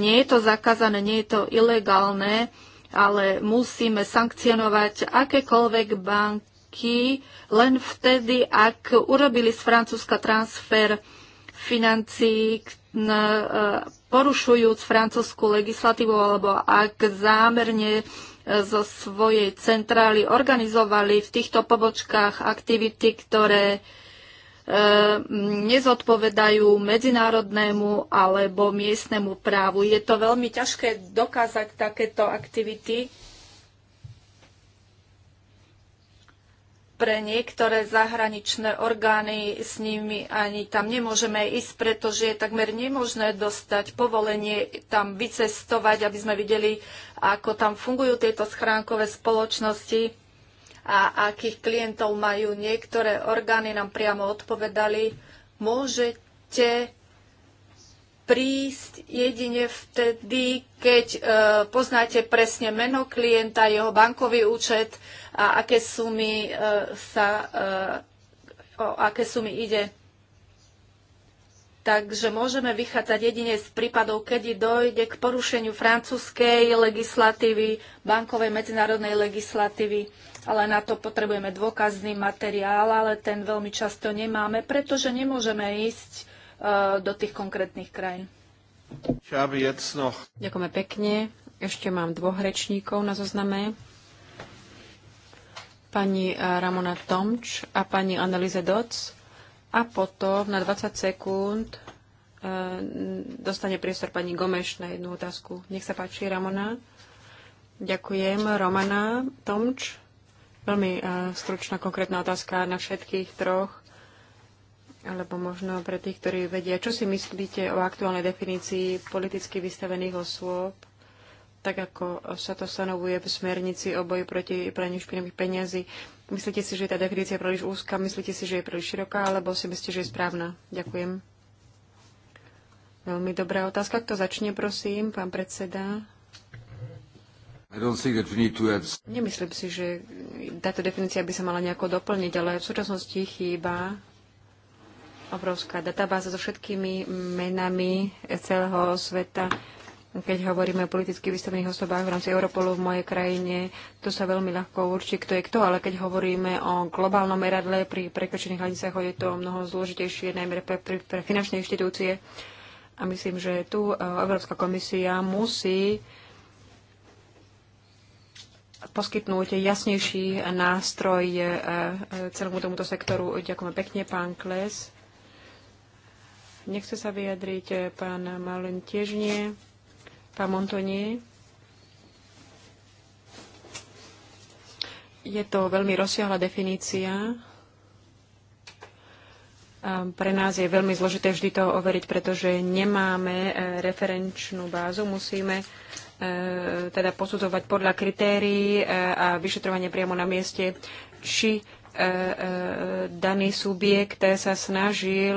nie je to zakázané, nie je to ilegálne, ale musíme sankcionovať akékoľvek banky len vtedy, ak urobili z Francúzska transfer financí e, porušujúc francúzskú legislatívu alebo ak zámerne e, zo svojej centrály organizovali v týchto pobočkách aktivity, ktoré e, nezodpovedajú medzinárodnému alebo miestnemu právu. Je to veľmi ťažké dokázať takéto aktivity pre niektoré zahraničné orgány s nimi ani tam nemôžeme ísť, pretože je takmer nemožné dostať povolenie tam vycestovať, aby sme videli, ako tam fungujú tieto schránkové spoločnosti a akých klientov majú. Niektoré orgány nám priamo odpovedali, môžete prísť jedine vtedy, keď e, poznáte presne meno klienta, jeho bankový účet, a aké sumy e, sa, e, o aké sumy ide. Takže môžeme vychádzať jedine z prípadov, kedy dojde k porušeniu francúzskej legislatívy, bankovej medzinárodnej legislatívy, ale na to potrebujeme dôkazný materiál, ale ten veľmi často nemáme, pretože nemôžeme ísť e, do tých konkrétnych krajín. Ďakujeme pekne. Ešte mám dvoch rečníkov na zozname pani eh, Ramona Tomč a pani Annelize Doc a potom na 20 sekúnd eh, dostane priestor pani Gomeš na jednu otázku. Nech sa páči, Ramona. Ďakujem. Romana Tomč. Veľmi eh, stručná, konkrétna otázka na všetkých troch, alebo možno pre tých, ktorí vedia, čo si myslíte o aktuálnej definícii politicky vystavených osôb tak ako sa to stanovuje v smernici o boji proti praniu špinavých peniazy. Myslíte si, že je tá definícia je príliš úzka, myslíte si, že je príliš široká, alebo si myslíte, že je správna? Ďakujem. Veľmi dobrá otázka. Kto začne, prosím, pán predseda? Have... Nemyslím si, že táto definícia by sa mala nejako doplniť, ale v súčasnosti chýba obrovská databáza so všetkými menami celého sveta keď hovoríme o politicky vystavených osobách v rámci Europolu v mojej krajine, to sa veľmi ľahko určí, kto je kto, ale keď hovoríme o globálnom meradle pri prekročených hranicách, je to mnoho zložitejšie, najmä pre, pre, pre finančné inštitúcie. A myslím, že tu e, Európska komisia musí poskytnúť jasnejší nástroj e, e, celému tomuto sektoru. Ďakujem pekne, pán Kles. Nechce sa vyjadriť, pán Malen tiež nie. Pán Je to veľmi rozsiahla definícia. Pre nás je veľmi zložité vždy to overiť, pretože nemáme e, referenčnú bázu. Musíme e, teda posudzovať podľa kritérií e, a vyšetrovanie priamo na mieste, či daný subjekt sa snažil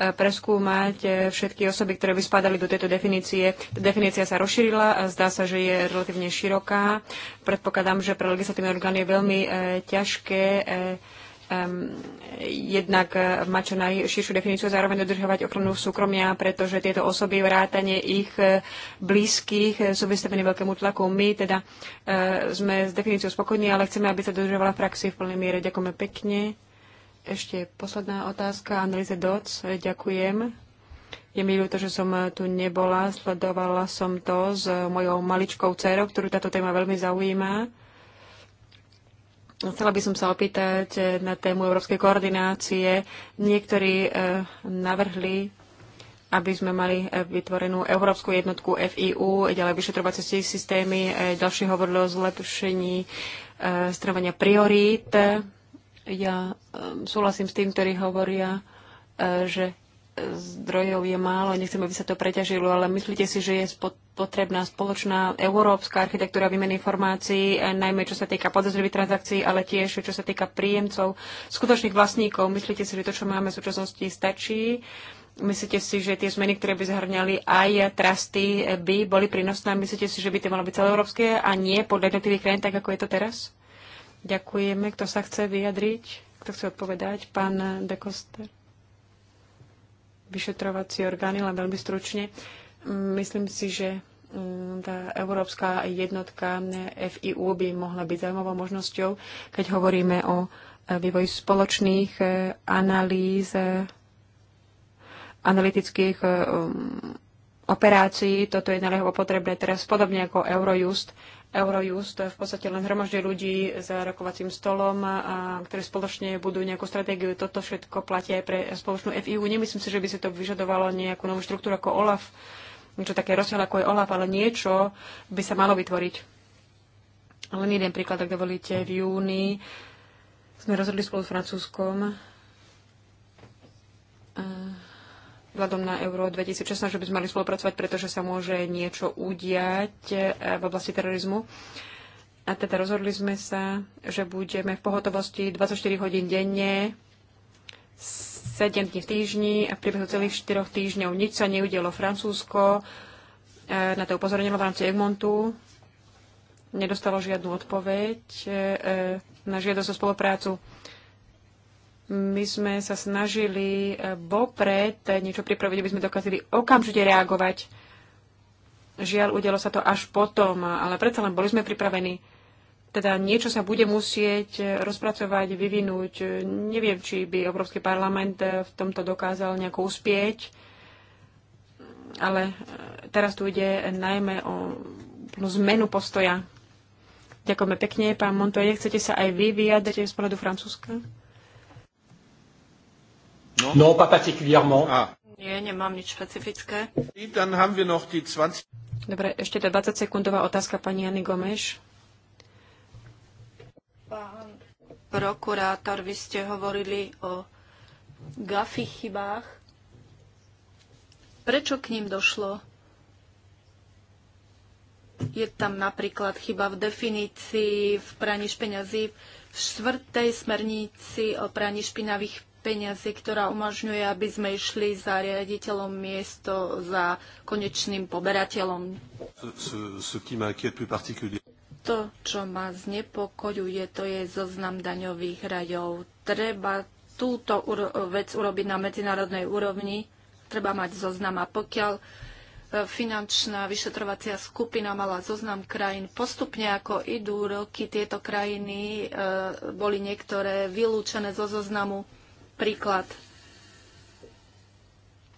preskúmať eh, všetky osoby, ktoré by spadali do tejto definície. Definícia sa rozšírila, zdá sa, že je relatívne široká. Predpokladám, že pre legislatívne orgány je veľmi eh, ťažké eh, jednak mať čo najširšiu definíciu, zároveň dodržovať ochranu súkromia, pretože tieto osoby, vrátanie ich blízkych sú vystavené veľkému tlaku. My teda sme s definíciou spokojní, ale chceme, aby sa dodržovala v praxi v plnej miere. Ďakujeme pekne. Ešte posledná otázka. Analyze Doc, ďakujem. Je mi ľúto, že som tu nebola. Sledovala som to s mojou maličkou dcerou, ktorú táto téma veľmi zaujíma. Chcela by som sa opýtať na tému európskej koordinácie. Niektorí e, navrhli, aby sme mali e, vytvorenú európsku jednotku FIU, ďalej vyšetrovacie systémy, e, ďalšie hovorilo o zlepšení stanovenia priorít ja súhlasím s tým, ktorí hovoria, e, že zdrojov je málo, nechcem, aby sa to preťažilo, ale myslíte si, že je potrebná spoločná európska architektúra výmeny informácií, e, najmä čo sa týka podozrivých transakcií, ale tiež čo sa týka príjemcov, skutočných vlastníkov. Myslíte si, že to, čo máme v súčasnosti, stačí? Myslíte si, že tie zmeny, ktoré by zahrňali aj trusty, e, by boli prínosné? Myslíte si, že by to malo byť celoeurópske a nie podľa jednotlivých krajín, tak ako je to teraz? Ďakujeme. Kto sa chce vyjadriť? Kto chce odpovedať? Pán De Koster. Vyšetrovacie orgány, len veľmi stručne. Myslím si, že mm, tá európska jednotka FIU by mohla byť zaujímavou možnosťou, keď hovoríme o e, vývoji spoločných e, analýz, e, analytických operácií. Toto je naliehavo potrebné teraz podobne ako Eurojust Eurojust v podstate len hromaždí ľudí za rokovacím stolom, a, ktorí spoločne budú nejakú stratégiu. Toto všetko platí aj pre spoločnú FIU. Nemyslím si, že by si to vyžadovalo nejakú novú štruktúru ako OLAF, niečo také rozsiaľ ako je OLAF, ale niečo by sa malo vytvoriť. Len jeden príklad, ak dovolíte, v júni sme rozhodli spolu s Francúzskom, vzhľadom na Euro 2016, že by sme mali spolupracovať, pretože sa môže niečo udiať e, v oblasti terorizmu. A teda rozhodli sme sa, že budeme v pohotovosti 24 hodín denne, 7 dní v týždni a v priebehu celých 4 týždňov nič sa neudielo Francúzsko. E, na to upozornilo v rámci Egmontu. Nedostalo žiadnu odpoveď e, na žiadosť o spoluprácu my sme sa snažili e, vopred niečo pripraviť, aby sme dokázali okamžite reagovať. Žiaľ, udelo sa to až potom, ale predsa len boli sme pripravení. Teda niečo sa bude musieť e, rozpracovať, vyvinúť. E, neviem, či by Európsky parlament v tomto dokázal nejako uspieť, ale teraz tu ide najmä o zmenu postoja. Ďakujeme pekne, pán Montoya. Chcete sa aj vy vyjadriť z pohľadu Francúzska? No? No, pas particulièrement. Ah. Nie, nemám nič špecifické. Dann haben wir noch die 20... Dobre, ešte tá 20-sekundová otázka pani Jany Gomeš. Pán prokurátor, vy ste hovorili o gafy chybách. Prečo k ním došlo? Je tam napríklad chyba v definícii, v praní špeňazí, v štvrtej smernici o praní špinavých peniazy, ktorá umožňuje, aby sme išli za riaditeľom miesto, za konečným poberateľom. To, čo ma znepokojuje, to je zoznam daňových rajov. Treba túto vec urobiť na medzinárodnej úrovni, treba mať zoznam a pokiaľ e, finančná vyšetrovacia skupina mala zoznam krajín. Postupne ako idú roky, tieto krajiny e, boli niektoré vylúčené zo zoznamu príklad.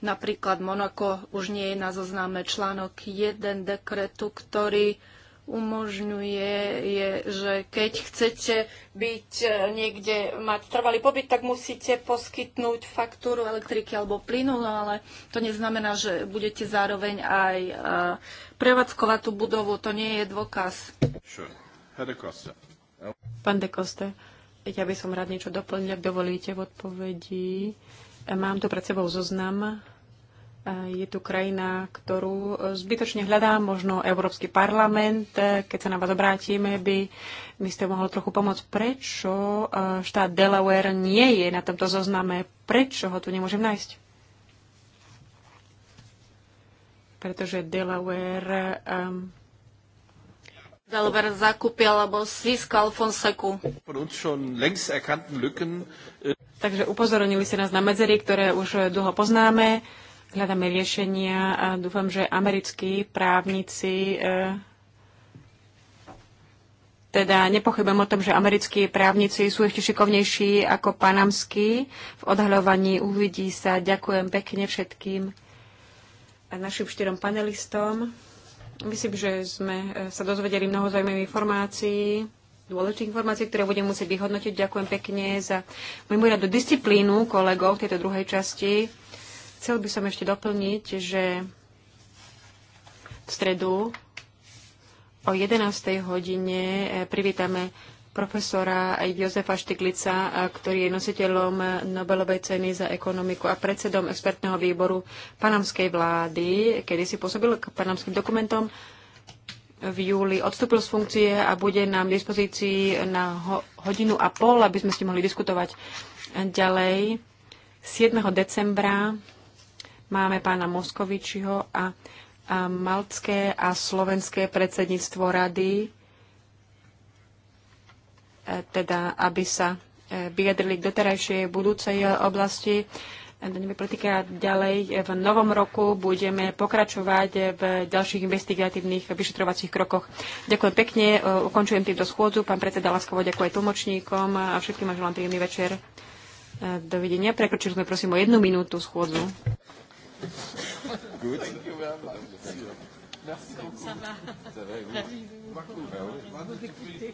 Napríklad Monako už nie je na zozname článok 1 dekretu, ktorý umožňuje, je, že keď chcete byť e, niekde, mať trvalý pobyt, tak musíte poskytnúť faktúru elektriky alebo plynu, no ale to neznamená, že budete zároveň aj e, prevádzkovať tú budovu. To nie je dôkaz. Sure. Pán de Costa, ja by som rád niečo doplnil, ak dovolíte v odpovedi. E, mám tu pred sebou zoznam. E, je tu krajina, ktorú e, zbytočne hľadám, možno Európsky parlament, keď sa na vás obrátime, by mi ste mohli trochu pomôcť, prečo štát Delaware nie je na tomto zozname, prečo ho tu nemôžem nájsť. pretože Delaware um, Delver zakúpil alebo získal Fonseku. Äh, Takže upozornili ste nás na medzery, ktoré už äh, dlho poznáme. Hľadáme riešenia a dúfam, že americkí právnici äh, teda nepochybujem o tom, že americkí právnici sú ešte šikovnejší ako panamskí. V odhľovaní uvidí sa. Ďakujem pekne všetkým našim štyrom panelistom. Myslím, že sme e, sa dozvedeli mnoho zaujímavých informácií, dôležitých informácií, ktoré budem musieť vyhodnotiť. Ďakujem pekne za radu disciplínu kolegov v tejto druhej časti. Chcel by som ešte doplniť, že v stredu o 11. hodine e, privítame profesora Jozefa Štiglica, ktorý je nositeľom Nobelovej ceny za ekonomiku a predsedom expertného výboru panamskej vlády, kedy si pôsobil k panamským dokumentom v júli odstúpil z funkcie a bude nám v dispozícii na ho- hodinu a pol, aby sme s mohli diskutovať ďalej. 7. decembra máme pána Moskovičiho a, a maltské a slovenské predsedníctvo rady teda aby sa e, vyjadrili k doterajšej budúcej e, oblasti daňovej politiky a ďalej e, v novom roku budeme pokračovať v ďalších investigatívnych vyšetrovacích krokoch. Ďakujem pekne, ukončujem týmto schôdzu. Pán predseda Laskovo ďakujem tlmočníkom a všetkým a želám príjemný večer. Dovidenia. Prekročili sme prosím o jednu minútu schôdzu. Good. Thank you very much. Merci beaucoup. Ça va. Ça va,